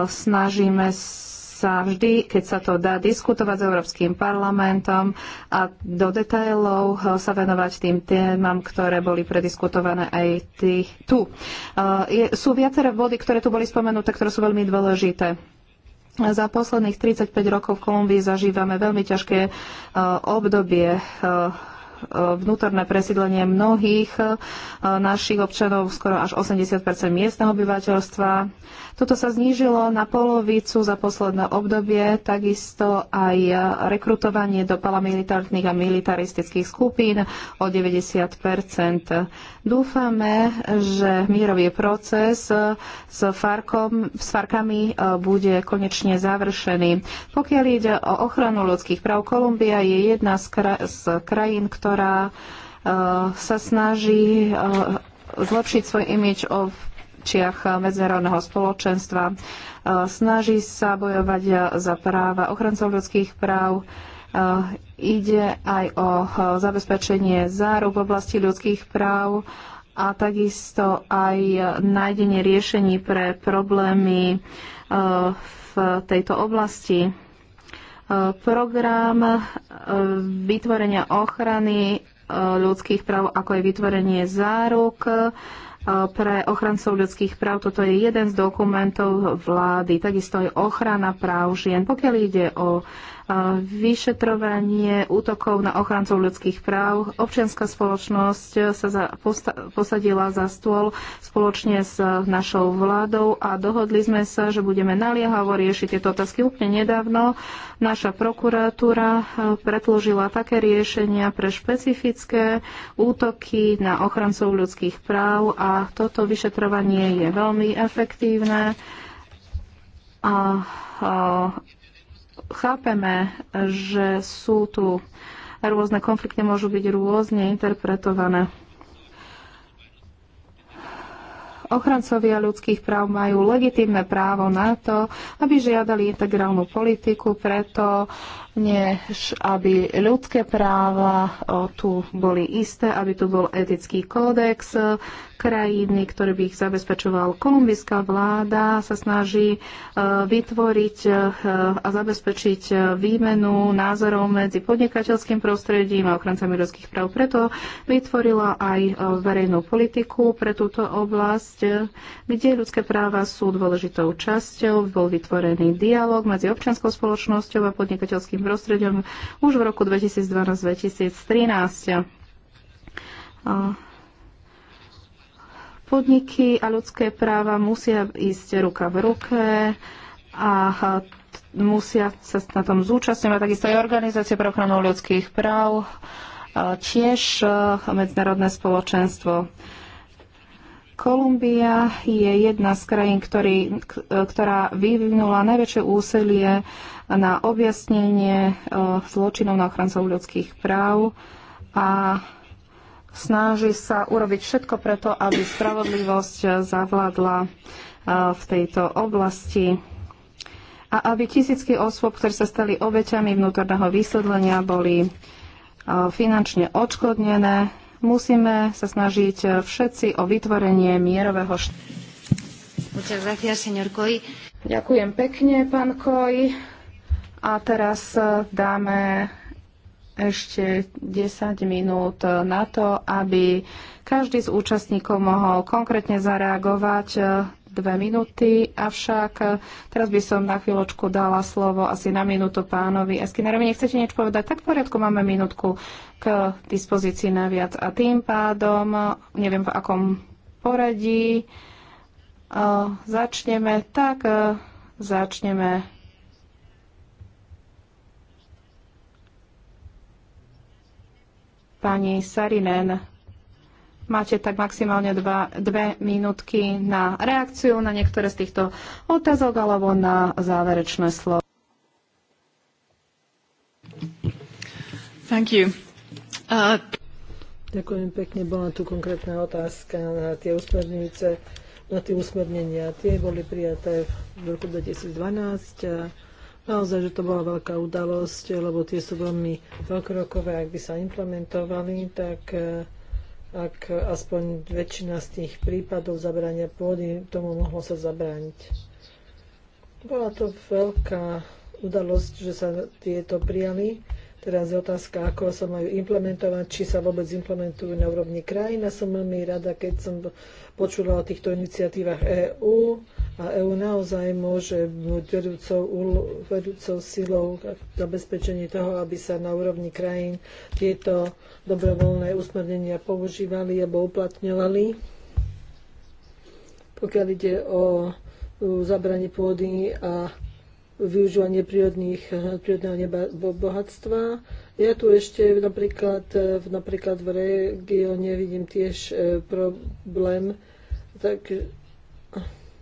snažíme sa sa vždy, keď sa to dá, diskutovať s Európskym parlamentom a do detailov eh, sa venovať tým témam, ktoré boli prediskutované aj tých, tu. Eh, je, sú viaceré body, ktoré tu boli spomenuté, ktoré sú veľmi dôležité. Za posledných 35 rokov v Kolumbii zažívame veľmi ťažké eh, obdobie vnútorné presídlenie mnohých e, našich občanov, skoro až 80 miestneho obyvateľstva. Toto sa znížilo na polovicu za posledné obdobie, takisto aj rekrutovanie do paramilitárnych a militaristických skupín o 90 Dúfame, že mírový proces s, Farkom, s Farkami e, bude konečne završený. Pokiaľ ide o ochranu ľudských práv, Kolumbia je jedna z, z krajín, ktorá ktorá e, sa snaží e, zlepšiť svoj imič o čiach medzinárodného spoločenstva. E, snaží sa bojovať za práva ochrancov ľudských práv. Ide aj o zabezpečenie záruk v oblasti ľudských práv a takisto aj nájdenie riešení pre problémy v tejto oblasti. E, program e, vytvorenia ochrany e, ľudských práv, ako je vytvorenie záruk pre ochrancov ľudských práv. Toto je jeden z dokumentov vlády. Takisto je ochrana práv žien. Pokiaľ ide o vyšetrovanie útokov na ochrancov ľudských práv. Občianská spoločnosť sa za, posadila za stôl spoločne s našou vládou a dohodli sme sa, že budeme naliehavo riešiť tieto otázky. Úplne nedávno naša prokuratúra eh, predložila také riešenia pre špecifické útoky na ochrancov ľudských práv a toto vyšetrovanie je veľmi efektívne. A, a chápeme, že sú tu rôzne konflikty, môžu byť rôzne interpretované. Ochrancovia ľudských práv majú legitímne právo na to, aby žiadali integrálnu politiku, preto než aby ľudské práva tu boli isté, aby tu bol etický kódex e, krajiny, ktorý by ich zabezpečoval. Kolumbijská vláda sa snaží e, vytvoriť e, a zabezpečiť výmenu názorov medzi podnikateľským prostredím a ochrancami ľudských práv. Preto vytvorila aj verejnú politiku pre túto oblasť, kde ľudské práva sú dôležitou časťou. Bol vytvorený dialog medzi občianskou spoločnosťou a podnikateľským životným prostredím už v roku 2012-2013 podniky a ľudské práva musia ísť ruka v ruke a musia sa na tom zúčastňovať. Takisto aj organizácie pre ochranu ľudských práv, tiež e, medzinárodné spoločenstvo. Kolumbia je jedna z krajín, ktorý, ktorá vyvinula najväčšie úsilie na objasnenie e, zločinov na ochrancov ľudských práv a snaží sa urobiť všetko preto, aby spravodlivosť zavládla e, v tejto oblasti a aby tisícky osôb, ktoré sa stali obeťami vnútorného vysvedlenia, boli e, finančne odškodnené Musíme sa snažiť e, všetci o vytvorenie mierového štátu. Ďakujem pekne, pán Koj. A teraz e, dáme ešte 10 minút na to, aby každý z účastníkov mohol konkrétne zareagovať e, dve minúty, avšak eh, teraz by som na chvíľočku dala slovo asi na minútu pánovi Eskinerovi. Nechcete niečo povedať? Tak v poriadku, máme minútku k dispozícii naviac. A tým pádom, eh, neviem v akom poradí, eh, začneme tak, začneme pani Sarinen Máte tak maximálne dva, dve minútky na reakciu na niektoré z týchto otázok alebo na záverečné slovo. Thank you. Uh... Ďakujem pekne. Bola tu konkrétna otázka na tie usmernice, na tie usmernenia. Tie boli prijaté v roku 2012. A naozaj, že to bola veľká udalosť, lebo tie sú veľmi veľkorokové. Ak by sa implementovali, tak uh, ak aspoň väčšina z tých prípadov zabrania pôdy tomu mohlo sa zabrániť. Bola to veľká udalosť, že sa tieto prijali. Teraz je otázka, ako sa majú implementovať, či sa vôbec implementujú na úrovni krajín. som veľmi rada, keď som počula o týchto iniciatívach EÚ a EÚ naozaj môže byť vedúcou, vedúcou silou k toho, aby sa na úrovni krajín tieto dobrovoľné usmernenia používali alebo uplatňovali. Pokiaľ ide o zabranie pôdy a využívanie prírodných, prírodného neba, bohatstva. Ja tu ešte napríklad, napríklad v regióne vidím tiež e, problém, tak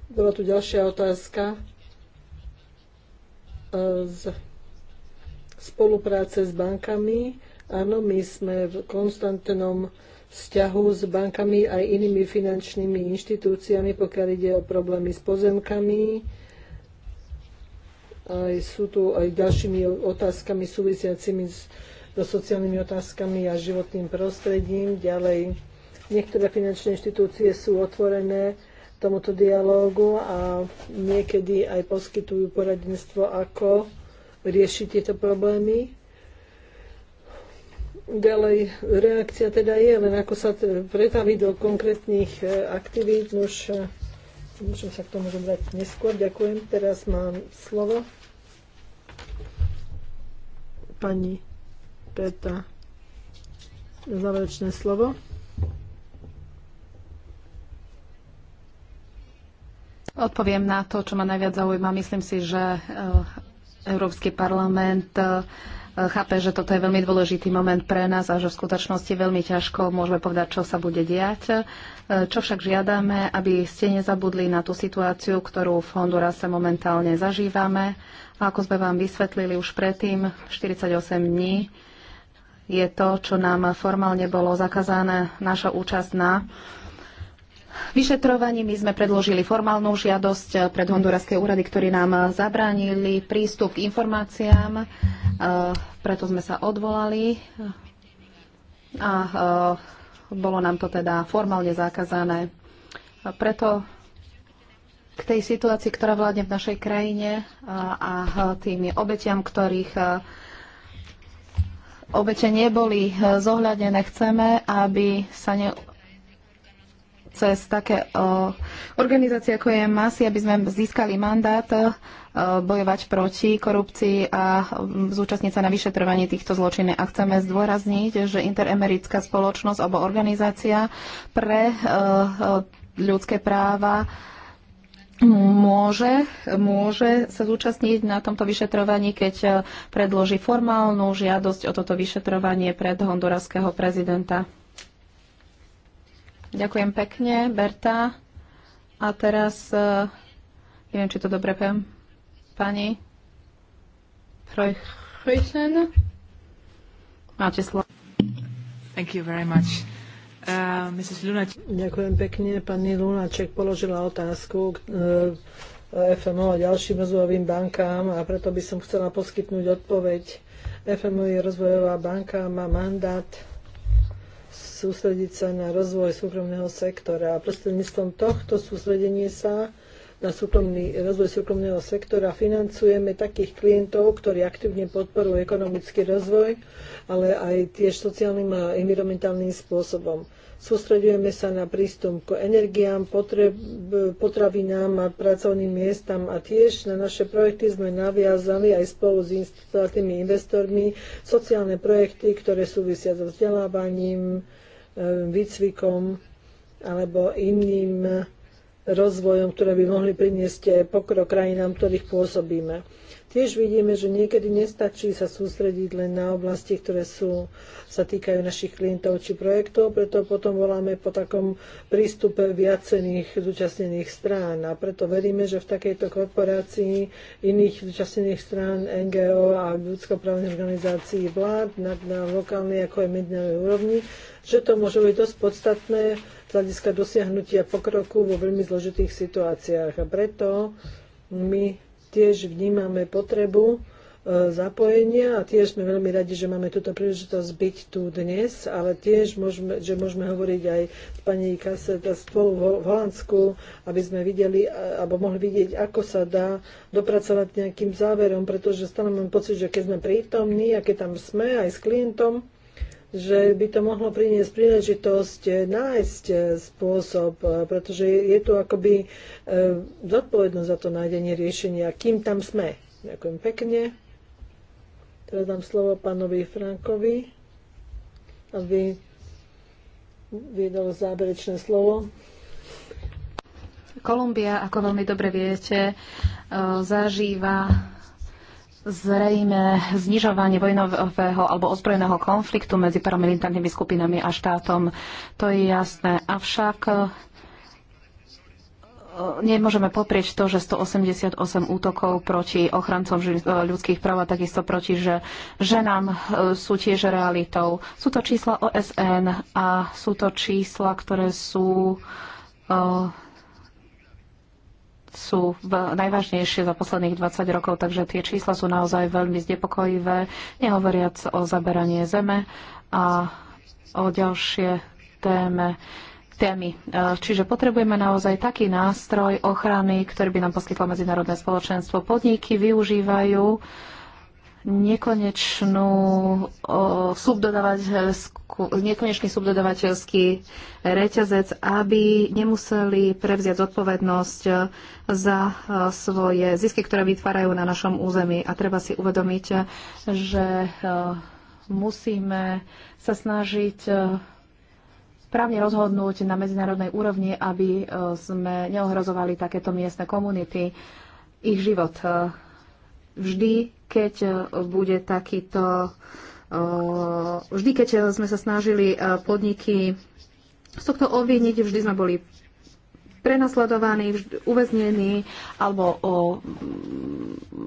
bola tu ďalšia otázka e, z spolupráce s bankami. Áno, my sme v konstantnom vzťahu s bankami aj inými finančnými inštitúciami, pokiaľ ide o problémy s pozemkami. Aj sú tu aj ďalšími otázkami súvisiacimi s, so sociálnymi otázkami a životným prostredím. Ďalej, niektoré finančné inštitúcie sú otvorené tomuto dialógu a niekedy aj poskytujú poradenstvo, ako riešiť tieto problémy. Ďalej, reakcia teda je, len ako sa pretaví do konkrétnych e, aktivít, už e, môžem sa k tomu zobrať neskôr. Ďakujem, teraz mám slovo. Pani Peta, záverečné slovo. Odpoviem na to, čo ma najviac zaujíma. Myslím si, že eh, Európsky parlament eh, chápe, že toto je veľmi dôležitý moment pre nás a že v skutočnosti veľmi ťažko môžeme povedať, čo sa bude diať. Eh, čo však žiadame, aby ste nezabudli na tú situáciu, ktorú v Hondurase momentálne zažívame. A ako sme vám vysvetlili už predtým, 48 dní je to, čo nám formálne bolo zakázané, naša účasť na vyšetrovaní. My sme predložili formálnu žiadosť pred honduraské úrady, ktorí nám zabránili prístup k informáciám, e, preto sme sa odvolali a e, bolo nám to teda formálne zakázané. Preto k tej situácii, ktorá vládne v našej krajine e, a tým obetiam, ktorých obete neboli zohľadené. Chceme, aby sa ne, cez také e, organizácie, ako je MASI, aby sme získali mandát e, bojovať proti korupcii a zúčastniť sa na vyšetrovanie týchto zločinov. A chceme zdôrazniť, že Interamerická spoločnosť alebo organizácia pre e, ľudské práva môže, môže sa zúčastniť na tomto vyšetrovaní, keď predloží formálnu žiadosť o toto vyšetrovanie pred honduraského prezidenta. Ďakujem pekne, Berta. A teraz, e, neviem, či to dobre poviem, pani Freuchen. Máte slovo. Thank you very much. Uh, Ďakujem pekne. Pani Lunaček položila otázku k e, FMO a ďalším rozvojovým bankám a preto by som chcela poskytnúť odpoveď. FMO je rozvojová banka, má mandát sústrediť sa na rozvoj súkromného sektora. A prostredníctvom tohto sústredenie sa na súkromný, rozvoj súkromného sektora financujeme takých klientov, ktorí aktívne podporujú ekonomický rozvoj, ale aj tiež sociálnym a environmentálnym spôsobom. Sústredujeme sa na prístup k energiám, potreb, potravinám a pracovným miestam a tiež na naše projekty sme naviazali aj spolu s institútnymi investormi sociálne projekty, ktoré súvisia so vzdelávaním, Um, výcvikom alebo iným rozvojom, ktoré by mohli priniesť pokrok krajinám, ktorých pôsobíme. Tiež vidíme, že niekedy nestačí sa sústrediť len na oblasti, ktoré sú, sa týkajú našich klientov či projektov, preto potom voláme po takom prístupe viacených zúčastnených strán. A preto veríme, že v takejto korporácii iných zúčastnených strán NGO a ľudskoprávnych organizácií vlád na, na lokálnej ako aj medzinárodnej úrovni, že to môže byť dosť podstatné z hľadiska dosiahnutia pokroku vo veľmi zložitých situáciách. A preto my tiež vnímame potrebu e, zapojenia a tiež sme veľmi radi, že máme túto príležitosť byť tu dnes, ale tiež môžeme, že môžeme hovoriť aj s pani Kaseta spolu v Holandsku, aby sme videli, alebo mohli vidieť, ako sa dá dopracovať nejakým záverom, pretože stále mám pocit, že keď sme prítomní a keď tam sme aj s klientom, že by to mohlo priniesť príležitosť eh, nájsť eh, spôsob, eh, pretože je tu akoby zodpovednosť za to nájdenie riešenia, kým tam sme. Ďakujem pekne. Teraz dám slovo pánovi Frankovi, aby viedol záverečné slovo. Kolumbia, ako veľmi dobre viete, zažíva zrejme znižovanie vojnového alebo ozbrojeného konfliktu medzi paramilitárnymi skupinami a štátom. To je jasné. Avšak e, nemôžeme poprieť to, že 188 útokov proti ochrancom e, ľudských práv a takisto proti že ženám e, sú tiež realitou. Sú to čísla OSN a sú to čísla, ktoré sú uh, sú najvážnejšie za posledných 20 rokov, takže tie čísla sú naozaj veľmi znepokojivé, nehovoriac o zaberanie zeme a o ďalšie téme témy. E, čiže potrebujeme naozaj taký nástroj ochrany, ktorý by nám poskytlo medzinárodné spoločenstvo. Podniky využívajú nekonečnú nekonečný subdodavateľský reťazec, aby nemuseli prevziať zodpovednosť za e, svoje zisky, ktoré vytvárajú na našom území. A treba si uvedomiť, že e, musíme sa snažiť správne e, rozhodnúť na medzinárodnej úrovni, aby sme neohrozovali takéto miestne komunity, ich život. Vždy, keď e, bude takýto, e, vždy, keď sme sa snažili e, podniky z tohto obviniť, vždy sme boli prenasledovaní, uväznení, alebo o,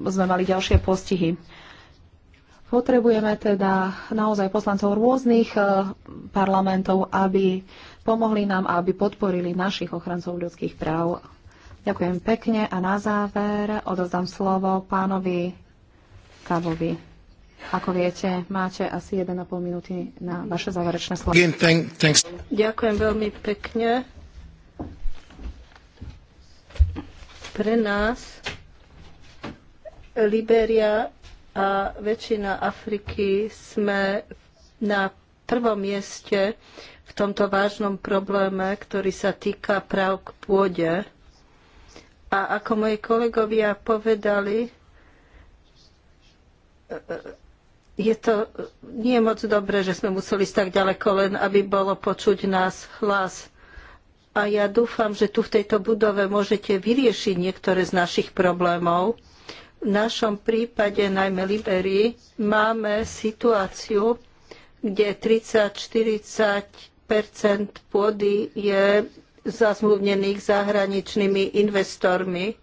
sme mali ďalšie postihy. Potrebujeme teda naozaj poslancov rôznych parlamentov, aby pomohli nám, aby podporili našich ochrancov ľudských práv Ďakujem pekne a na záver odozdám slovo pánovi Kavovi. Ako viete, máte asi 1,5 minúty na vaše záverečné slovo. Ďakujem veľmi pekne. Pre nás Liberia a väčšina Afriky sme na prvom mieste v tomto vážnom probléme, ktorý sa týka práv k pôde. A ako moji kolegovia povedali, je to nie moc dobré, že sme museli ísť tak ďaleko, len aby bolo počuť nás hlas. A ja dúfam, že tu v tejto budove môžete vyriešiť niektoré z našich problémov. V našom prípade, najmä Liberii, máme situáciu, kde 30-40 pôdy je zasmluvnených zahraničnými investormi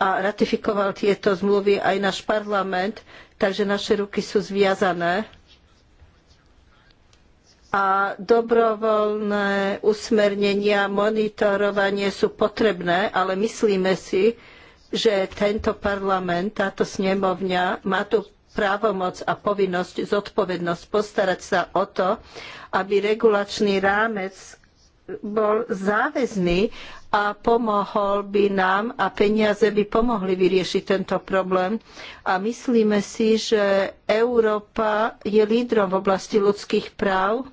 a ratifikoval tieto zmluvy aj náš parlament, takže naše ruky sú zviazané. A dobrovoľné usmernenia, monitorovanie sú potrebné, ale myslíme si, že tento parlament, táto snemovňa má tu právomoc a povinnosť, zodpovednosť postarať sa o to, aby regulačný rámec bol záväzný a pomohol by nám a peniaze by pomohli vyriešiť tento problém. A myslíme si, že Európa je lídrom v oblasti ľudských práv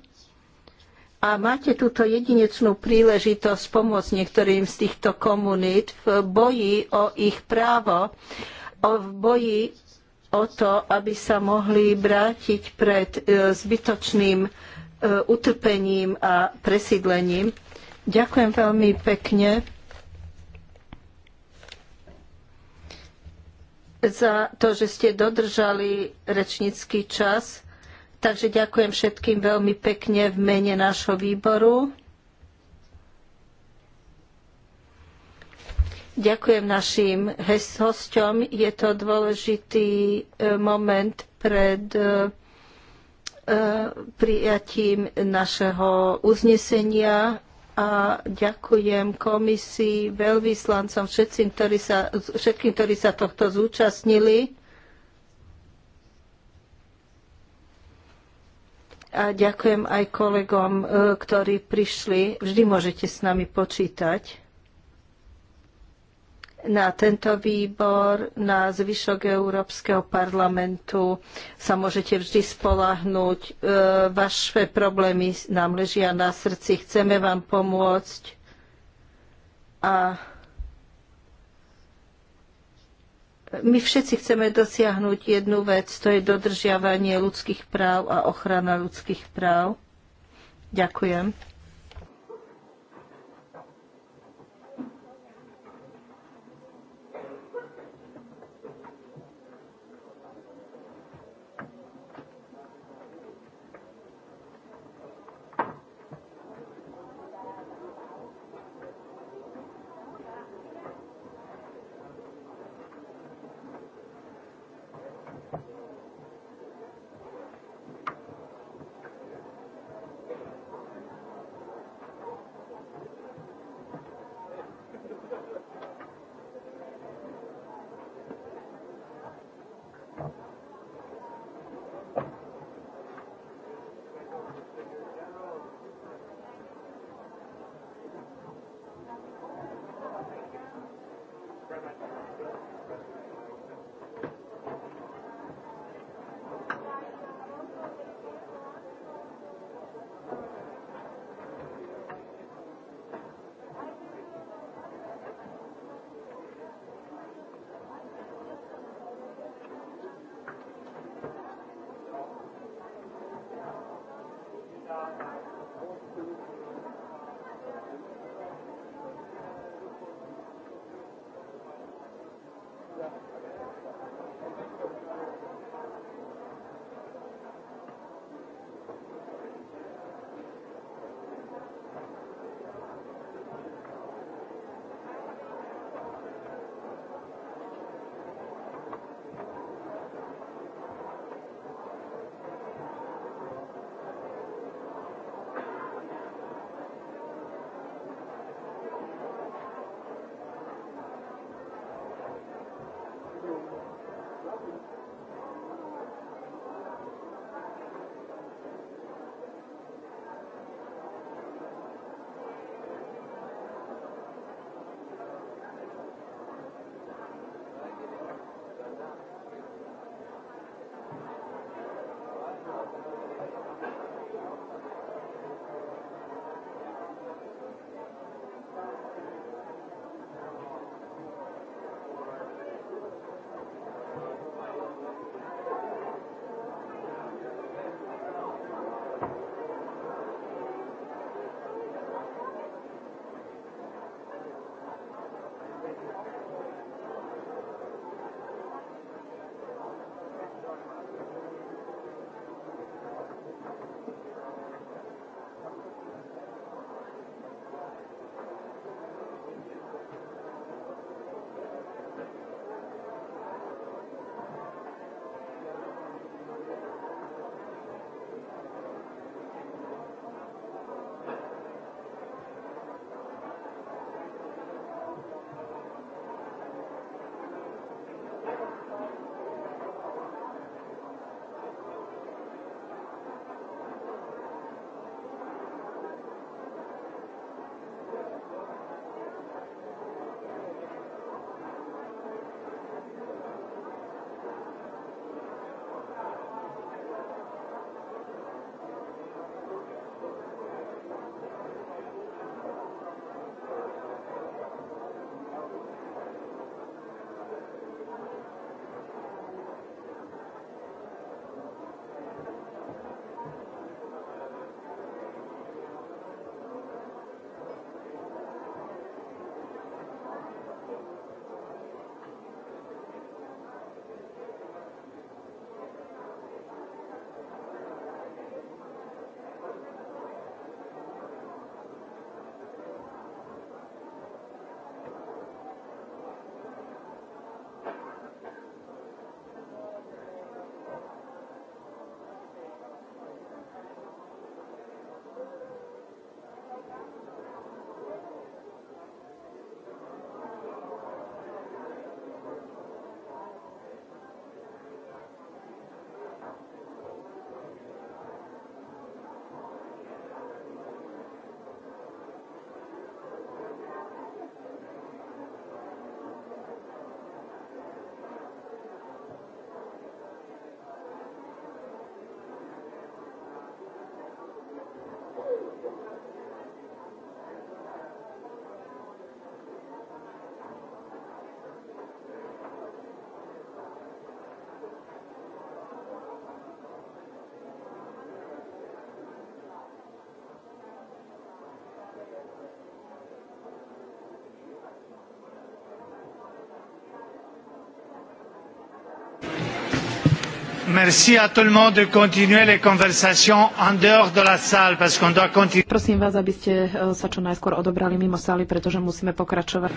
a máte túto jedinečnú príležitosť pomôcť niektorým z týchto komunít v boji o ich právo, v boji o to, aby sa mohli brátiť pred e, zbytočným E, utrpením a presídlením. Ďakujem veľmi pekne za to, že ste dodržali rečnícky čas. Takže ďakujem všetkým veľmi pekne v mene nášho výboru. Ďakujem našim hosťom. Je to dôležitý e, moment pred e, E, prijatím našeho uznesenia a ďakujem komisii, veľvyslancom, všetkým, ktorí sa, všetkým, ktorí sa tohto zúčastnili. A ďakujem aj kolegom, e, ktorí prišli. Vždy môžete s nami počítať na tento výbor, na zvyšok Európskeho parlamentu sa môžete vždy spolahnuť. E, vaše problémy nám ležia na srdci, chceme vám pomôcť a my všetci chceme dosiahnuť jednu vec, to je dodržiavanie ľudských práv a ochrana ľudských práv. Ďakujem. Merci à tout le monde de continuer les conversations en dehors de la salle, parce qu'on doit continuer. Prosím vás, aby ste e, sa čo najskôr odobrali mimo sály, pretože musíme pokračovať.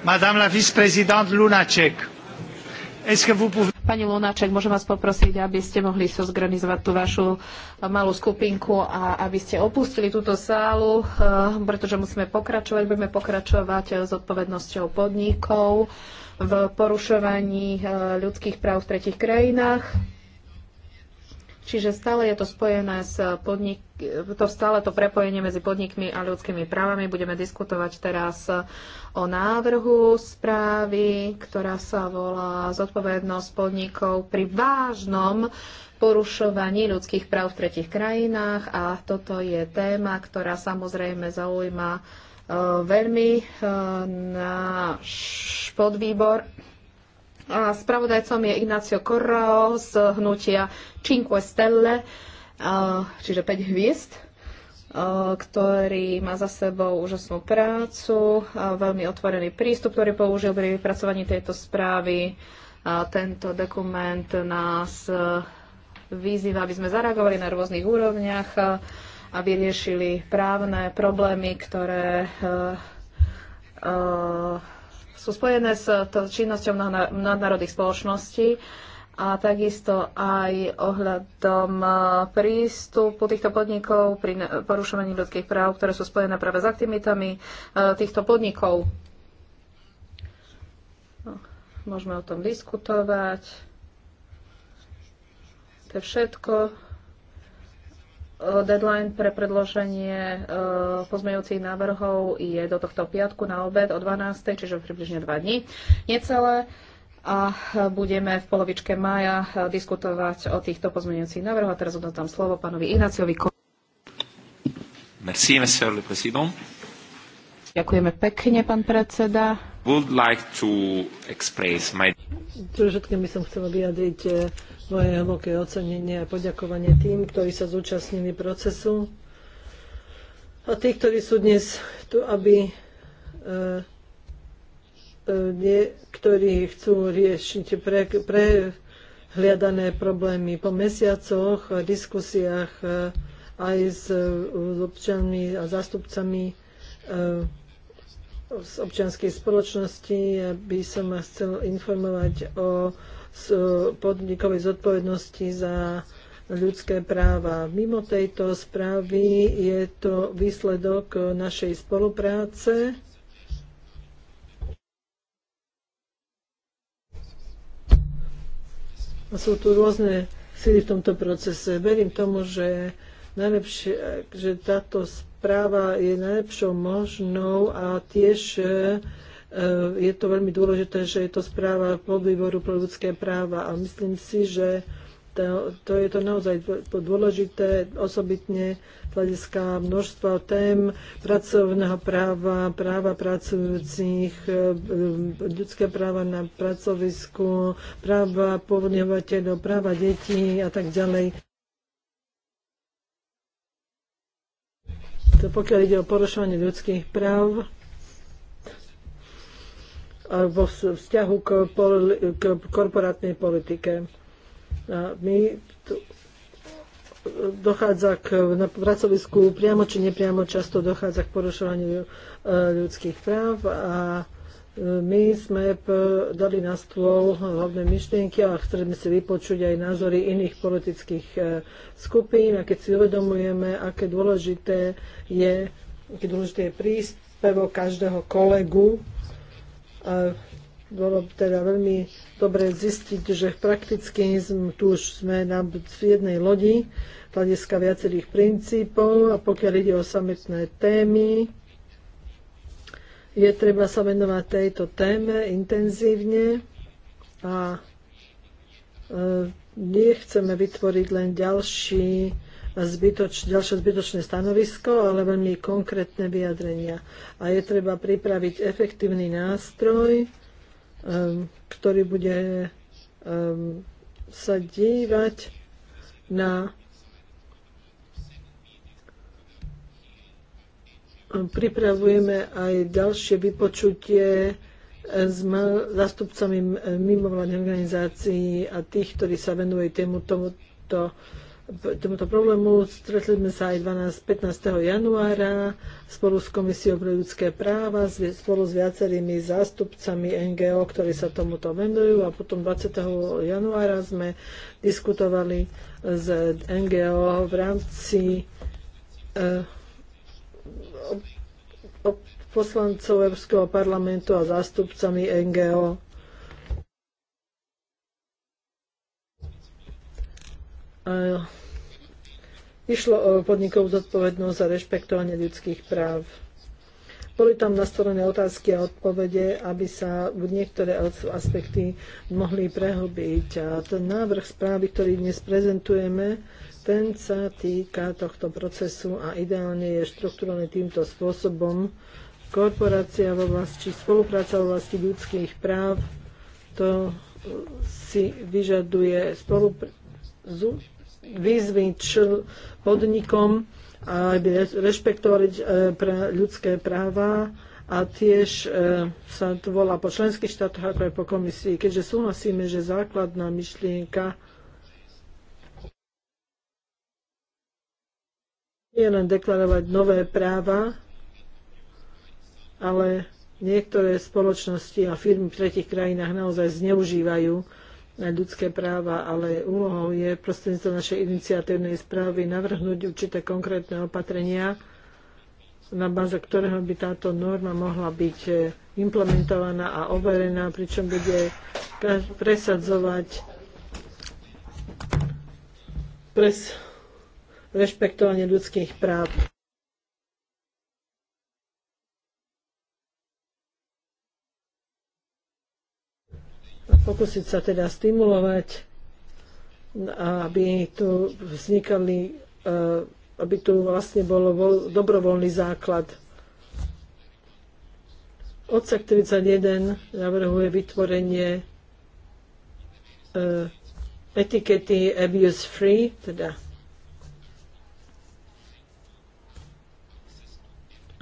Madame la vice-présidente Lunacek, est-ce que vous pouvez... Pani Lunáček, môžem vás poprosiť, aby ste mohli sozgranizovať tú vašu eh, malú skupinku a aby ste opustili túto sálu, eh, pretože musíme pokračovať. Budeme pokračovať eh, s odpovednosťou podnikov v porušovaní ľudských práv v tretich krajinách. Čiže stále je to spojené s podnik, to stále to prepojenie medzi podnikmi a ľudskými právami. Budeme diskutovať teraz o návrhu správy, ktorá sa volá Zodpovednosť podnikov pri vážnom porušovaní ľudských práv v tretich krajinách a toto je téma, ktorá samozrejme zaujíma e, veľmi e, náš podvýbor a spravodajcom je Ignacio Corrao z hnutia Cinque Stelle, čiže 5 hviezd ktorý má za sebou úžasnú prácu, veľmi otvorený prístup, ktorý použil pri vypracovaní tejto správy. Tento dokument nás e, vyzýva, aby sme zareagovali na rôznych úrovniach a vyriešili právne problémy, ktoré e, e, sú spojené s činnosťou nadnárodných spoločností a takisto aj ohľadom e, prístupu týchto podnikov pri porušovaní ľudských práv, ktoré sú spojené práve s aktivitami e, týchto podnikov. No, môžeme o tom diskutovať. To je všetko Deadline pre predloženie eh, pozmejúcich návrhov je do tohto piatku na obed o 12. čiže približne 2 dní. Necelé a budeme v polovičke mája diskutovať o týchto pozmeňujúcich návrhoch. A teraz odnotám slovo pánovi Ignáciovi. Merci, monsieur le président. Ďakujeme pekne, pán predseda. Would like to express my... Čo Všetkým by som chcela vyjadriť eh, moje hlboké ocenenie a poďakovanie tým, ktorí sa zúčastnili procesu a tí, ktorí sú dnes tu, aby e, e, nie, ktorí chcú riešiť pre, problémy po mesiacoch, diskusiách e, aj s, s občanmi a zástupcami z občianskej spoločnosti. Ja by som vás chcel informovať o Eh, podnikovej zodpovednosti za ľudské práva. Mimo tejto správy je to výsledok eh, našej spolupráce. A Sú tu rôzne síly v tomto procese. Verím tomu, že, najlepšie, že táto správa je najlepšou možnou a tiež eh, Eh, je to veľmi dôležité, že je to správa podvýboru pro ľudské práva a myslím si, že to, to je to naozaj dôležité, osobitne hľadiska množstva tém pracovného práva, práva pracujúcich, eh, eh, ľudské práva na pracovisku, práva povodňovateľov, práva detí a tak ďalej. To pokiaľ ide o porušovanie ľudských práv, Eh, vo vzťahu k, poli, k korporátnej politike. A my tu, eh, dochádza k, na pracovisku priamo či nepriamo často dochádza k porušovaniu eh, ľudských práv a my sme dali na stôl hlavné myšlienky a chceme si vypočuť aj názory iných politických skupín a keď si uvedomujeme, aké dôležité je, aké dôležité je príspevok každého kolegu a bolo teda veľmi dobre zistiť, že prakticky tu už sme na jednej lodi hľadiska viacerých princípov a pokiaľ ide o samotné témy, je treba sa venovať tejto téme intenzívne a e, nechceme vytvoriť len ďalší zbytoč, ďalšie zbytočné stanovisko, ale veľmi konkrétne vyjadrenia. A je treba pripraviť efektívny nástroj, um, ktorý bude um, sa dívať na um, pripravujeme aj ďalšie vypočutie eh, s zastupcami eh, mimovládnych organizácií a tých, ktorí sa venujú tému tomuto tomuto problému. Stretli sme sa aj 12, 15. januára spolu s Komisiou pre ľudské práva, spolu s viacerými zástupcami NGO, ktorí sa tomuto venujú a potom 20. januára sme diskutovali s NGO v rámci eh, poslancov Európskeho parlamentu a zástupcami NGO Išlo o podnikovú zodpovednosť za rešpektovanie ľudských práv. Boli tam nastavené otázky a odpovede, aby sa niektoré aspekty mohli prehlbiť. A ten návrh správy, ktorý dnes prezentujeme, ten sa týka tohto procesu a ideálne je štruktúrovaný týmto spôsobom. Korporácia v oblasti, spolupráca v oblasti ľudských práv, to si vyžaduje spolupráca výzvy podnikom, aby rešpektovali e, ľudské práva a tiež e, sa to volá po členských štátoch ako aj po komisii, keďže súhlasíme, že základná myšlienka nie len deklarovať nové práva, ale niektoré spoločnosti a firmy v tretich krajinách naozaj zneužívajú ľudské práva, ale úlohou je prostredníctvom našej iniciatívnej správy navrhnúť určité konkrétne opatrenia, na báze ktorého by táto norma mohla byť e, implementovaná a overená, pričom bude presadzovať pres rešpektovanie ľudských práv. pokúsiť sa teda stimulovať, aby tu vznikali, eh, aby tu vlastne bolo dobrovoľný základ. Odsek 31 navrhuje vytvorenie eh, etikety abuse free, teda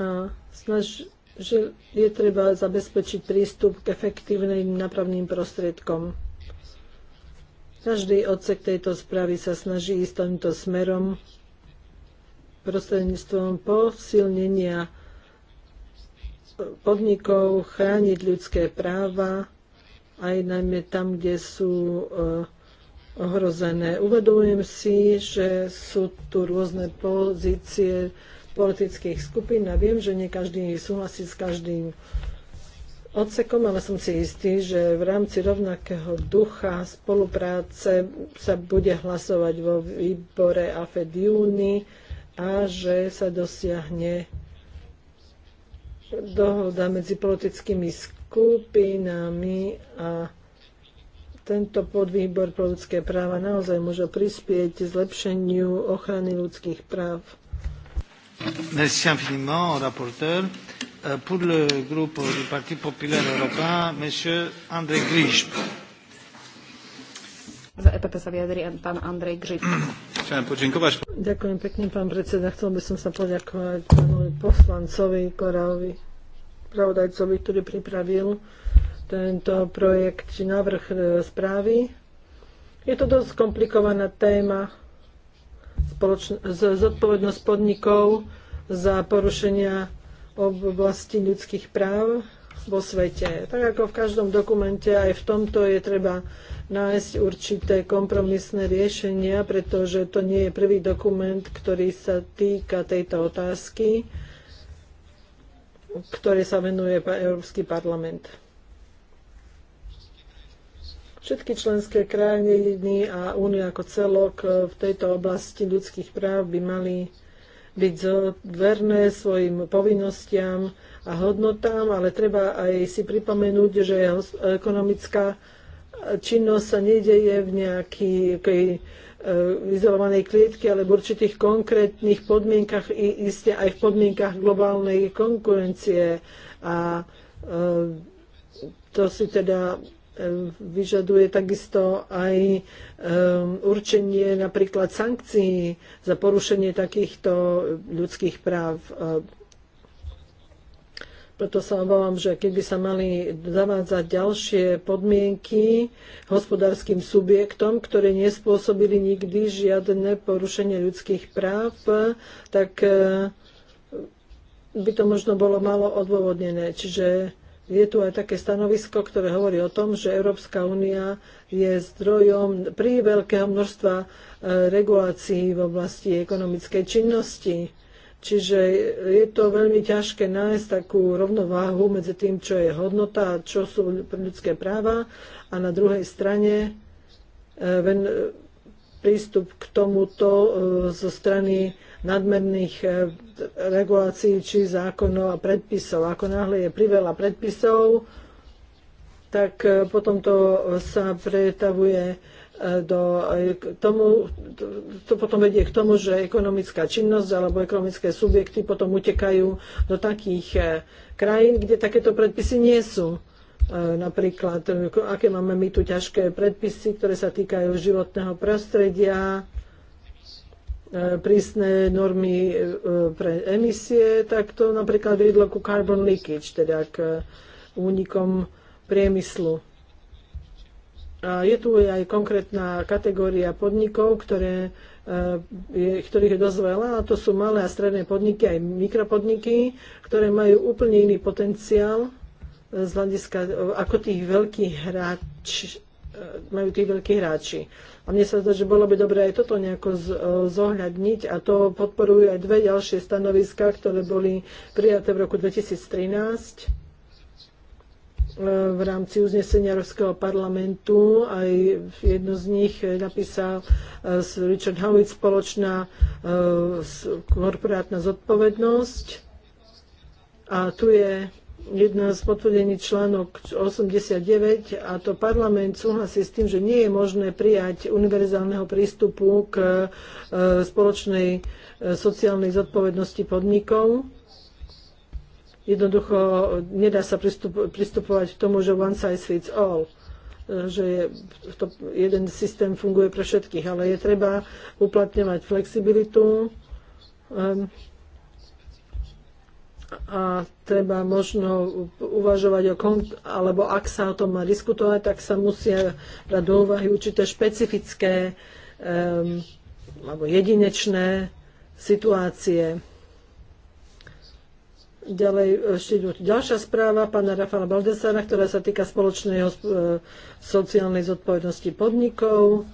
a snaž, že je treba zabezpečiť prístup k efektívnym napravným prostriedkom. Každý odsek tejto správy sa snaží ísť týmto smerom prostredníctvom posilnenia podnikov, chrániť ľudské práva, aj najmä tam, kde sú e, ohrozené. Uvedomujem si, že sú tu rôzne pozície politických skupín a viem, že nie každý súhlasí s každým odsekom, ale som si istý, že v rámci rovnakého ducha spolupráce sa bude hlasovať vo výbore AFED júni a že sa dosiahne dohoda medzi politickými skupinami a tento podvýbor pro ľudské práva naozaj môže prispieť zlepšeniu ochrany ľudských práv Merci infiniment au rapporteur. Euh, pour le groupe du Parti populaire européen, Monsieur André Grzyb. Za EPP sa vyjadrí pán Andrej Grzyb. Chcem poďakovať. Ďakujem pekne, pán predseda. Chcel by som sa poďakovať pánovi poslancovi Korálovi, pravodajcovi, ktorý pripravil tento projekt či návrh e, správy. Je to dosť komplikovaná téma, zodpovednosť podnikov za porušenia oblasti ľudských práv vo svete. Tak ako v každom dokumente, aj v tomto je treba nájsť určité kompromisné riešenia, pretože to nie je prvý dokument, ktorý sa týka tejto otázky, ktorej sa venuje Európsky parlament. Všetky členské krajiny a únia ako celok e, v tejto oblasti ľudských práv by mali byť verné svojim povinnostiam a hodnotám, ale treba aj si pripomenúť, že ekonomická činnosť sa nedeje v nejakej e, izolovanej klietke, ale v určitých konkrétnych podmienkach i iste aj v podmienkach globálnej konkurencie. A e, to si teda vyžaduje takisto aj určenie napríklad sankcií za porušenie takýchto ľudských práv. Preto sa obávam, že keby sa mali zavádzať ďalšie podmienky hospodárskym subjektom, ktoré nespôsobili nikdy žiadne porušenie ľudských práv, tak eh, by to možno bolo malo odôvodnené. Čiže je tu aj také stanovisko, ktoré hovorí o tom, že Európska únia je zdrojom pri veľkého množstva e, regulácií v oblasti ekonomickej činnosti. Čiže je to veľmi ťažké nájsť takú rovnováhu medzi tým, čo je hodnota čo sú ľudské práva a na druhej strane e, prístup k tomuto e, zo strany nadmerných e, regulácií či zákonov a predpisov. Ako náhle je priveľa predpisov, tak e, potom to sa pretavuje e, do, k tomu, to potom vedie k tomu, že ekonomická činnosť alebo ekonomické subjekty potom utekajú do takých krajín, kde takéto predpisy nie sú. Napríklad, aké máme my tu ťažké predpisy, ktoré sa týkajú životného prostredia, E, prísne normy e, pre emisie, tak to napríklad viedlo ku carbon leakage, teda k e, únikom priemyslu. A je tu aj konkrétna kategória podnikov, ktoré, je, ktorých je dosť veľa, a to sú malé a stredné podniky, aj mikropodniky, ktoré majú úplne iný potenciál z hľadiska, ako tých veľkých hráč, majú tí veľkí hráči. A mne sa zdá, že bolo by dobre aj toto nejako e, zohľadniť a to podporujú aj dve ďalšie stanoviská, ktoré boli prijaté v roku 2013 e, v rámci uznesenia Európskeho parlamentu. Aj jednu z nich e, napísal Richard Howitt spoločná korporátna zodpovednosť. A tu je jedna z potvrdení článok 89 a to parlament súhlasí s tým, že nie je možné prijať univerzálneho prístupu k e, spoločnej e, sociálnej zodpovednosti podnikov. Jednoducho nedá sa pristup, pristupovať k tomu, že one size fits all e, že je to, jeden systém funguje pre všetkých, ale je treba uplatňovať flexibilitu, ehm, a treba možno uvažovať o kont- alebo ak sa o tom má diskutovať, tak sa musia dať do úvahy určité špecifické um, alebo jedinečné situácie. Ďalej ešte ďalšia správa pána Rafala Baldesara, ktorá sa týka spoločnej e, sociálnej zodpovednosti podnikov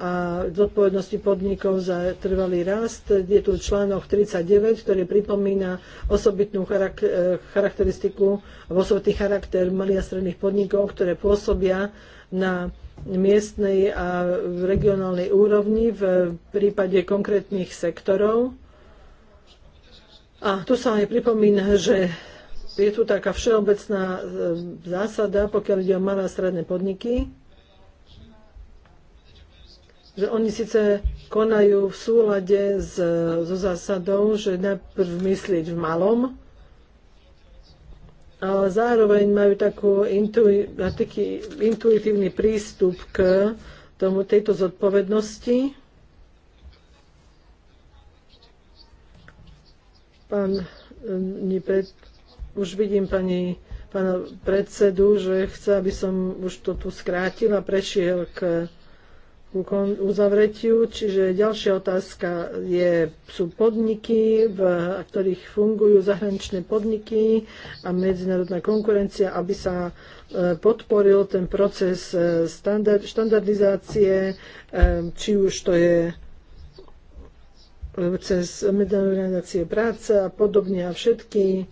a zodpovednosti podnikov za trvalý rast. Je tu článok 39, ktorý pripomína osobitnú charak- e, charakteristiku, osobitný charakter malých a stredných podnikov, ktoré pôsobia na miestnej a regionálnej úrovni v prípade konkrétnych sektorov. A tu sa aj pripomína, že je tu taká všeobecná e, zásada, pokiaľ ide o malé a stredné podniky, že oni síce konajú v súlade s, so zásadou, že najprv myslieť v malom, ale zároveň majú takú intuí, taký intuitívny prístup k tomu, tejto zodpovednosti. Pán, mm, už vidím pani pána predsedu, že chce, aby som už to tu skrátil a prešiel k uzavretiu. Čiže ďalšia otázka je, sú podniky, v ktorých fungujú zahraničné podniky a medzinárodná konkurencia, aby sa e, podporil ten proces e, standard, štandardizácie, e, či už to je cez organizácie práce a podobne a všetky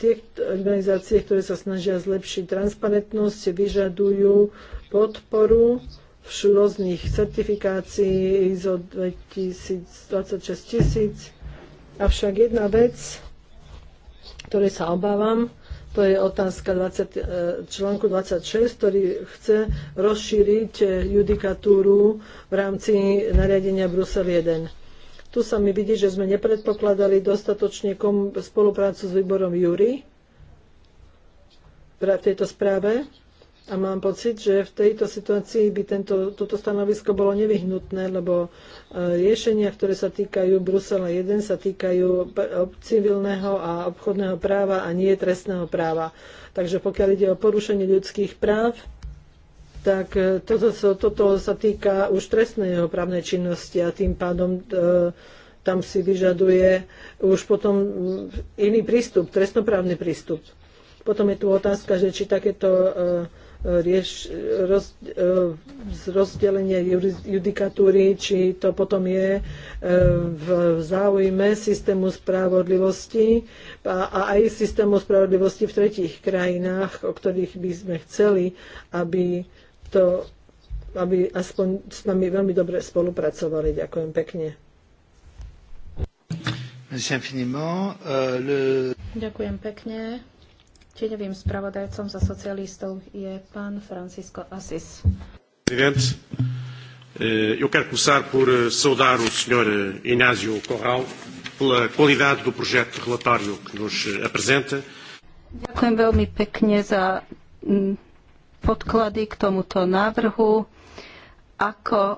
tie organizácie, ktoré sa snažia zlepšiť transparentnosť, vyžadujú podporu rôznych certifikácií ISO 2026 tisíc. Avšak jedna vec, ktorej sa obávam, to je otázka 20, e, článku 26, ktorý chce rozšíriť e, judikatúru v rámci nariadenia Brusel 1. Tu sa mi vidí, že sme nepredpokladali dostatočne spoluprácu s výborom Júri v tejto správe. A mám pocit, že v tejto situácii by tento, toto stanovisko bolo nevyhnutné, lebo e, riešenia, ktoré sa týkajú Brusela 1, sa týkajú civilného a obchodného práva a nie trestného práva. Takže pokiaľ ide o porušenie ľudských práv, tak e, toto, toto sa týka už trestného právnej činnosti a tým pádom e, tam si vyžaduje už potom mm, iný prístup, trestnoprávny prístup. Potom je tu otázka, že či takéto e, rieš, roz, e, rozdelenia judikatúry, či to potom je e, v záujme systému spravodlivosti a, a aj systému spravodlivosti v tretích krajinách, o ktorých by sme chceli, aby to aby aspoň s nami veľmi dobre spolupracovali. Ďakujem pekne. Euh, Ďakujem pekne. Tieňovým spravodajcom za socialistov je pán Francisco Assis. Presidente, eu quero começar por eh, saudar o eh, Corral pela qualidade do projeto de relatório que nos eh, apresenta. Ďakujem veľmi pekne za podklady k tomuto návrhu. Ako e,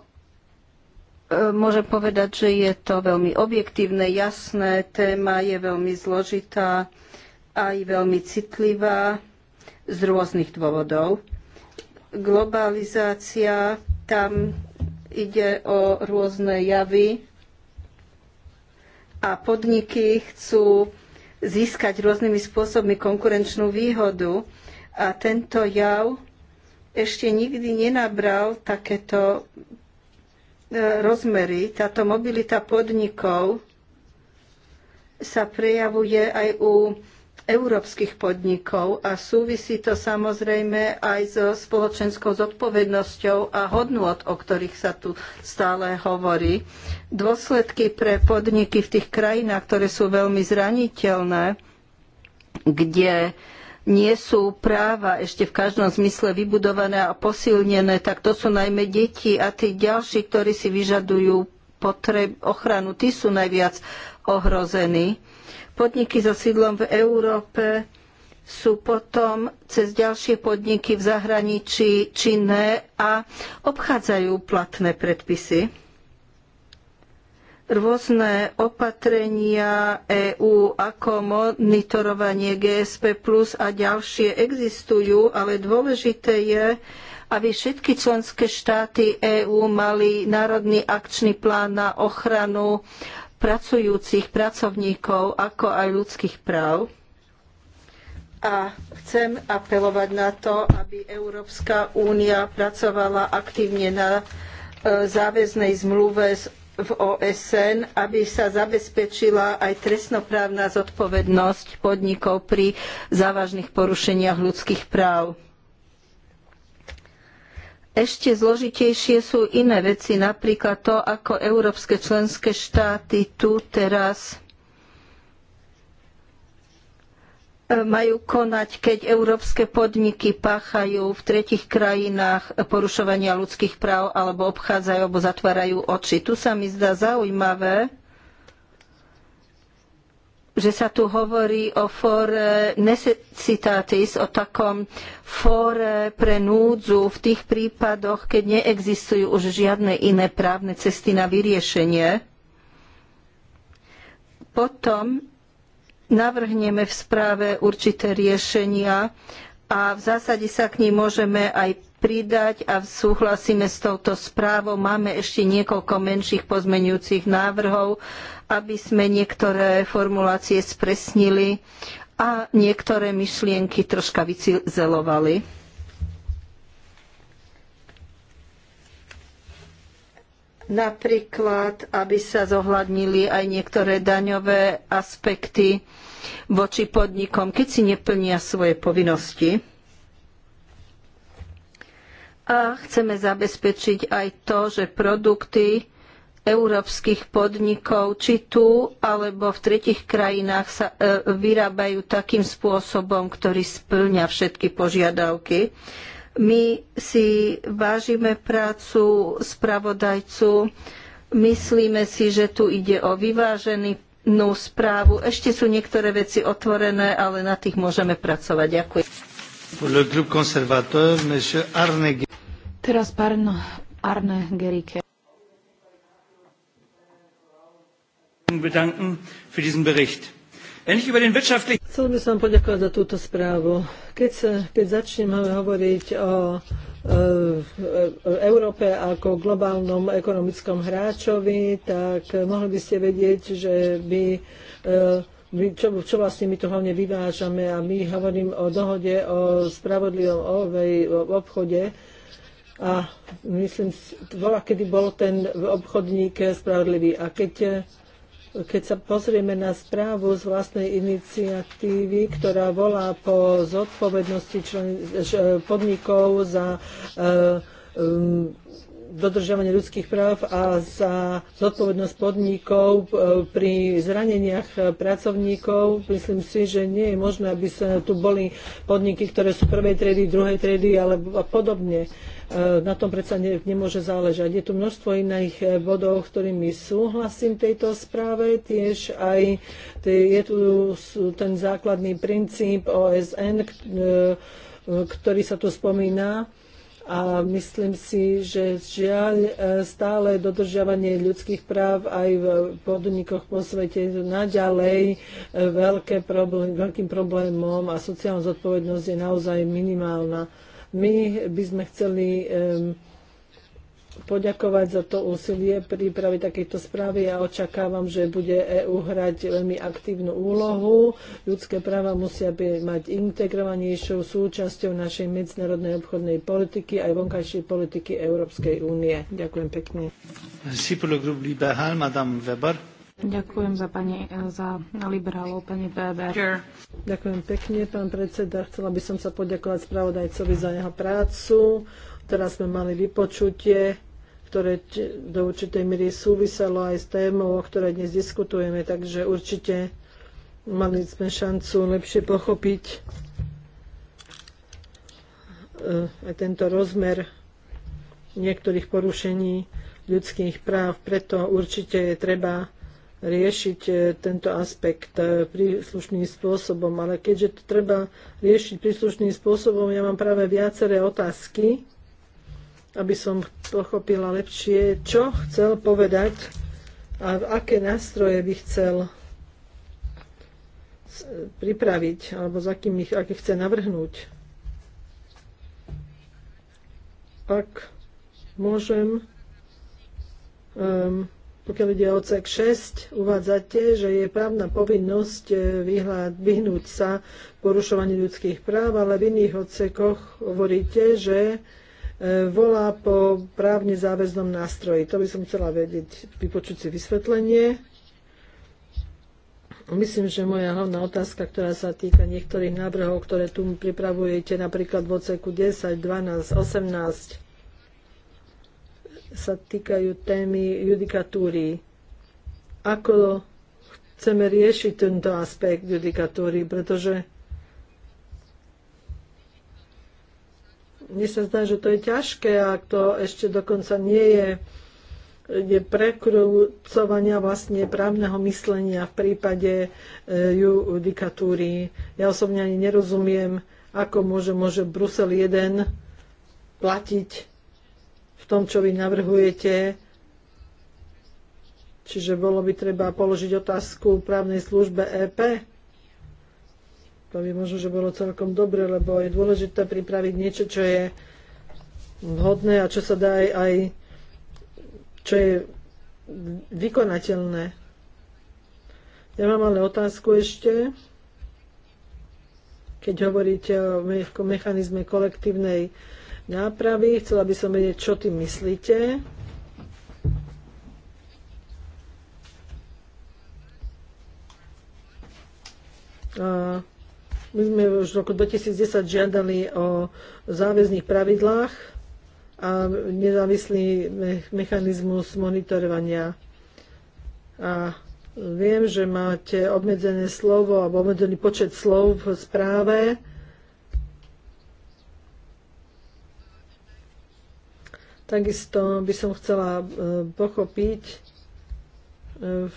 môžem povedať, že je to veľmi objektívne, jasné, téma je veľmi zložitá aj veľmi citlivá z rôznych dôvodov. Globalizácia, tam ide o rôzne javy a podniky chcú získať rôznymi spôsobmi konkurenčnú výhodu a tento jav ešte nikdy nenabral takéto e, rozmery. Táto mobilita podnikov sa prejavuje aj u európskych podnikov a súvisí to samozrejme aj so spoločenskou zodpovednosťou a hodnot, o ktorých sa tu stále hovorí. Dôsledky pre podniky v tých krajinách, ktoré sú veľmi zraniteľné, kde nie sú práva ešte v každom zmysle vybudované a posilnené, tak to sú najmä deti a tí ďalší, ktorí si vyžadujú ochranu, tí sú najviac ohrození Podniky so sídlom v Európe sú potom cez ďalšie podniky v zahraničí činné a obchádzajú platné predpisy. Rôzne opatrenia EÚ ako monitorovanie GSP plus a ďalšie existujú, ale dôležité je, aby všetky členské štáty EÚ mali národný akčný plán na ochranu pracujúcich pracovníkov, ako aj ľudských práv. A chcem apelovať na to, aby Európska únia pracovala aktívne na e, záväznej zmluve v OSN, aby sa zabezpečila aj trestnoprávna zodpovednosť podnikov pri závažných porušeniach ľudských práv ešte zložitejšie sú iné veci, napríklad to, ako európske členské štáty tu teraz e, majú konať, keď európske podniky páchajú v tretich krajinách porušovania ľudských práv alebo obchádzajú alebo zatvárajú oči. Tu sa mi zdá zaujímavé, že sa tu hovorí o fóre necessitatis, o takom fóre pre núdzu v tých prípadoch, keď neexistujú už žiadne iné právne cesty na vyriešenie. Potom navrhneme v správe určité riešenia a v zásade sa k ním môžeme aj pridať a súhlasíme s touto správou. Máme ešte niekoľko menších pozmenujúcich návrhov, aby sme niektoré formulácie spresnili a niektoré myšlienky troška vycizelovali. Napríklad, aby sa zohľadnili aj niektoré daňové aspekty voči podnikom, keď si neplnia svoje povinnosti. A chceme zabezpečiť aj to, že produkty európskych podnikov, či tu alebo v tretich krajinách sa e, vyrábajú takým spôsobom, ktorý splňa všetky požiadavky. My si vážime prácu spravodajcu, myslíme si, že tu ide o vyváženú správu. Ešte sú niektoré veci otvorené, ale na tých môžeme pracovať. Ďakujem. Teraz pán Arne Gerike. Chcel by som poďakovať za túto správu. Keď, sa, keď začneme hovoriť o e, e, Európe ako globálnom ekonomickom hráčovi, tak mohli by ste vedieť, že by e, čo, čo vlastne my to hlavne vyvážame a my hovorím o dohode o spravodlivom o, o obchode a myslím, bola, kedy bol ten obchodník spravodlivý. A keď, keď sa pozrieme na správu z vlastnej iniciatívy, ktorá volá po zodpovednosti člen, podnikov za eh, um, dodržovanie ľudských práv a za zodpovednosť podnikov e, pri zraneniach e, pracovníkov. Myslím si, že nie je možné, aby sa tu boli podniky, ktoré sú prvej triedy, druhej triedy alebo podobne. E, na tom predsa ne, nemôže záležať. Je tu množstvo iných bodov, ktorými súhlasím tejto správe. Tiež aj je tu ten základný princíp OSN, ktorý sa tu spomína a myslím si, že žiaľ e, stále dodržiavanie ľudských práv aj v podnikoch po svete je naďalej e, veľké problém, veľkým problémom a sociálna zodpovednosť je naozaj minimálna. My by sme chceli um, poďakovať za to úsilie prípravi takejto správy a ja očakávam, že bude EÚ hrať veľmi aktívnu úlohu. Ľudské práva musia by mať integrovanejšou súčasťou našej medzinárodnej obchodnej politiky aj vonkajšej politiky Európskej únie. Ďakujem pekne. Ďakujem za, pani, za liberálov, pani Weber. Sure. Ďakujem pekne, pán predseda. Chcela by som sa poďakovať spravodajcovi za jeho prácu. Teraz sme mali vypočutie ktoré do určitej miery súviselo aj s témou, o ktorej dnes diskutujeme, takže určite mali sme šancu lepšie pochopiť eh, aj tento rozmer niektorých porušení ľudských práv. Preto určite je treba riešiť eh, tento aspekt eh, príslušným spôsobom. Ale keďže to treba riešiť príslušným spôsobom, ja mám práve viaceré otázky aby som pochopila lepšie, čo chcel povedať a aké nástroje by chcel pripraviť alebo za kým ich, aké chce navrhnúť. Ak môžem, um, pokiaľ ide o CEK 6, uvádzate, že je právna povinnosť e, vyhľad, vyhnúť sa porušovaní ľudských práv, ale v iných odsekoch hovoríte, že E, volá po právne záväznom nástroji. To by som chcela vedieť, vypočuť si vysvetlenie. Myslím, že moja hlavná otázka, ktorá sa týka niektorých návrhov, ktoré tu pripravujete, napríklad v oceku 10, 12, 18, sa týkajú témy judikatúry. Ako chceme riešiť tento aspekt judikatúry, pretože mne sa zdá, že to je ťažké, ak to ešte dokonca nie je je prekrúcovania vlastne právneho myslenia v prípade e, judikatúry. Ja osobne ani nerozumiem, ako môže, môže Brusel 1 platiť v tom, čo vy navrhujete. Čiže bolo by treba položiť otázku právnej službe EP, to by možno, že bolo celkom dobre, lebo je dôležité pripraviť niečo, čo je vhodné a čo sa dá aj, aj čo je vykonateľné. Ja mám ale otázku ešte, keď hovoríte o mechanizme kolektívnej nápravy. Chcela by som vedieť, čo tým myslíte. Uh, my sme už v roku 2010 žiadali o záväzných pravidlách a nezávislý mechanizmus monitorovania. A viem, že máte obmedzené slovo alebo obmedzený počet slov v správe. Takisto by som chcela e, pochopiť e, v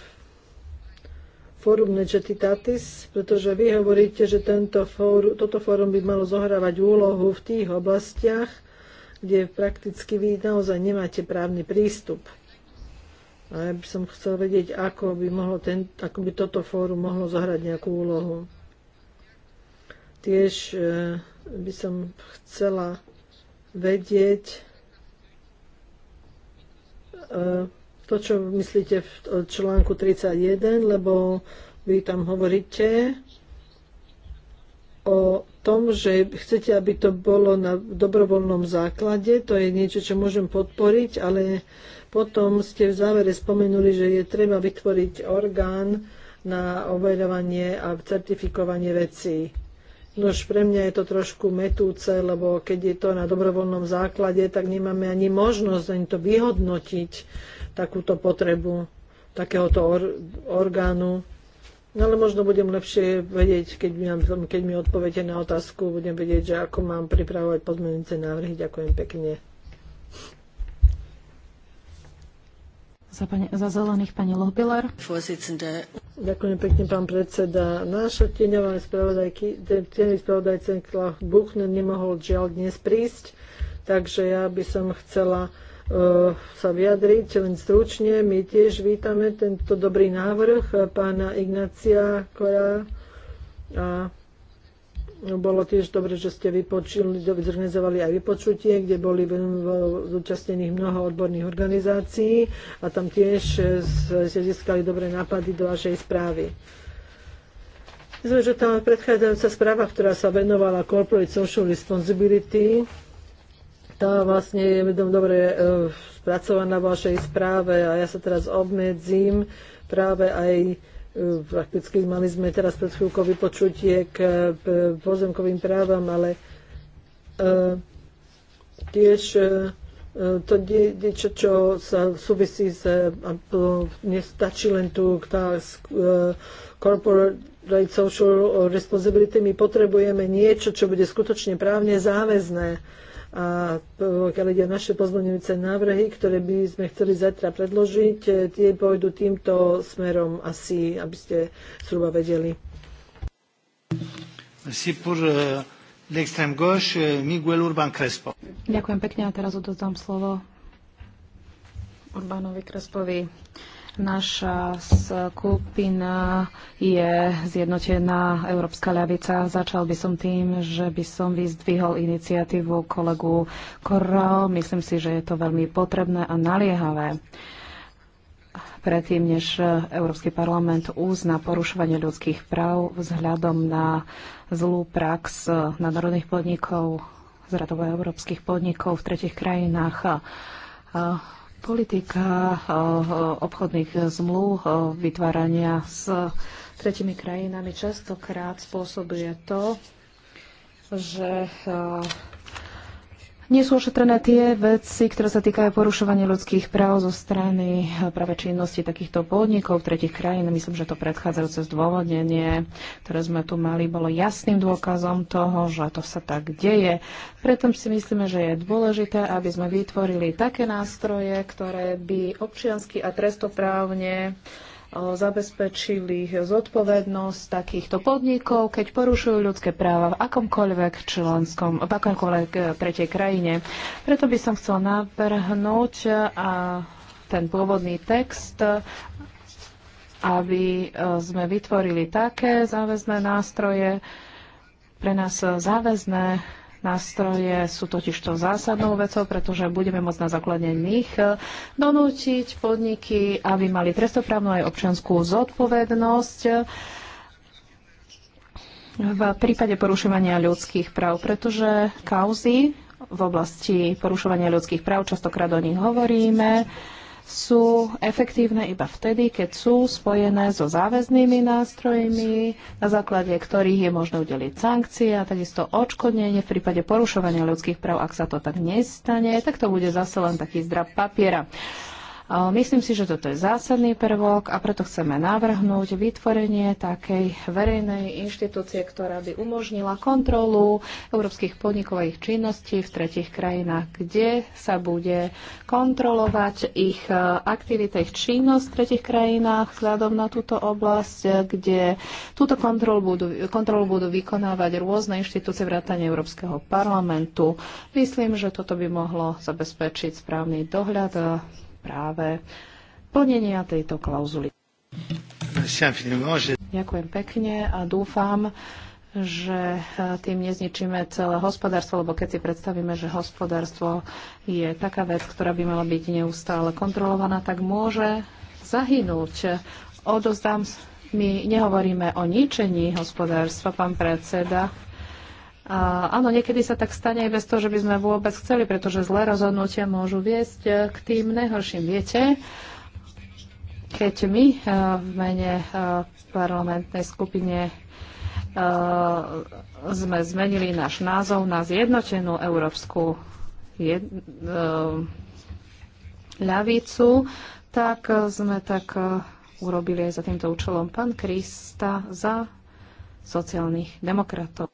fórum Necetitatis, pretože vy hovoríte, že tento fóru, toto fórum by malo zohrávať úlohu v tých oblastiach, kde prakticky vy naozaj nemáte právny prístup. A ja by som chcel vedieť, ako by, mohlo ten, ako by toto fórum mohlo zahrať nejakú úlohu. Tiež e, by som chcela vedieť, e, to, čo myslíte v článku 31, lebo vy tam hovoríte o tom, že chcete, aby to bolo na dobrovoľnom základe. To je niečo, čo môžem podporiť, ale potom ste v závere spomenuli, že je treba vytvoriť orgán na overovanie a certifikovanie vecí. Nož pre mňa je to trošku metúce, lebo keď je to na dobrovoľnom základe, tak nemáme ani možnosť ani to vyhodnotiť takúto potrebu takéhoto or- orgánu. No ale možno budem lepšie vedieť, keď mi, keď mi odpoviete na otázku, budem vedieť, že ako mám pripravovať pozmenujúce návrhy. Ďakujem pekne. Za, pani, za zelených pani Lohbiler. Ďakujem pekne, pán predseda. Náša tieňová spravodajcenka Buchner nemohol žiaľ dnes prísť, takže ja by som chcela Eh, sa vyjadriť, len stručne. My tiež vítame tento dobrý návrh pána Ignácia Kora a bolo tiež dobre, že ste vypočuli, zorganizovali aj vypočutie, kde boli zúčastnených mnoho odborných organizácií a tam tiež eh, ste získali dobré nápady do vašej správy. Myslím, že tá predchádzajúca správa, ktorá sa venovala Corporate Social Responsibility, tá vlastne je dobre e, spracovaná v vašej správe a ja sa teraz obmedzím práve aj e, prakticky mali sme teraz pred chvíľkou vypočutie k e, pozemkovým právam, ale tiež to niečo, čo sa súvisí s, nestačí len tu tá corporate social responsibility, my potrebujeme niečo, čo bude skutočne právne záväzné a pokiaľ ide o naše pozmeňujúce návrhy, ktoré by sme chceli zajtra predložiť, e, tie pôjdu týmto smerom asi, aby ste zhruba vedeli. E, e, Ďakujem pekne a teraz odozdám slovo Urbánovi Krespovi. Naša skupina je zjednotená Európska ľavica. Začal by som tým, že by som vyzdvihol iniciatívu kolegu Korral. Myslím si, že je to veľmi potrebné a naliehavé predtým, než Európsky parlament uzná porušovanie ľudských práv vzhľadom na zlú prax nadnárodných podnikov, zradov európskych podnikov v tretich krajinách Politika eh, eh, obchodných zmluv, eh, vytvárania s tretimi krajinami častokrát spôsobuje to, že nie sú ošetrené tie veci, ktoré sa týkajú porušovania ľudských práv zo strany eh, práve činnosti takýchto podnikov v tretich krajín. Myslím, že to predchádzajúce zdôvodnenie, ktoré sme tu mali, bolo jasným dôkazom toho, že to sa tak deje. Preto si myslíme, že je dôležité, aby sme vytvorili také nástroje, ktoré by občiansky a trestoprávne uh, zabezpečili zodpovednosť takýchto podnikov, keď porušujú ľudské práva v akomkoľvek členskom, v akomkoľvek e, tretej krajine. Preto by som chcel navrhnúť e, a ten pôvodný text e, aby sme vytvorili také záväzné nástroje, pre nás záväzné Nástroje sú totiž to zásadnou vecou, pretože budeme môcť na základe nich donútiť podniky, aby mali trestoprávnu aj občianskú zodpovednosť v prípade porušovania ľudských práv, pretože kauzy v oblasti porušovania ľudských práv, častokrát o nich hovoríme, sú efektívne iba vtedy, keď sú spojené so záväznými nástrojmi, na základe ktorých je možné udeliť sankcie a takisto odškodnenie v prípade porušovania ľudských práv. Ak sa to tak nestane, tak to bude zase len taký zdrab papiera. Myslím si, že toto je zásadný prvok a preto chceme navrhnúť vytvorenie takej verejnej inštitúcie, ktorá by umožnila kontrolu európskych podnikových činností v tretich krajinách, kde sa bude kontrolovať ich e, aktivita, ich činnosť v tretich krajinách vzhľadom na túto oblasť, kde túto kontrolu budú, kontrolu budú vykonávať rôzne inštitúcie vrátane Európskeho parlamentu. Myslím, že toto by mohlo zabezpečiť správny dohľad e, práve plnenia tejto klauzuly. Ďakujem pekne a dúfam, že e, tým nezničíme celé hospodárstvo, lebo keď si predstavíme, že hospodárstvo je taká vec, ktorá by mala byť neustále kontrolovaná, tak môže zahynúť. Odozdám, my nehovoríme o ničení hospodárstva, pán predseda, a áno, niekedy sa tak stane aj bez toho, že by sme vôbec chceli, pretože zlé rozhodnutia môžu viesť e, k tým najhorším. Viete, keď my e, v mene e, parlamentnej skupine sme zmenili náš názov na zjednotenú európsku ľavicu, tak sme tak urobili aj za týmto účelom pán Krista za sociálnych demokratov.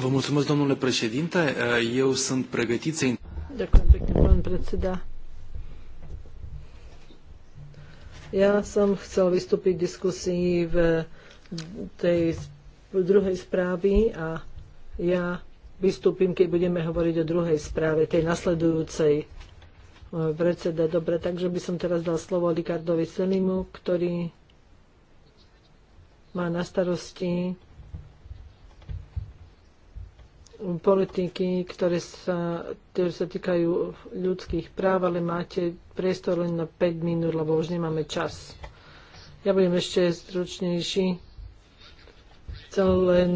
Vă mulțumesc, domnule președinte. Eu sunt pregătit să... Ja som chcel vystúpiť v diskusii v tej druhej správy a ja vystúpim, keď budeme hovoriť o druhej správe, tej nasledujúcej predseda. Dobre, takže by som teraz dal slovo Likardovi Selimu, ktorý má na starosti politiky, ktoré sa, ktoré sa týkajú ľudských práv, ale máte priestor len na 5 minút, lebo už nemáme čas. Ja budem ešte stručnejší. Chcel len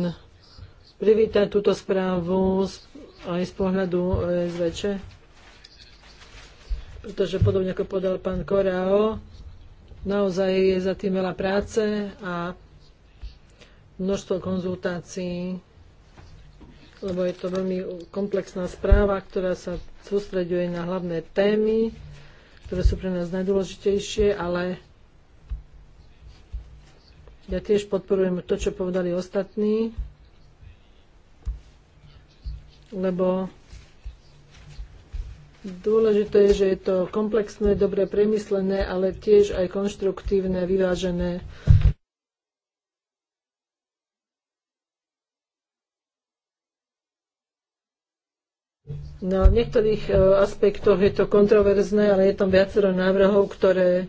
privítať túto správu aj z pohľadu SVČ, pretože podobne ako podal pán Korao, naozaj je za tým veľa práce a množstvo konzultácií lebo je to veľmi komplexná správa, ktorá sa sústreďuje na hlavné témy, ktoré sú pre nás najdôležitejšie, ale ja tiež podporujem to, čo povedali ostatní, lebo dôležité je, že je to komplexné, dobre premyslené, ale tiež aj konštruktívne, vyvážené No, v niektorých e, aspektoch je to kontroverzné, ale je tam viacero návrhov, ktoré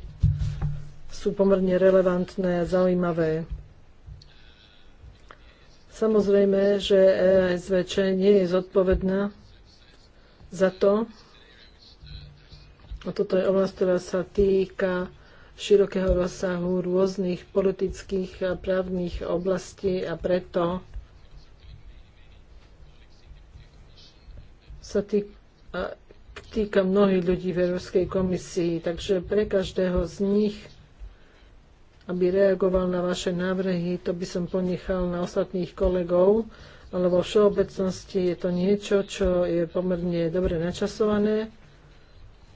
sú pomerne relevantné a zaujímavé. Samozrejme, že ESVČ nie je zodpovedná za to, a toto je oblasť, ktorá sa týka širokého rozsahu rôznych politických a právnych oblastí a preto sa týka, týka mnohých ľudí v Európskej komisii, takže pre každého z nich, aby reagoval na vaše návrhy, to by som ponechal na ostatných kolegov, ale vo všeobecnosti je to niečo, čo je pomerne dobre načasované.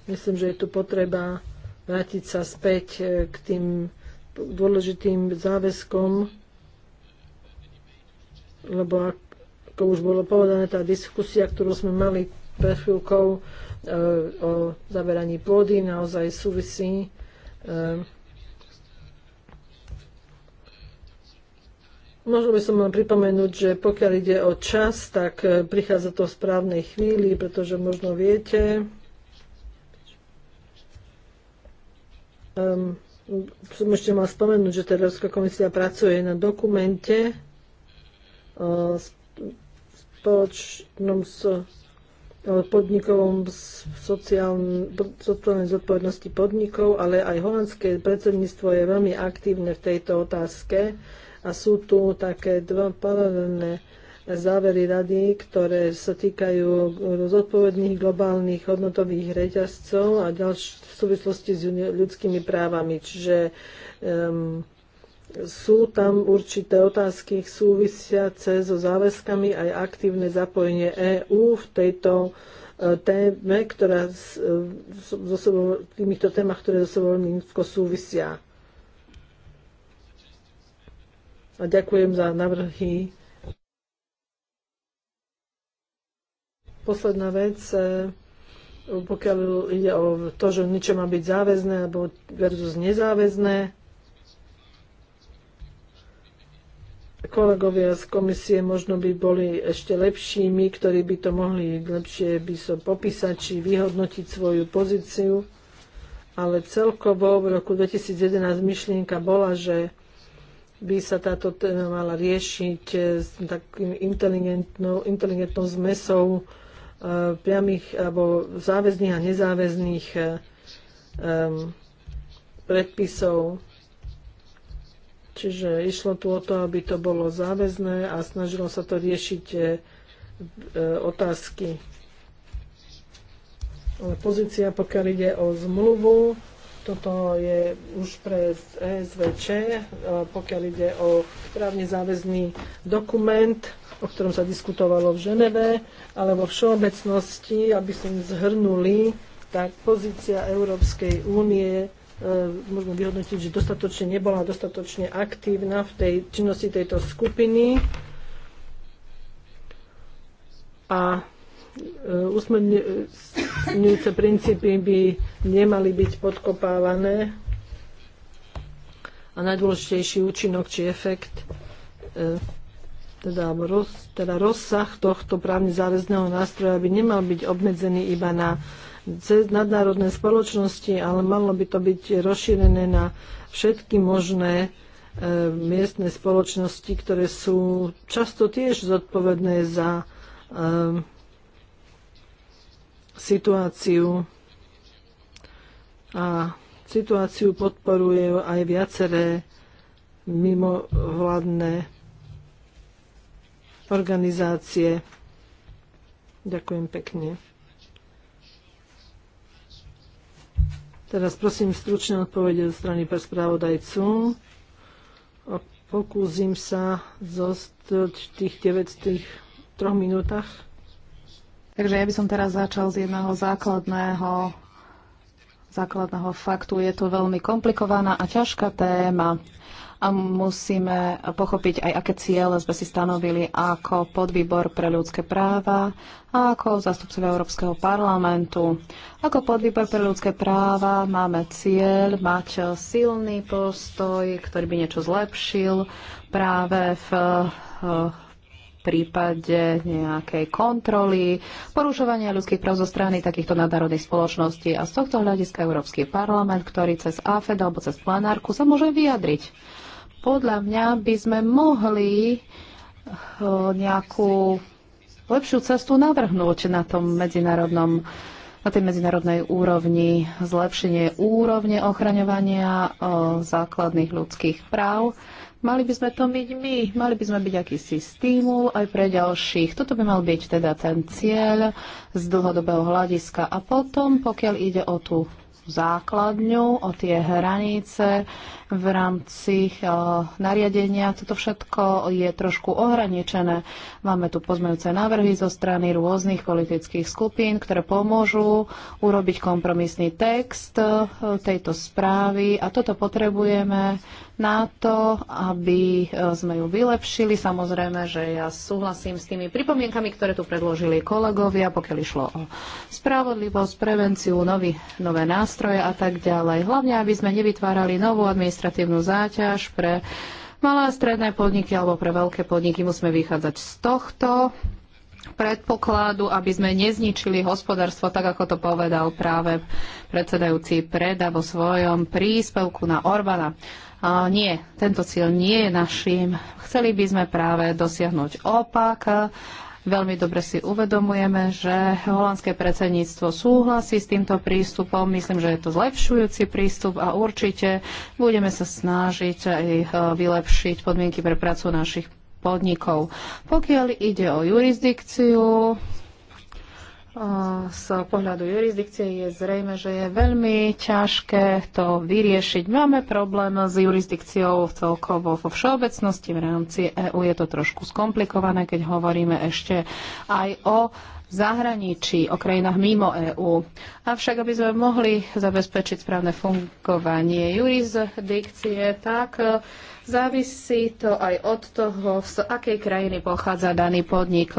Myslím, že je tu potreba vrátiť sa späť e, k tým dôležitým záväzkom, lebo ak ako už bolo povedané, tá diskusia, ktorú sme mali pred chvíľkou e, o zaberaní pôdy, naozaj súvisí e, Možno by som len pripomenúť, že pokiaľ ide o čas, tak e, prichádza to v správnej chvíli, pretože možno viete, um, som ešte mal spomenúť, že Európska komisia pracuje na dokumente o e, spoločnom so, podnikovom sociálnej sociálne zodpovednosti podnikov, ale aj holandské predsedníctvo je veľmi aktívne v tejto otázke a sú tu také dva paralelné závery rady, ktoré sa týkajú zodpovedných globálnych hodnotových reťazcov a ďalšie v súvislosti s ľudskými právami. Čiže um, sú tam určité otázky súvisiace so záväzkami aj aktívne zapojenie EÚ v tejto e, téme, ktorá e, so sebou, týmito témach, ktoré so sebou veľmi súvisia. A ďakujem za navrhy. Posledná vec, e, pokiaľ ide o to, že niečo má byť záväzné alebo versus nezáväzné, kolegovia z komisie možno by boli ešte lepšími, ktorí by to mohli lepšie by so popísať či vyhodnotiť svoju pozíciu. Ale celkovo v roku 2011 myšlienka bola, že by sa táto téma mala riešiť s takým inteligentnou, inteligentnou zmesou e, priamých alebo záväzných a nezáväzných e, e, predpisov Čiže išlo tu o to, aby to bolo záväzné a snažilo sa to riešiť e, e otázky. Ale pozícia, pokiaľ ide o zmluvu, toto je už pre ESVČ, e, pokiaľ ide o právne záväzný dokument, o ktorom sa diskutovalo v Ženeve, ale vo všeobecnosti, aby sme zhrnuli, tak pozícia Európskej únie E, možno vyhodnotiť, že dostatočne nebola dostatočne aktívna v tej činnosti tejto skupiny. A e, usmerňujúce princípy by nemali byť podkopávané a najdôležitejší účinok či efekt e, teda, roz, teda rozsah tohto právne záväzného nástroja by nemal byť obmedzený iba na cez nadnárodné spoločnosti, ale malo by to byť rozšírené na všetky možné e, miestne spoločnosti, ktoré sú často tiež zodpovedné za e, situáciu a situáciu podporuje aj viaceré mimovládne organizácie. Ďakujem pekne. Teraz prosím stručne odpovede zo strany spravodajcu. Pokúsim sa zostať v tých 9 tých troch minútach. Takže ja by som teraz začal z jedného základného základného faktu. Je to veľmi komplikovaná a ťažká téma a musíme pochopiť aj, aké ciele sme si stanovili ako podvýbor pre ľudské práva a ako zastupcovia Európskeho parlamentu. Ako podvýbor pre ľudské práva máme cieľ mať silný postoj, ktorý by niečo zlepšil práve v, prípade nejakej kontroly, porušovania ľudských práv zo strany takýchto nadnárodných spoločností a z tohto hľadiska Európsky parlament, ktorý cez AFED alebo cez plenárku sa môže vyjadriť podľa mňa by sme mohli eh, nejakú lepšiu cestu navrhnúť na tom medzinárodnom na tej medzinárodnej úrovni, zlepšenie úrovne ochraňovania eh, základných ľudských práv. Mali by sme to byť my, mali by sme byť akýsi stimul aj pre ďalších. Toto by mal byť teda ten cieľ z dlhodobého hľadiska. A potom, pokiaľ ide o tú základňu, o tie hranice v rámci eh, nariadenia. Toto všetko je trošku ohraničené. Máme tu pozmeňujúce návrhy zo strany rôznych politických skupín, ktoré pomôžu urobiť kompromisný text eh, tejto správy a toto potrebujeme na to, aby eh, sme ju vylepšili. Samozrejme, že ja súhlasím s tými pripomienkami, ktoré tu predložili kolegovia, pokiaľ išlo o spravodlivosť, prevenciu, nový, nové nástroje nástroje a tak ďalej. Hlavne, aby sme nevytvárali novú administratívnu záťaž pre malé a stredné podniky alebo pre veľké podniky. Musíme vychádzať z tohto predpokladu, aby sme nezničili hospodárstvo, tak ako to povedal práve predsedajúci Preda vo svojom príspevku na Orbana. A nie, tento cieľ nie je našim. Chceli by sme práve dosiahnuť opak Veľmi dobre si uvedomujeme, že holandské predsedníctvo súhlasí s týmto prístupom. Myslím, že je to zlepšujúci prístup a určite budeme sa snažiť aj e, vylepšiť podmienky pre prácu našich podnikov. Pokiaľ ide o jurisdikciu, z pohľadu jurisdikcie je zrejme, že je veľmi ťažké to vyriešiť. Máme problém s jurisdikciou celkovo vo všeobecnosti. V rámci EÚ je to trošku skomplikované, keď hovoríme ešte aj o zahraničí, o krajinách mimo EÚ. Avšak, aby sme mohli zabezpečiť správne fungovanie jurisdikcie, tak e, závisí to aj od toho, z akej krajiny pochádza daný podnik.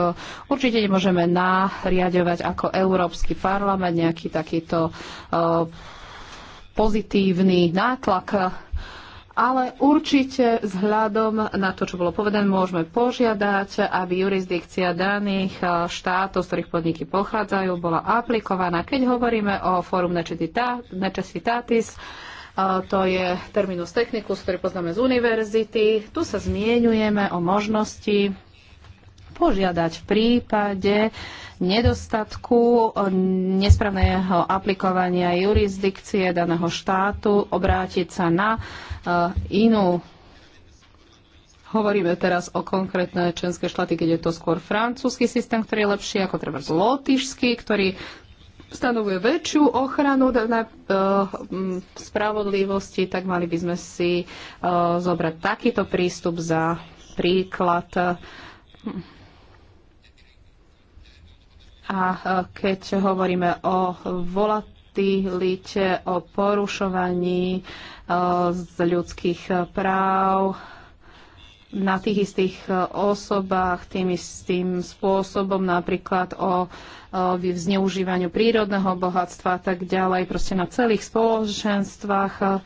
Určite nemôžeme nariadovať ako Európsky parlament nejaký takýto e, pozitívny nátlak ale určite vzhľadom na to, čo bolo povedané, môžeme požiadať, aby jurisdikcia daných eh, štátov, z ktorých podniky pochádzajú, bola aplikovaná. Keď hovoríme o Forum necessitatis, eh, to je terminus technicus, ktorý poznáme z univerzity. Tu sa zmienujeme o možnosti požiadať v prípade nedostatku eh, nesprávneho aplikovania jurisdikcie daného štátu, obrátiť sa na inú. Hovoríme teraz o konkrétne členské štáty, keď je to skôr francúzsky systém, ktorý je lepší ako treba lotyšský, ktorý stanovuje väčšiu ochranu na, uh, spravodlivosti, tak mali by sme si uh, zobrať takýto prístup za príklad. A e, keď hovoríme o volat štýliť o porušovaní eh, z ľudských práv na tých istých eh, osobách tým istým spôsobom, napríklad o eh, zneužívaniu prírodného bohatstva a tak ďalej, proste na celých spoločenstvách,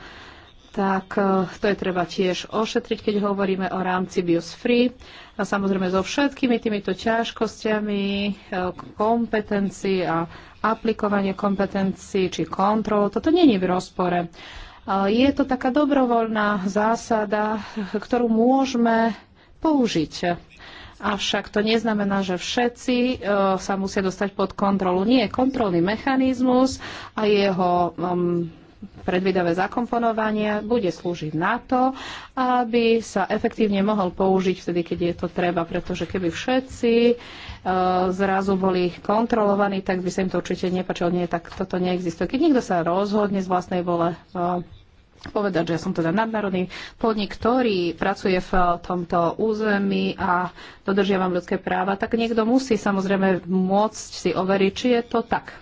tak to je treba tiež ošetriť, keď hovoríme o rámci Bios Free a samozrejme so všetkými týmito ťažkosťami e, kompetencií a aplikovanie kompetencií či kontrol. Toto není v rozpore. E, je to taká dobrovoľná zásada, ktorú môžeme použiť. Avšak to neznamená, že všetci e, sa musia dostať pod kontrolu. Nie, kontrolný mechanizmus a jeho predvydavé zakomponovania, bude slúžiť na to, aby sa efektívne mohol použiť vtedy, keď je to treba, pretože keby všetci e, zrazu boli kontrolovaní, tak by sa im to určite nepačilo. Nie, tak toto neexistuje. Keď niekto sa rozhodne z vlastnej vole e, povedať, že ja som teda nadnárodný podnik, ktorý pracuje v tomto území a dodržiavam ľudské práva, tak niekto musí samozrejme môcť si overiť, či je to tak.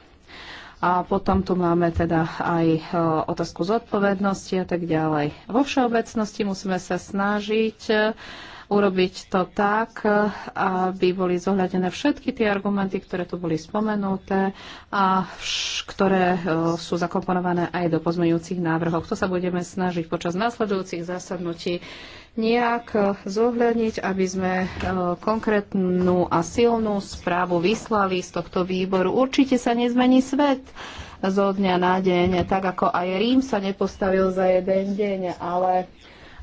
A potom tu máme teda aj e, otázku zodpovednosti a tak ďalej. Vo všeobecnosti musíme sa snažiť e, urobiť to tak, aby boli zohľadené všetky tie argumenty, ktoré tu boli spomenuté a ktoré e, sú zakomponované aj do pozmeňujúcich návrhov. To sa budeme snažiť počas následujúcich zasadnutí nejak e, zohľadniť, aby sme e, konkrétnu a silnú správu vyslali z tohto výboru. Určite sa nezmení svet zo dňa na deň, tak ako aj Rím sa nepostavil za jeden deň, ale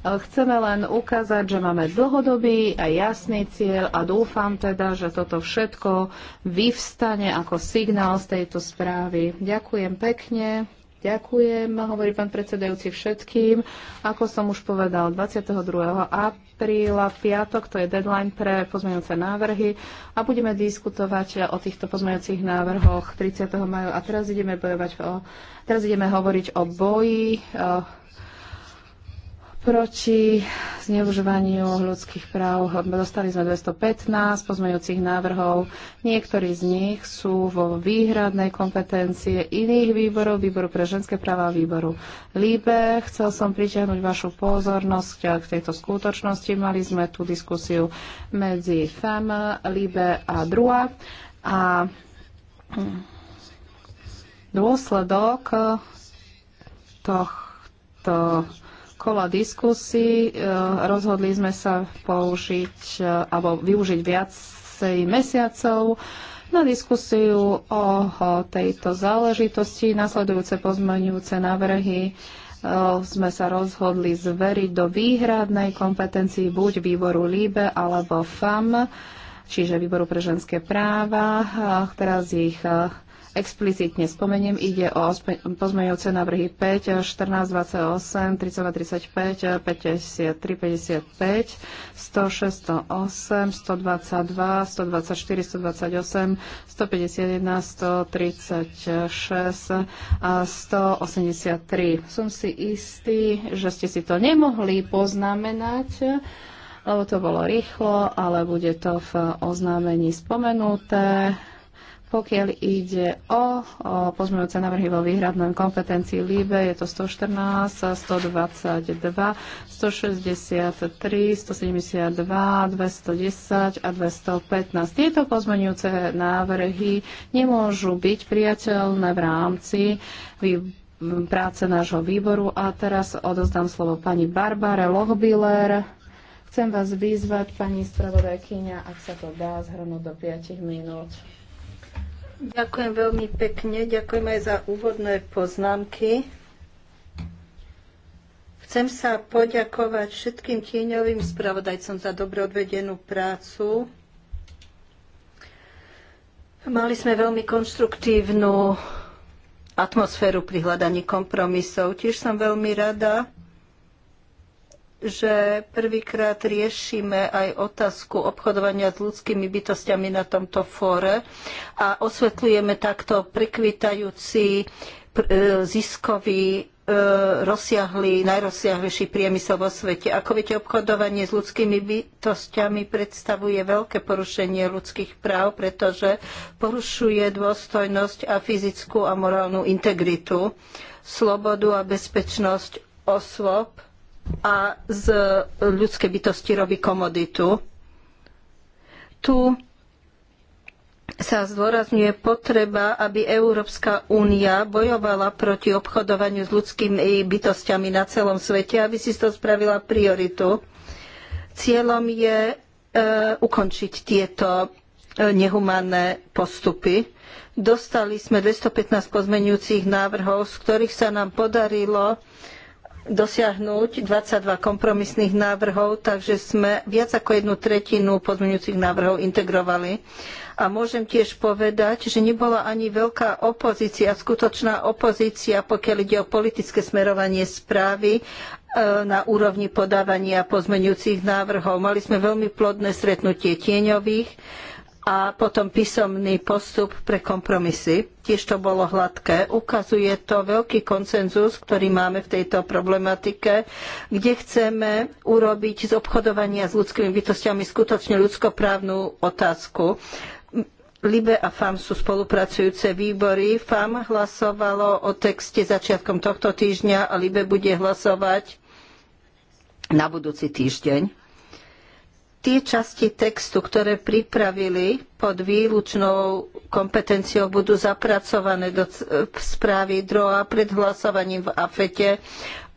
Chceme len ukázať, že máme dlhodobý a jasný cieľ a dúfam teda, že toto všetko vyvstane ako signál z tejto správy. Ďakujem pekne. Ďakujem, hovorí pán predsedajúci všetkým. Ako som už povedal, 22. apríla, piatok, to je deadline pre pozmeňujúce návrhy a budeme diskutovať o týchto pozmeňujúcich návrhoch 30. maja. A teraz ideme, bojovať o, teraz ideme hovoriť o boji, o proti zneužívaniu ľudských práv. Dostali sme 215 pozmeňujúcich návrhov. Niektorí z nich sú vo výhradnej kompetencie iných výborov, výboru pre ženské práva a výboru LIBE. Chcel som pritiahnuť vašu pozornosť k tejto skutočnosti. Mali sme tú diskusiu medzi FEM, LIBE a DRUA. A dôsledok tohto kola diskusí. E, rozhodli sme sa použiť e, alebo využiť viacej mesiacov na diskusiu o tejto záležitosti. Nasledujúce pozmeňujúce návrhy e, sme sa rozhodli zveriť do výhradnej kompetencii buď výboru LIBE alebo FAM, čiže výboru pre ženské práva. Teraz ich explicitne spomeniem, ide o pozmeňujúce návrhy 5, 14, 28, 32, 35, 53, 55, 106, 108, 122, 124, 128, 151, 136 a 183. Som si istý, že ste si to nemohli poznamenať, lebo to bolo rýchlo, ale bude to v oznámení spomenuté. Pokiaľ ide o, o pozmeňujúce návrhy vo výhradnom kompetencii LIBE, je to 114, 122, 163, 172, 210 a 215. Tieto pozmeňujúce návrhy nemôžu byť priateľné v rámci práce nášho výboru. A teraz odozdám slovo pani Barbare Lochbiller. Chcem vás vyzvať, pani spravodajkyňa, ak sa to dá, zhrnúť do 5 minút. Ďakujem veľmi pekne, ďakujem aj za úvodné poznámky. Chcem sa poďakovať všetkým tieňovým spravodajcom za dobre odvedenú prácu. Mali sme veľmi konštruktívnu atmosféru pri hľadaní kompromisov. Tiež som veľmi rada, že prvýkrát riešime aj otázku obchodovania s ľudskými bytostiami na tomto fóre a osvetlujeme takto prekvitajúci e, ziskový e, rozsiahly, najrozsiahlejší priemysel vo svete. Ako viete, obchodovanie s ľudskými bytostiami predstavuje veľké porušenie ľudských práv, pretože porušuje dôstojnosť a fyzickú a morálnu integritu, slobodu a bezpečnosť osôb, a z ľudskej bytosti robí komoditu. Tu sa zdôrazňuje potreba, aby Európska únia bojovala proti obchodovaniu s ľudskými bytostiami na celom svete, aby si to spravila prioritu. Cieľom je e, ukončiť tieto e, nehumánne postupy. Dostali sme 215 pozmenujúcich návrhov, z ktorých sa nám podarilo e, dosiahnuť 22 kompromisných návrhov, takže sme viac ako jednu tretinu pozmeňujúcich návrhov integrovali. A môžem tiež povedať, že nebola ani veľká opozícia, skutočná opozícia, pokiaľ ide o politické smerovanie správy e, na úrovni podávania pozmeňujúcich návrhov. Mali sme veľmi plodné stretnutie tieňových a potom písomný postup pre kompromisy. Tiež to bolo hladké. Ukazuje to veľký koncenzus, ktorý máme v tejto problematike, kde chceme urobiť z obchodovania s ľudskými bytostiami skutočne ľudskoprávnu otázku. Libe a FAM sú spolupracujúce výbory. FAM hlasovalo o texte začiatkom tohto týždňa a Libe bude hlasovať na budúci týždeň tie časti textu, ktoré pripravili pod výlučnou kompetenciou, budú zapracované do správy DROA pred hlasovaním v AFETE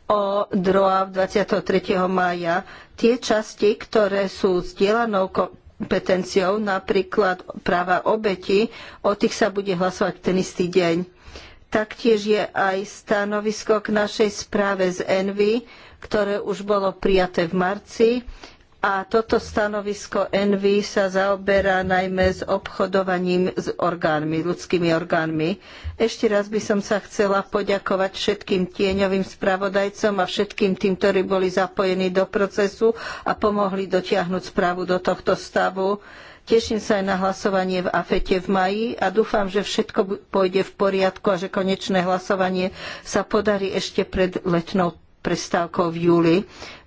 o DROA 23. mája. Tie časti, ktoré sú sdielanou kompetenciou, napríklad práva obeti, o tých sa bude hlasovať ten istý deň. Taktiež je aj stanovisko k našej správe z Envy, ktoré už bolo prijaté v marci a toto stanovisko Envy sa zaoberá najmä s obchodovaním s orgánmi, ľudskými orgánmi. Ešte raz by som sa chcela poďakovať všetkým tieňovým spravodajcom a všetkým tým, ktorí boli zapojení do procesu a pomohli dotiahnuť správu do tohto stavu. Teším sa aj na hlasovanie v AFETE v maji a dúfam, že všetko pôjde v poriadku a že konečné hlasovanie sa podarí ešte pred letnou prestávkou v júli.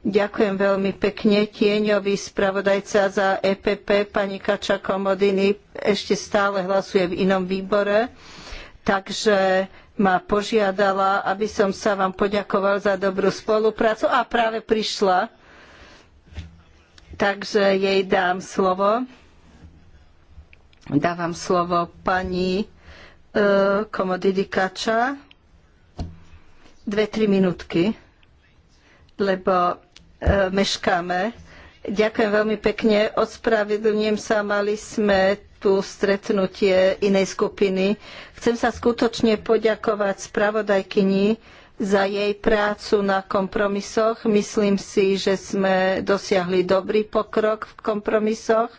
Ďakujem veľmi pekne tieňový spravodajca za EPP, pani Kača Komodiny ešte stále hlasuje v inom výbore, takže ma požiadala, aby som sa vám poďakoval za dobrú spoluprácu a práve prišla. Takže jej dám slovo. Dávam slovo pani uh, e, Komodidy Kača. Dve, tri minútky lebo e, meškáme. Ďakujem veľmi pekne. Ospravedlňujem sa, mali sme tu stretnutie inej skupiny. Chcem sa skutočne poďakovať spravodajkyni za jej prácu na kompromisoch. Myslím si, že sme dosiahli dobrý pokrok v kompromisoch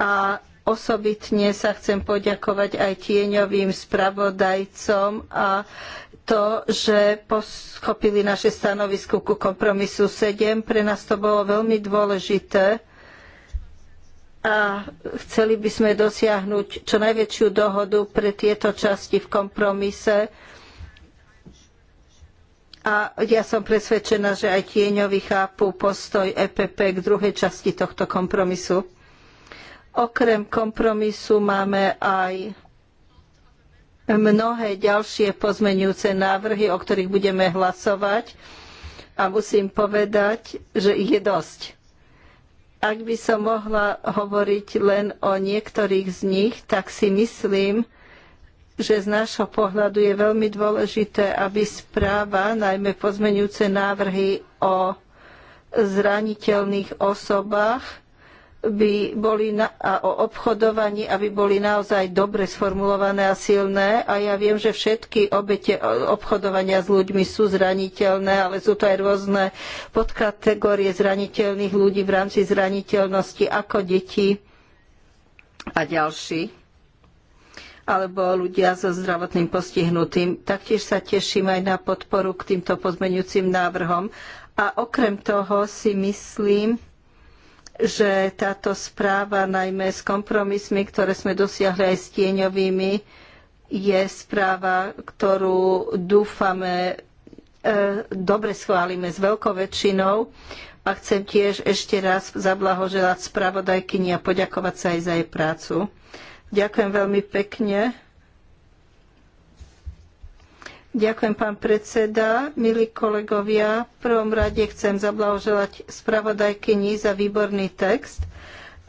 a osobitne sa chcem poďakovať aj tieňovým spravodajcom a to, že poschopili naše stanovisko ku kompromisu 7. Pre nás to bolo veľmi dôležité a chceli by sme dosiahnuť čo najväčšiu dohodu pre tieto časti v kompromise. A ja som presvedčená, že aj tieňovi chápu postoj EPP k druhej časti tohto kompromisu. Okrem kompromisu máme aj mnohé ďalšie pozmeňujúce návrhy, o ktorých budeme hlasovať a musím povedať, že ich je dosť. Ak by som mohla hovoriť len o niektorých z nich, tak si myslím, že z nášho pohľadu je veľmi dôležité, aby správa, najmä pozmeňujúce návrhy o zraniteľných osobách, by boli na, a o obchodovaní, aby boli naozaj dobre sformulované a silné. A ja viem, že všetky obete obchodovania s ľuďmi sú zraniteľné, ale sú to aj rôzne podkategórie zraniteľných ľudí v rámci zraniteľnosti, ako deti a ďalší alebo ľudia so zdravotným postihnutým. Taktiež sa teším aj na podporu k týmto pozmeňujúcim návrhom. A okrem toho si myslím, že táto správa, najmä s kompromismi, ktoré sme dosiahli aj s tieňovými, je správa, ktorú dúfame e, dobre schválime s veľkou väčšinou. A chcem tiež ešte raz zablahoželať spravodajkyni a poďakovať sa aj za jej prácu. Ďakujem veľmi pekne. Ďakujem, pán predseda. Milí kolegovia, v prvom rade chcem zablahoželať spravodajkyni za výborný text.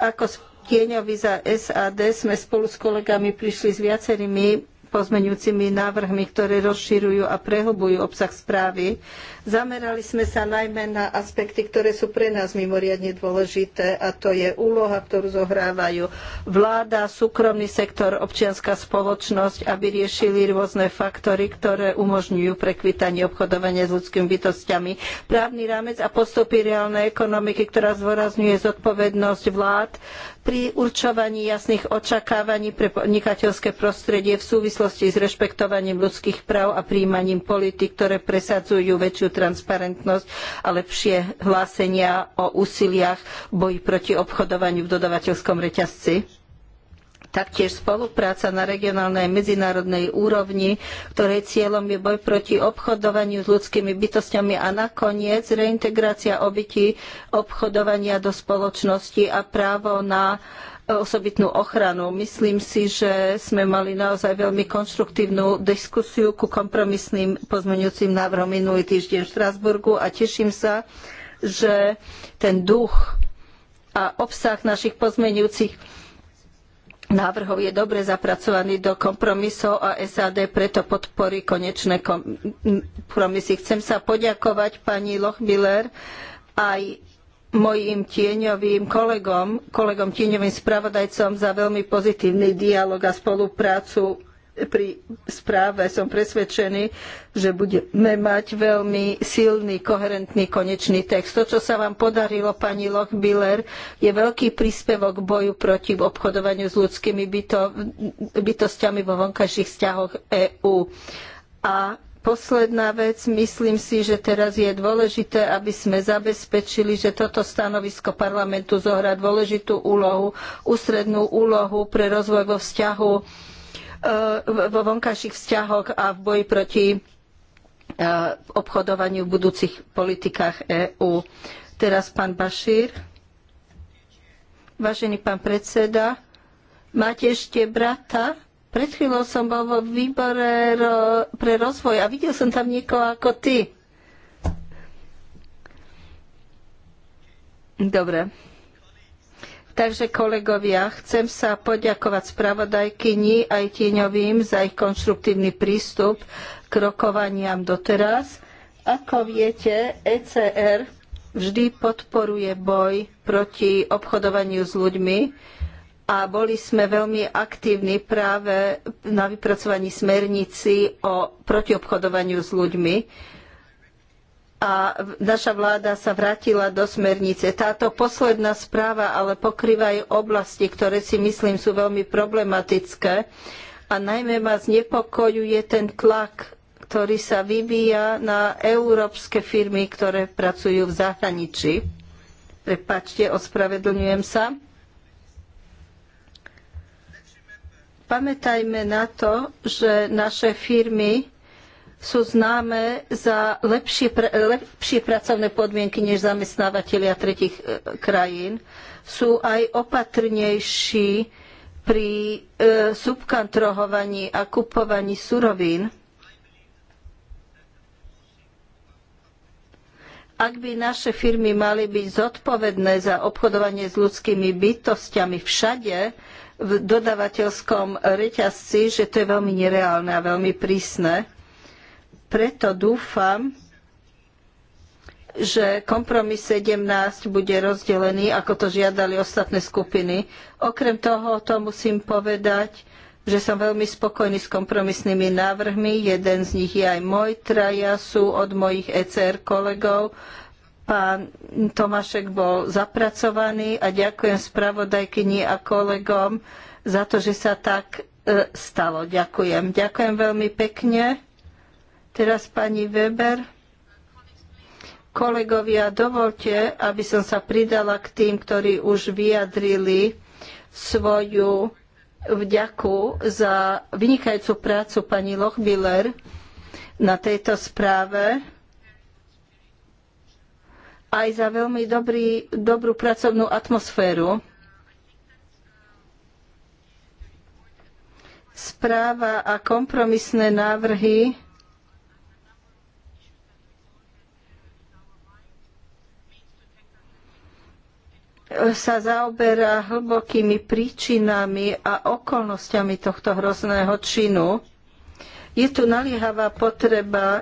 Ako tieňovi za SAD sme spolu s kolegami prišli s viacerými pozmeňujúcimi návrhmi, ktoré rozširujú a prehlbujú obsah správy. Zamerali sme sa najmä na aspekty, ktoré sú pre nás mimoriadne dôležité a to je úloha, ktorú zohrávajú vláda, súkromný sektor, občianska spoločnosť, aby riešili rôzne faktory, ktoré umožňujú prekvitanie obchodovania s ľudskými bytostiami. Právny rámec a postupy reálnej ekonomiky, ktorá zdôrazňuje zodpovednosť vlád, pri určovaní jasných očakávaní pre podnikateľské prostredie v súvislosti s rešpektovaním ľudských práv a príjmaním politik, ktoré presadzujú väčšiu transparentnosť a lepšie hlásenia o úsiliach boji proti obchodovaniu v dodavateľskom reťazci? taktiež spolupráca na regionálnej medzinárodnej úrovni, ktorej cieľom je boj proti obchodovaniu s ľudskými bytosťami a nakoniec reintegrácia obetí obchodovania do spoločnosti a právo na osobitnú ochranu. Myslím si, že sme mali naozaj veľmi konštruktívnu diskusiu ku kompromisným pozmeňujúcim návrhom minulý týždeň v Štrasburgu a teším sa, že ten duch a obsah našich pozmeňujúcich návrhov je dobre zapracovaný do kompromisov a SAD preto podporí konečné kompromisy. Chcem sa poďakovať pani Lochmiller aj mojim tieňovým kolegom, kolegom tieňovým spravodajcom za veľmi pozitívny dialog a spoluprácu pri správe som presvedčený, že budeme mať veľmi silný, koherentný konečný text. To, čo sa vám podarilo, pani Lochbiller, je veľký príspevok k boju proti obchodovaniu s ľudskými byto, bytostiami vo vonkajších vzťahoch EÚ. A posledná vec, myslím si, že teraz je dôležité, aby sme zabezpečili, že toto stanovisko parlamentu zohrá dôležitú úlohu, ústrednú úlohu pre rozvoj vo vzťahu Eh, vo vonkajších vzťahoch a v boji proti eh, obchodovaniu v budúcich politikách EÚ. Teraz pán Bašír. Vážený pán predseda, máte ešte brata? Pred chvíľou som bol vo výbore pre rozvoj a videl som tam niekoho ako ty. Dobre. Takže kolegovia, chcem sa poďakovať spravodajkyni aj tieňovým za ich konštruktívny prístup k rokovaniam doteraz. Ako viete, ECR vždy podporuje boj proti obchodovaniu s ľuďmi a boli sme veľmi aktívni práve na vypracovaní smernici o protiobchodovaniu s ľuďmi a naša vláda sa vrátila do smernice. Táto posledná správa ale pokrýva aj oblasti, ktoré si myslím sú veľmi problematické a najmä ma znepokojuje ten tlak, ktorý sa vyvíja na európske firmy, ktoré pracujú v zahraničí. Prepačte, ospravedlňujem sa. Pamätajme na to, že naše firmy sú známe za lepšie, lepšie pracovné podmienky než zamestnávateľia tretich e, krajín. Sú aj opatrnejší pri e, subkantrohovaní a kupovaní surovín. Ak by naše firmy mali byť zodpovedné za obchodovanie s ľudskými bytosťami všade v dodavateľskom reťazci, že to je veľmi nereálne a veľmi prísne, preto dúfam, že kompromis 17 bude rozdelený, ako to žiadali ostatné skupiny. Okrem toho, to musím povedať, že som veľmi spokojný s kompromisnými návrhmi. Jeden z nich je aj môj, traja sú od mojich ECR kolegov. Pán Tomášek bol zapracovaný a ďakujem spravodajkyni a kolegom za to, že sa tak e, stalo. Ďakujem. Ďakujem veľmi pekne. Teraz pani Weber. Kolegovia, dovolte, aby som sa pridala k tým, ktorí už vyjadrili svoju vďaku za vynikajúcu prácu pani Lochbiller na tejto správe aj za veľmi dobrý, dobrú pracovnú atmosféru. Správa a kompromisné návrhy sa zaoberá hlbokými príčinami a okolnostiami tohto hrozného činu. Je tu naliehavá potreba e,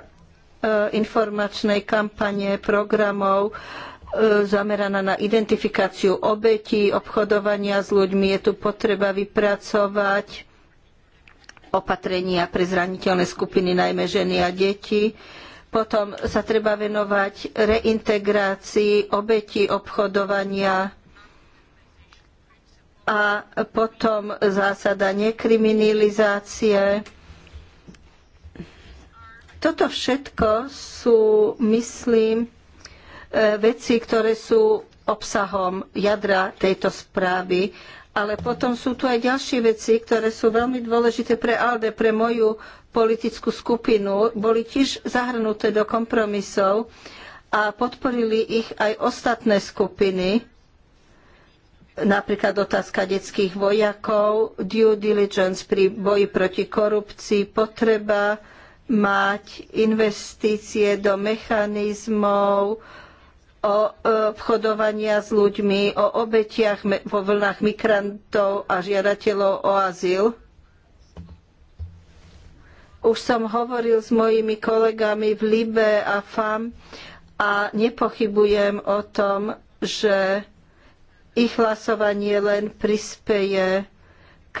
informačnej kampane, programov e, zameraná na identifikáciu obetí, obchodovania s ľuďmi. Je tu potreba vypracovať opatrenia pre zraniteľné skupiny, najmä ženy a deti. Potom sa treba venovať reintegrácii obetí obchodovania a potom zásada nekriminalizácie. Toto všetko sú, myslím, e, veci, ktoré sú obsahom jadra tejto správy. Ale potom sú tu aj ďalšie veci, ktoré sú veľmi dôležité pre ALDE, pre moju politickú skupinu. Boli tiež zahrnuté do kompromisov a podporili ich aj ostatné skupiny napríklad otázka detských vojakov, due diligence pri boji proti korupcii, potreba mať investície do mechanizmov o e, obchodovania s ľuďmi, o obetiach vo vlnách migrantov a žiadateľov o azyl. Už som hovoril s mojimi kolegami v Libe a FAM a nepochybujem o tom, že ich hlasovanie len prispeje k,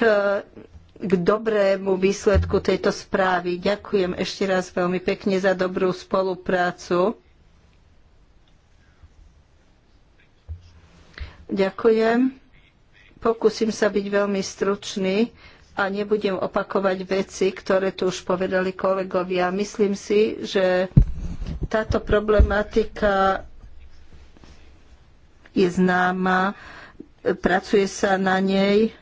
k dobrému výsledku tejto správy. Ďakujem ešte raz veľmi pekne za dobrú spoluprácu. Ďakujem. Pokúsim sa byť veľmi stručný a nebudem opakovať veci, ktoré tu už povedali kolegovia. Myslím si, že táto problematika je známa, pracuje sa na nej.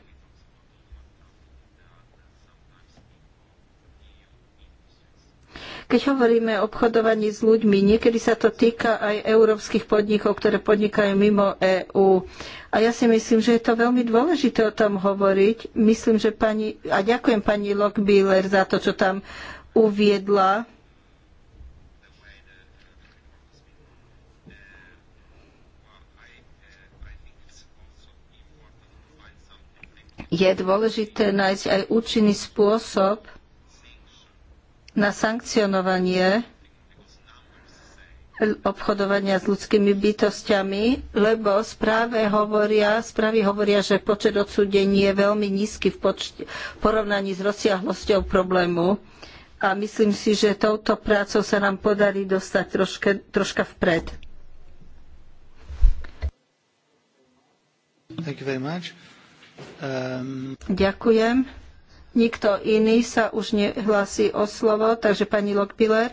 Keď hovoríme o obchodovaní s ľuďmi, niekedy sa to týka aj európskych podnikov, ktoré podnikajú mimo EÚ. A ja si myslím, že je to veľmi dôležité o tom hovoriť. Myslím, že pani, a ďakujem pani Lockbiller za to, čo tam uviedla je dôležité nájsť aj účinný spôsob na sankcionovanie obchodovania s ľudskými bytostiami, lebo správe hovoria, správy hovoria, že počet odsúdení je veľmi nízky v, počte, v porovnaní s rozsiahlosťou problému. A myslím si, že touto prácou sa nám podarí dostať troške, troška vpred. Thank you very much. Um... Ďakujem. Nikto iný sa už nehlasí o slovo, takže pani Lokpiller.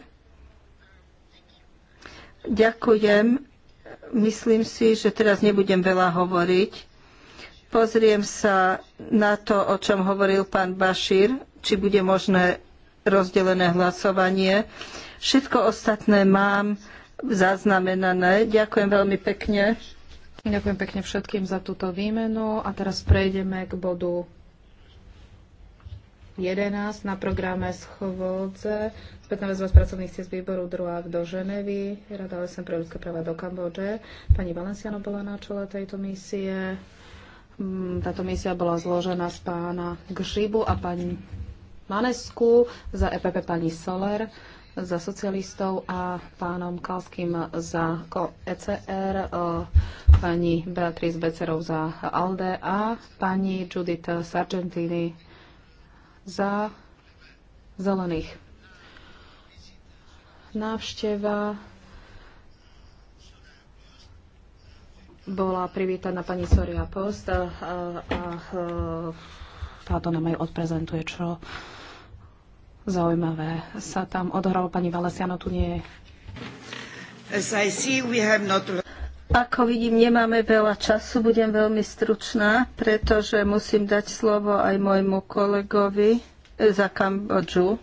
Ďakujem. Myslím si, že teraz nebudem veľa hovoriť. Pozriem sa na to, o čom hovoril pán Bašír, či bude možné rozdelené hlasovanie. Všetko ostatné mám zaznamenané. Ďakujem veľmi pekne. Ďakujem pekne všetkým za túto výmenu a teraz prejdeme k bodu 11 na programe schôdze spätná väzba z pracovných ciest výboru druhá do Ženevy, Rada OSN pre ľudské práva do Kambodže. Pani Valenciano bola na čele tejto misie. Mm, táto misia bola zložená z pána Gžibu a pani Manesku, za EPP pani Soler za socialistov a pánom Kalským za ECR, pani Beatrice Becerov za ALDE a pani Judith Sargentini za zelených. Návšteva bola privítaná pani Soria Post a, a, a táto nám aj odprezentuje, čo zaujímavé sa tam odhralo. Pani Valesiano tu nie je. Ako vidím, nemáme veľa času, budem veľmi stručná, pretože musím dať slovo aj môjmu kolegovi eh, za Kambodžu.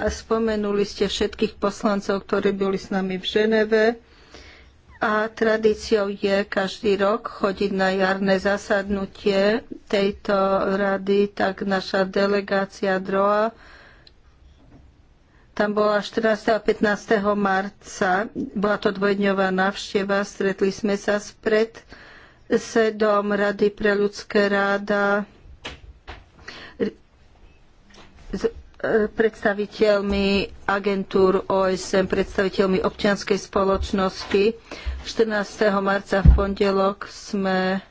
A spomenuli ste všetkých poslancov, ktorí boli s nami v Ženeve a tradíciou je každý rok chodiť na jarné zasadnutie tejto rady, tak naša delegácia DROA tam bola 14. a 15. marca, bola to dvojdňová návšteva, stretli sme sa s predsedom Rady pre ľudské ráda, predstaviteľmi agentúr OSN, predstaviteľmi občianskej spoločnosti. 14. marca v pondelok sme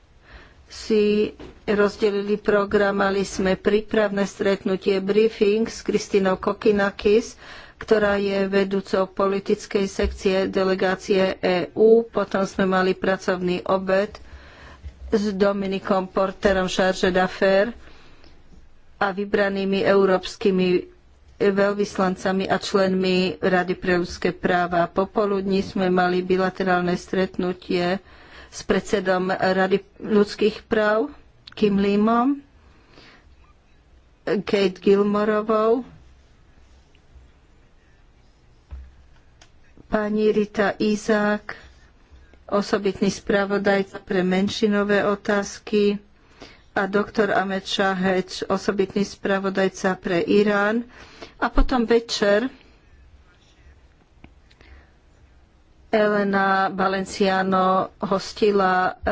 si rozdelili program, mali sme prípravné stretnutie briefing s Kristinou Kokinakis, ktorá je vedúcou politickej sekcie delegácie EÚ. Potom sme mali pracovný obed s Dominikom Porterom Charge d'Affaires a vybranými európskymi veľvyslancami a členmi Rady pre ľudské práva. Popoludní sme mali bilaterálne stretnutie s predsedom Rady ľudských práv Kim Limom, Kate Gilmorovou, pani Rita Izák, osobitný spravodajca pre menšinové otázky, a doktor Ahmed Shaheč, osobitný spravodajca pre Irán. A potom večer Elena Valenciano hostila e,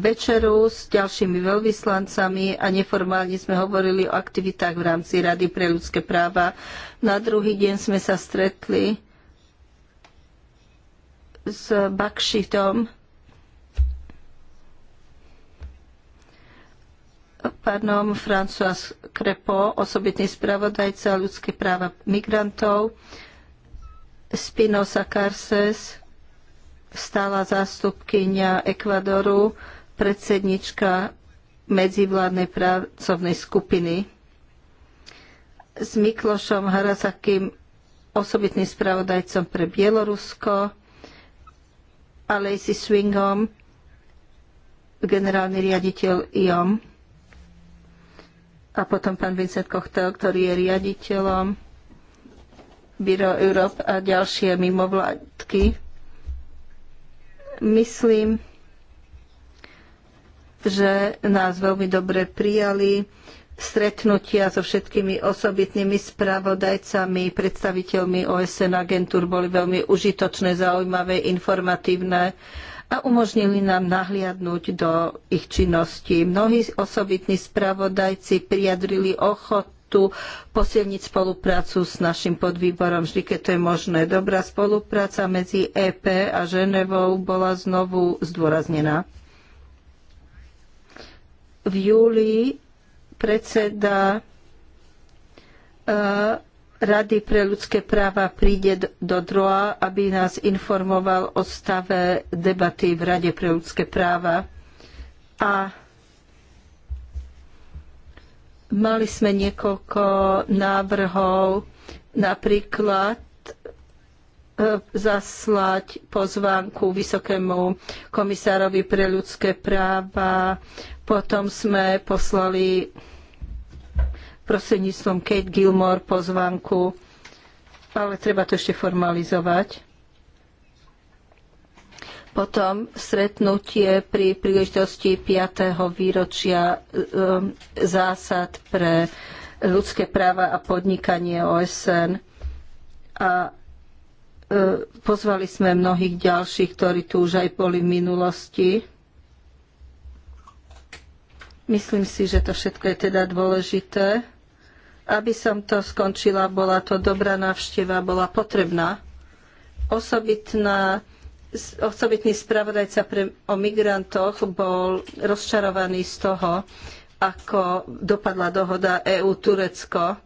večeru s ďalšími veľvyslancami a neformálne sme hovorili o aktivitách v rámci Rady pre ľudské práva. Na druhý deň sme sa stretli s Bakšitom, pánom François Crepo, osobitný spravodajca ľudské práva migrantov, Spinoza Carces, stála zástupkynia Ekvadoru, predsednička medzivládnej pracovnej skupiny s Miklošom Harazakým, osobitným spravodajcom pre Bielorusko, a Swingom, generálny riaditeľ IOM a potom pán Vincent Kochtel, ktorý je riaditeľom Biro Europe a ďalšie mimovládky. Myslím, že nás veľmi dobre prijali stretnutia so všetkými osobitnými spravodajcami, predstaviteľmi OSN agentúr boli veľmi užitočné, zaujímavé, informatívne a umožnili nám nahliadnúť do ich činnosti. Mnohí osobitní spravodajci prijadrili ochotu posilniť spoluprácu s našim podvýborom, vždy keď to je možné. Dobrá spolupráca medzi EP a Ženevou bola znovu zdôraznená. V júli predseda uh, Rady pre ľudské práva príde do Droa, aby nás informoval o stave debaty v Rade pre ľudské práva. A mali sme niekoľko návrhov, napríklad e, zaslať pozvánku vysokému komisárovi pre ľudské práva. Potom sme poslali prostredníctvom Kate Gilmore pozvanku, ale treba to ešte formalizovať. Potom stretnutie pri príležitosti 5. výročia ehm, zásad pre ľudské práva a podnikanie OSN. A e, pozvali sme mnohých ďalších, ktorí tu už aj boli v minulosti. Myslím si, že to všetko je teda dôležité. Aby som to skončila, bola to dobrá návšteva, bola potrebná. Osobitná, osobitný spravodajca pre, o migrantoch bol rozčarovaný z toho, ako dopadla dohoda EU-Turecko.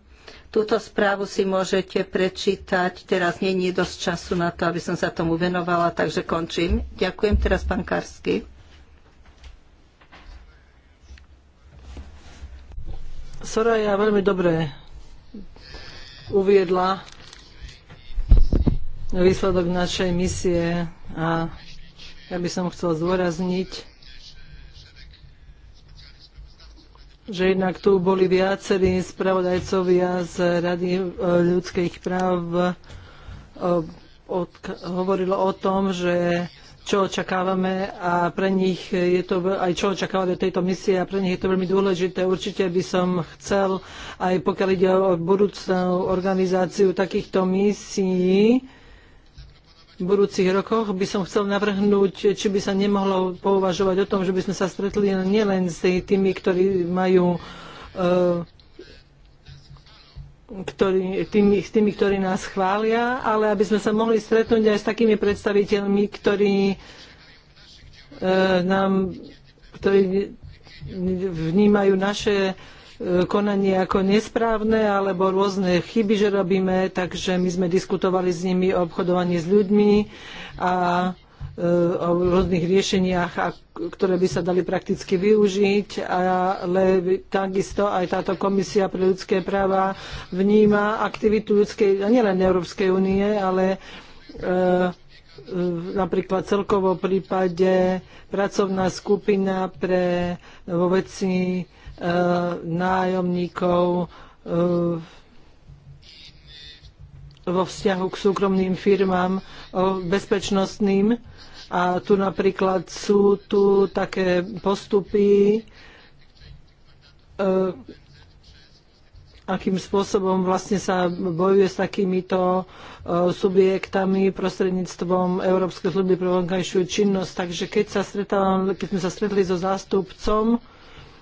Túto správu si môžete prečítať. Teraz nie je dosť času na to, aby som sa tomu venovala, takže končím. Ďakujem teraz pán Karsky. Soraya veľmi dobre uviedla výsledok našej misie a ja by som chcel zdôrazniť, že jednak tu boli viacerí spravodajcovia z Rady eh, ľudských práv. Eh, hovorilo o tom, že čo očakávame a pre nich je to aj čo očakávame od tejto misie a pre nich je to veľmi dôležité. Určite by som chcel, aj pokiaľ ide o budúcu organizáciu takýchto misií, v budúcich rokoch by som chcel navrhnúť, či by sa nemohlo pouvažovať o tom, že by sme sa stretli nielen s tými, ktorí majú uh, ktorý, tými, s tými, ktorí nás chvália, ale aby sme sa mohli stretnúť aj s takými predstaviteľmi, ktorí e, nám ktorí vnímajú naše e, konanie ako nesprávne alebo rôzne chyby, že robíme, takže my sme diskutovali s nimi o obchodovaní s ľuďmi a Eh, o rôznych riešeniach, ktoré by sa dali prakticky využiť, ale takisto aj táto komisia pre ľudské práva vníma aktivitu ľudskej, a nielen Európskej únie, ale e, napríklad celkovo v prípade pracovná skupina pre vo veci e, nájomníkov e, vo vzťahu k súkromným firmám o bezpečnostným a tu napríklad sú tu také postupy, e, akým spôsobom vlastne sa bojuje s takýmito e, subjektami prostredníctvom Európskej služby pre vonkajšiu činnosť. Takže keď, sa stretávam, keď sme sa stretli so zástupcom,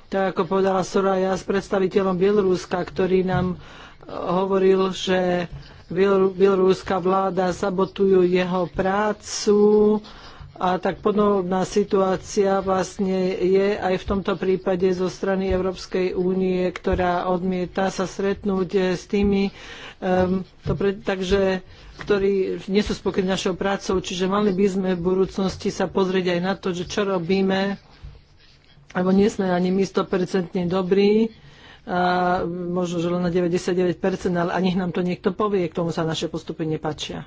tak ako povedala Soraya, s predstaviteľom Bieloruska, ktorý nám e, hovoril, že bieloruska vláda sabotujú jeho prácu, a tak podobná situácia vlastne je aj v tomto prípade zo strany Európskej únie, ktorá odmieta sa stretnúť eh, s tými, um, to pre, takže, ktorí nie sú spokojní našou prácou. Čiže mali by sme v budúcnosti sa pozrieť aj na to, že čo robíme, alebo nie sme ani my 100% dobrí, a možno, že len na 99%, ale ani nám to niekto povie, k tomu sa naše postupy nepačia.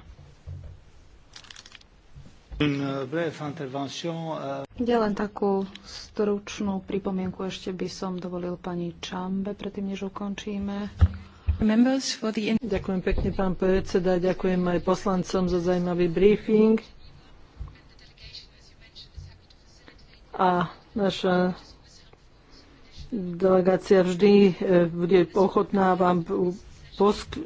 Ja len takú stručnú pripomienku ešte by som dovolil pani Čambe, predtým než ukončíme. Ďakujem pekne, pán predseda. Ďakujem aj poslancom za zaujímavý briefing. A naša delegácia vždy eh, bude ochotná vám posk-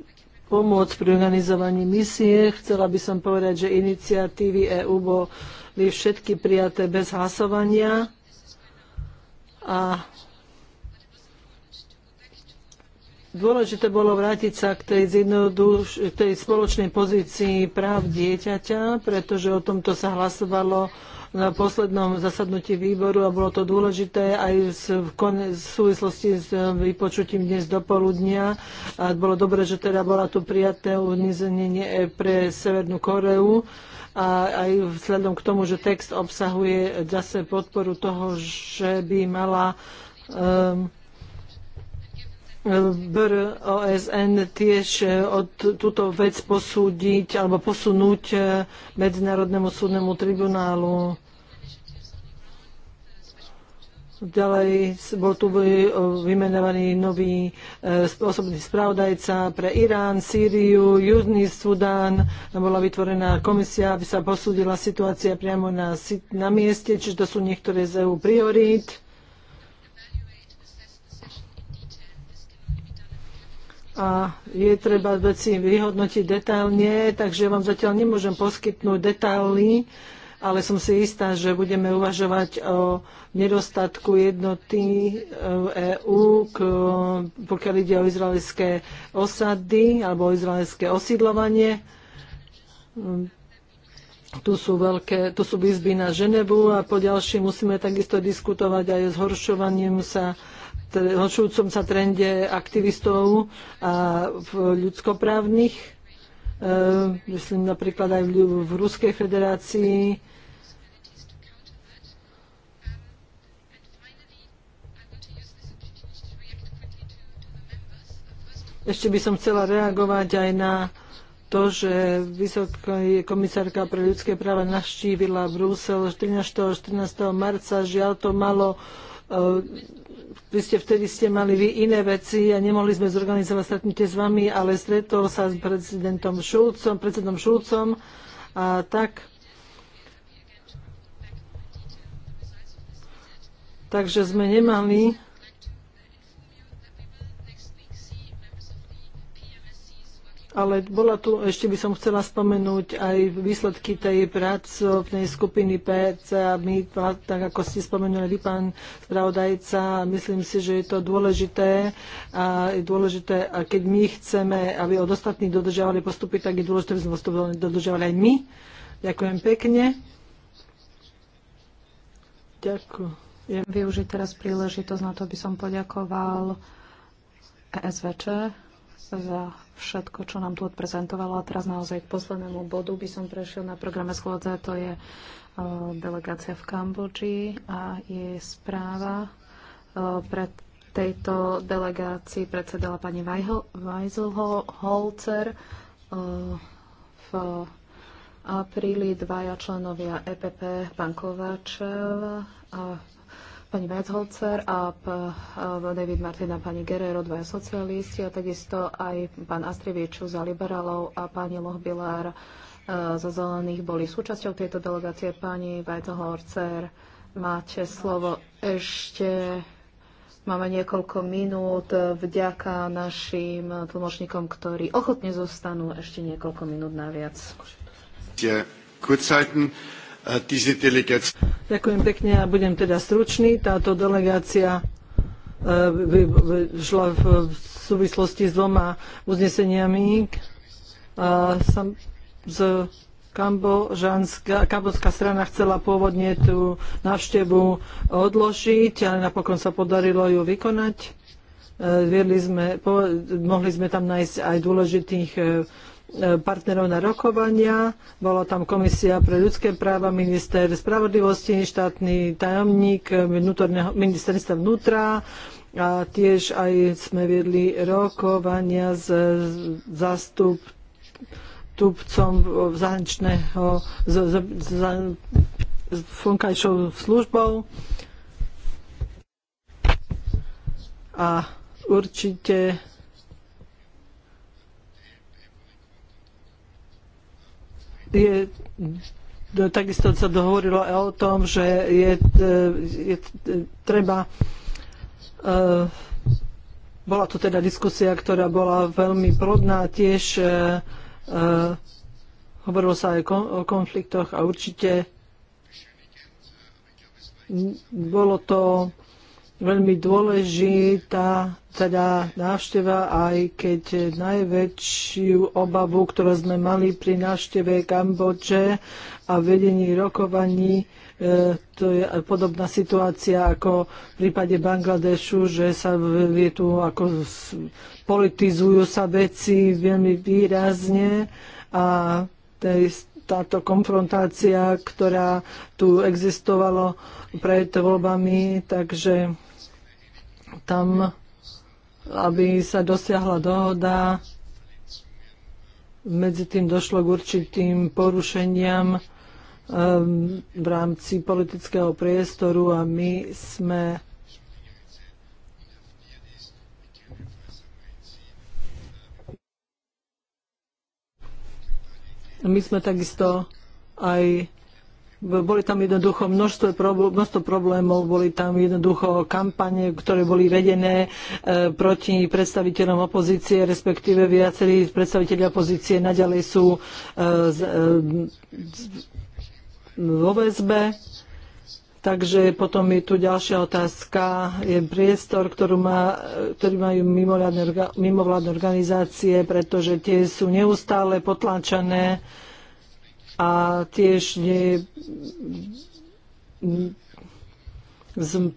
pomoc pri organizovaní misie. Chcela by som povedať, že iniciatívy EÚ boli všetky prijaté bez hlasovania. A dôležité bolo vrátiť sa k tej, k tej spoločnej pozícii práv dieťaťa, pretože o tomto sa hlasovalo na poslednom zasadnutí výboru a bolo to dôležité aj v súvislosti s eh, vypočutím dnes do poludnia. A bolo dobré, že teda bola tu prijaté unizenenie pre Severnú Koreu a aj vzhľadom k tomu, že text obsahuje zase podporu toho, že by mala um, BR OSN tiež e, od túto vec posúdiť alebo posunúť e, Medzinárodnému súdnemu tribunálu. Ďalej bol tu e, vymenovaný nový osobný spravodajca pre Irán, Sýriu, Južný Sudán. Bola vytvorená komisia, aby sa posúdila situácia priamo na, na mieste, čiže to sú niektoré z EU priorít a je treba veci vyhodnotiť detailne, takže vám zatiaľ nemôžem poskytnúť detaily, ale som si istá, že budeme uvažovať o nedostatku jednoty v EÚ, pokiaľ ide o izraelské osady alebo izraelské osídlovanie. Tu sú, veľké, tu sú výzby na Ženevu a po ďalšie musíme takisto diskutovať aj o zhoršovaním sa hočujúcom sa trende aktivistov a v ľudskoprávnych. E, myslím napríklad aj v Ruskej federácii. Ešte by som chcela reagovať aj na to, že vysoká komisárka pre ľudské práva navštívila Brusel 13. a 14. marca. Žiaľ, to malo e, vy ste vtedy ste mali vy iné veci a nemohli sme zorganizovať stretnutie s vami, ale stretol sa s prezidentom Šulcom, predsedom Šulcom a tak. Takže sme nemali Ale bola tu, ešte by som chcela spomenúť aj výsledky tej pracovnej skupiny PRC a my, tak ako ste spomenuli vy, pán spravodajca, myslím si, že je to dôležité a je dôležité, a keď my chceme, aby od ostatných dodržiavali postupy, tak je dôležité, aby sme postupy dodržiavali aj my. Ďakujem pekne. Ďakujem. Využiť teraz príležitosť na to, by som poďakoval SVČ, za všetko, čo nám tu odprezentovalo. A teraz naozaj k poslednému bodu by som prešiel na programe schôdze. To je e, delegácia v Kambodži a je správa e, pre tejto delegácii predsedala pani Weiselholzer e, v apríli dvaja členovia EPP, pán Kováčev a pani Vácholcer a David Martin a pani Guerrero, dvaja socialisti a takisto aj pán Astrivieč za liberálov a pani Lohbilár e, za zelených boli súčasťou tejto delegácie. Pani Weizholzer, máte slovo ešte. Máme niekoľko minút vďaka našim tlmočníkom, ktorí ochotne zostanú ešte niekoľko minút naviac. Die Ďakujem pekne a budem teda stručný. Táto delegácia e, šla v súvislosti s dvoma uzneseniami z Kambožanská, Kambodžská strana chcela pôvodne tú návštevu odložiť, ale napokon sa podarilo ju vykonať. E, viedli sme, mohli sme tam nájsť aj dôležitých e, E, partnerov na rokovania. Bola tam komisia pre ľudské práva, minister spravodlivosti, štátny tajomník e, ministerstva vnútra a tiež aj sme viedli rokovania s zástup tupcom zahraničného z, z, z, z funkajšou službou. A určite je no, takisto sa dohovorilo aj o tom, že je, e, je e, treba e, bola to teda diskusia, ktorá bola veľmi plodná tiež hovorilo sa aj o konfliktoch a určite bolo to veľmi dôležitá teda návšteva, aj keď najväčšiu obavu, ktorú sme mali pri návšteve Kambodže a vedení rokovaní, e, to je podobná situácia ako v prípade Bangladešu, že sa je tu ako politizujú sa veci veľmi výrazne a táto konfrontácia, ktorá tu existovalo pred voľbami, takže tam, aby sa dosiahla dohoda. Medzi tým došlo k určitým porušeniam ehm, v rámci politického priestoru a my sme my sme takisto aj boli tam jednoducho množstvo, množstvo problémov, boli tam jednoducho kampane, ktoré boli vedené e, proti predstaviteľom opozície, respektíve viacerí predstaviteľi opozície naďalej sú e, z, e, vo väzbe. Takže potom je tu ďalšia otázka, je priestor, ktorú má, ktorý majú mimovládne, mimovládne organizácie, pretože tie sú neustále potláčané. E, a tiež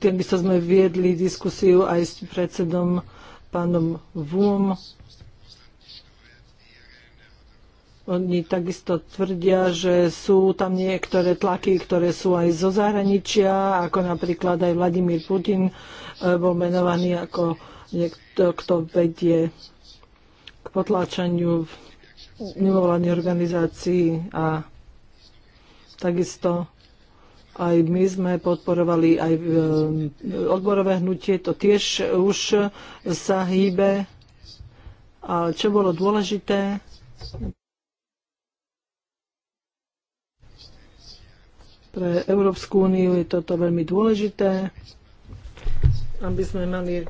by sa sme viedli diskusiu aj s predsedom pánom Vum. Oni takisto tvrdia, že sú tam niektoré tlaky, ktoré sú aj zo zahraničia, ako napríklad aj Vladimír Putin e, bol menovaný ako niekto, kto vedie k potláčaniu mimovládnych organizácií a takisto aj my sme podporovali aj e, odborové hnutie, to tiež už sa hýbe. A čo bolo dôležité, pre Európsku úniu je toto veľmi dôležité, aby sme mali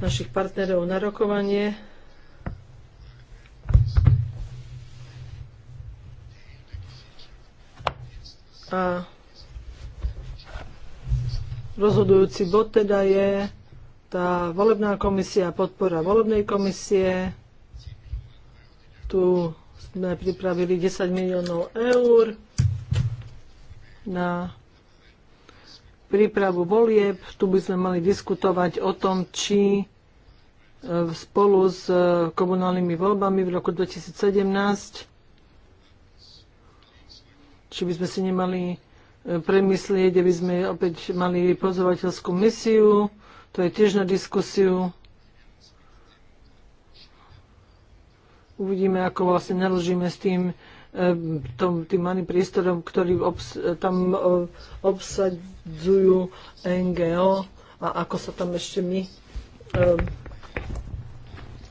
našich partnerov na rokovanie A rozhodujúci bod teda je tá volebná komisia, podpora volebnej komisie. Tu sme pripravili 10 miliónov eur na prípravu volieb. Tu by sme mali diskutovať o tom, či e, spolu s e, komunálnymi voľbami v roku 2017 či by sme si nemali e, premyslieť, aby sme opäť mali pozorovateľskú misiu. To je tiež na diskusiu. Uvidíme, ako vlastne naložíme s tým, e, tom, tým malým priestorom, ktorý obs, tam e, obsadzujú NGO a ako sa tam ešte my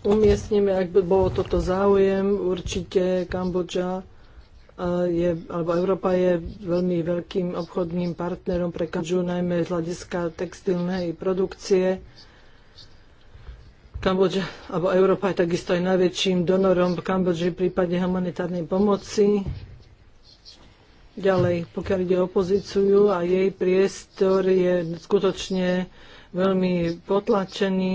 umiestnime, ak by bolo toto záujem, určite Kambodža je, alebo Európa je veľmi veľkým obchodným partnerom pre Kambodžu, najmä z hľadiska textilnej produkcie. Kambodža, alebo Európa je takisto aj najväčším donorom v Kambodži v prípade humanitárnej pomoci. Ďalej, pokiaľ ide o opozíciu a jej priestor je skutočne veľmi potlačený.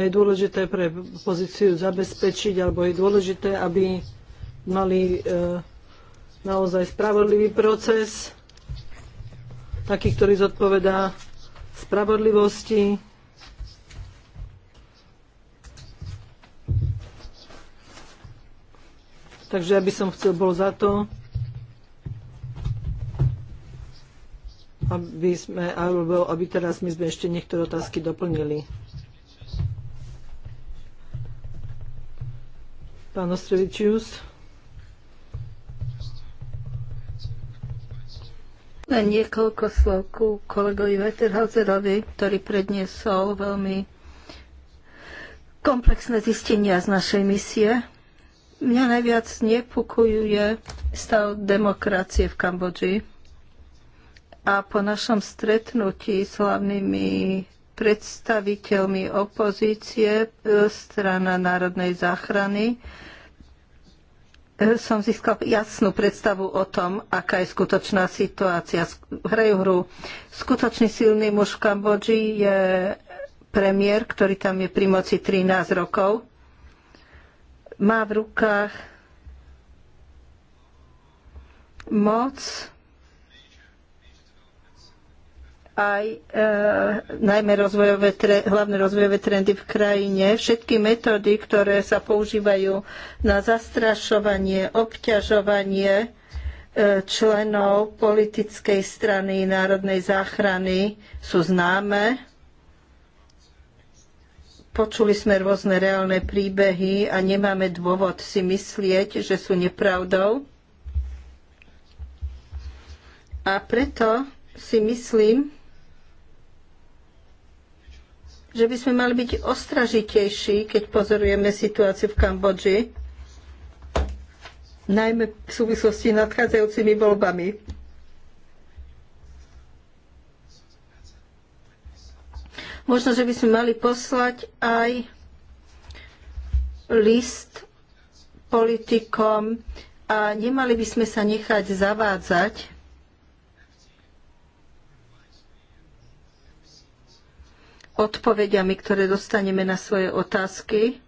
je dôležité pre pozíciu zabezpečiť, alebo je dôležité, aby mali e, naozaj spravodlivý proces, taký, ktorý zodpovedá spravodlivosti, Takže ja by som chcel bol za to, aby, sme, alebo aby teraz my sme ešte niektoré otázky doplnili. Pán Ostrevičius. Len niekoľko slov ku kolegovi Wetterhauserovi, ktorý predniesol veľmi komplexné zistenia z našej misie. Mňa najviac nepokojuje stav demokracie v Kambodži. A po našom stretnutí s hlavnými predstaviteľmi opozície, e, strana národnej záchrany, e, som získal jasnú predstavu o tom, aká je skutočná situácia. Hrajú hru. Skutočný silný muž v Kambodži je premiér, ktorý tam je pri moci 13 rokov. Má v rukách moc, aj e, najmä rozvojové tre, hlavné rozvojové trendy v krajine. Všetky metódy, ktoré sa používajú na zastrašovanie, obťažovanie e, členov politickej strany národnej záchrany sú známe. Počuli sme rôzne reálne príbehy a nemáme dôvod si myslieť, že sú nepravdou. A preto si myslím, že by sme mali byť ostražitejší, keď pozorujeme situáciu v Kambodži, najmä v súvislosti s nadchádzajúcimi voľbami. Možno, že by sme mali poslať aj list politikom a nemali by sme sa nechať zavádzať odpovediami, ktoré dostaneme na svoje otázky.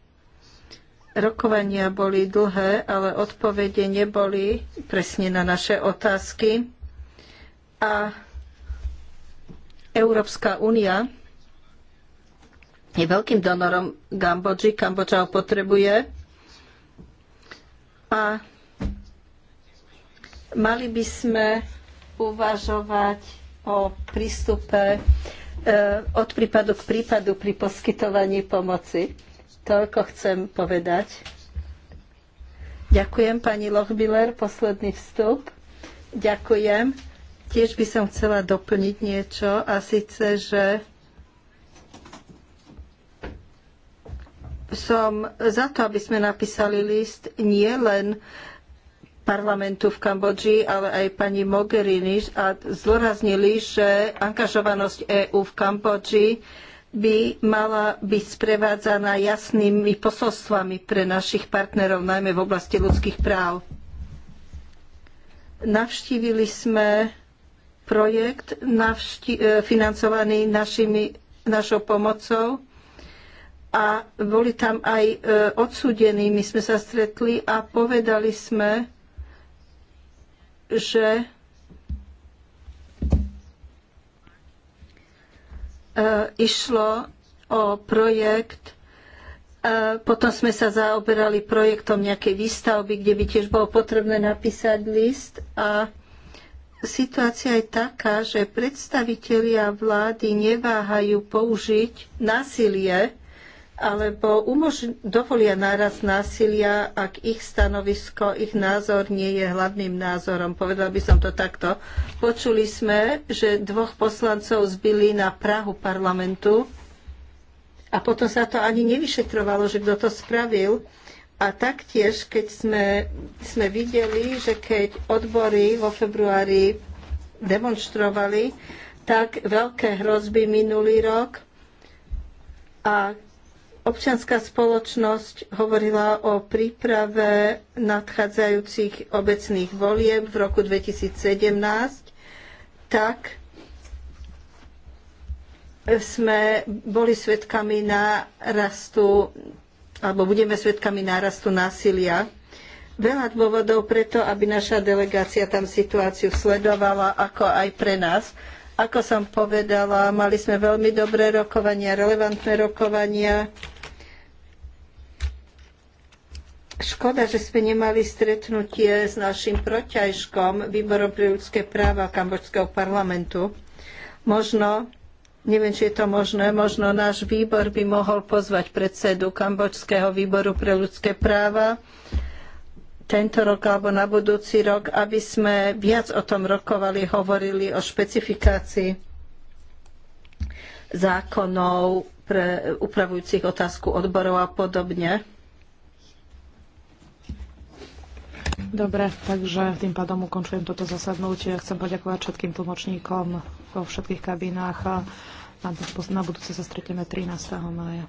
Rokovania boli dlhé, ale odpovede neboli presne na naše otázky. A Európska únia je veľkým donorom Kambodži. Kambodža ho potrebuje. A mali by sme uvažovať o prístupe E, od prípadu k prípadu pri poskytovaní pomoci. Toľko chcem povedať. Ďakujem pani Lochbiller, posledný vstup. Ďakujem. Tiež by som chcela doplniť niečo a síce, že som za to, aby sme napísali list nie len uh, parlamentu v Kambodži, ale aj pani Mogherini a zdôraznili, že angažovanosť EÚ v Kambodži by mala byť sprevádzaná jasnými posolstvami pre našich partnerov, najmä v oblasti ľudských práv. Navštívili sme projekt e, financovaný našimi, našou pomocou a boli tam aj e, odsúdení. My sme sa stretli a povedali sme, že e, išlo o projekt. E, potom sme sa zaoberali projektom nejakej výstavby, kde by tiež bolo potrebné napísať list. A situácia je taká, že predstavitelia vlády neváhajú použiť násilie alebo umož- dovolia náraz násilia, ak ich stanovisko, ich názor nie je hlavným názorom. Povedal by som to takto. Počuli sme, že dvoch poslancov zbili na Prahu parlamentu a potom sa to ani nevyšetrovalo, že kto to spravil. A taktiež, keď sme, sme videli, že keď odbory vo februári demonstrovali, tak veľké hrozby minulý rok a Občianská spoločnosť hovorila o príprave nadchádzajúcich obecných volieb v roku 2017 tak sme boli svedkami nárastu alebo budeme svedkami nárastu násilia. Veľa dôvodov preto, aby naša delegácia tam situáciu sledovala, ako aj pre nás. Ako som povedala, mali sme veľmi dobré rokovania, relevantné rokovania Škoda, že sme nemali stretnutie s našim proťažkom, Výborom pre ľudské práva Kambodžského parlamentu. Možno, neviem, či je to možné, možno náš výbor by mohol pozvať predsedu Kambodžského výboru pre ľudské práva tento rok alebo na budúci rok, aby sme viac o tom rokovali, hovorili o špecifikácii zákonov pre upravujúcich otázku odborov a podobne Dobre, takže tým pádom ukončujem toto zasadnutie. Chcem poďakovať všetkým tlmočníkom vo všetkých kabinách a na budúce sa stretneme 13. maja.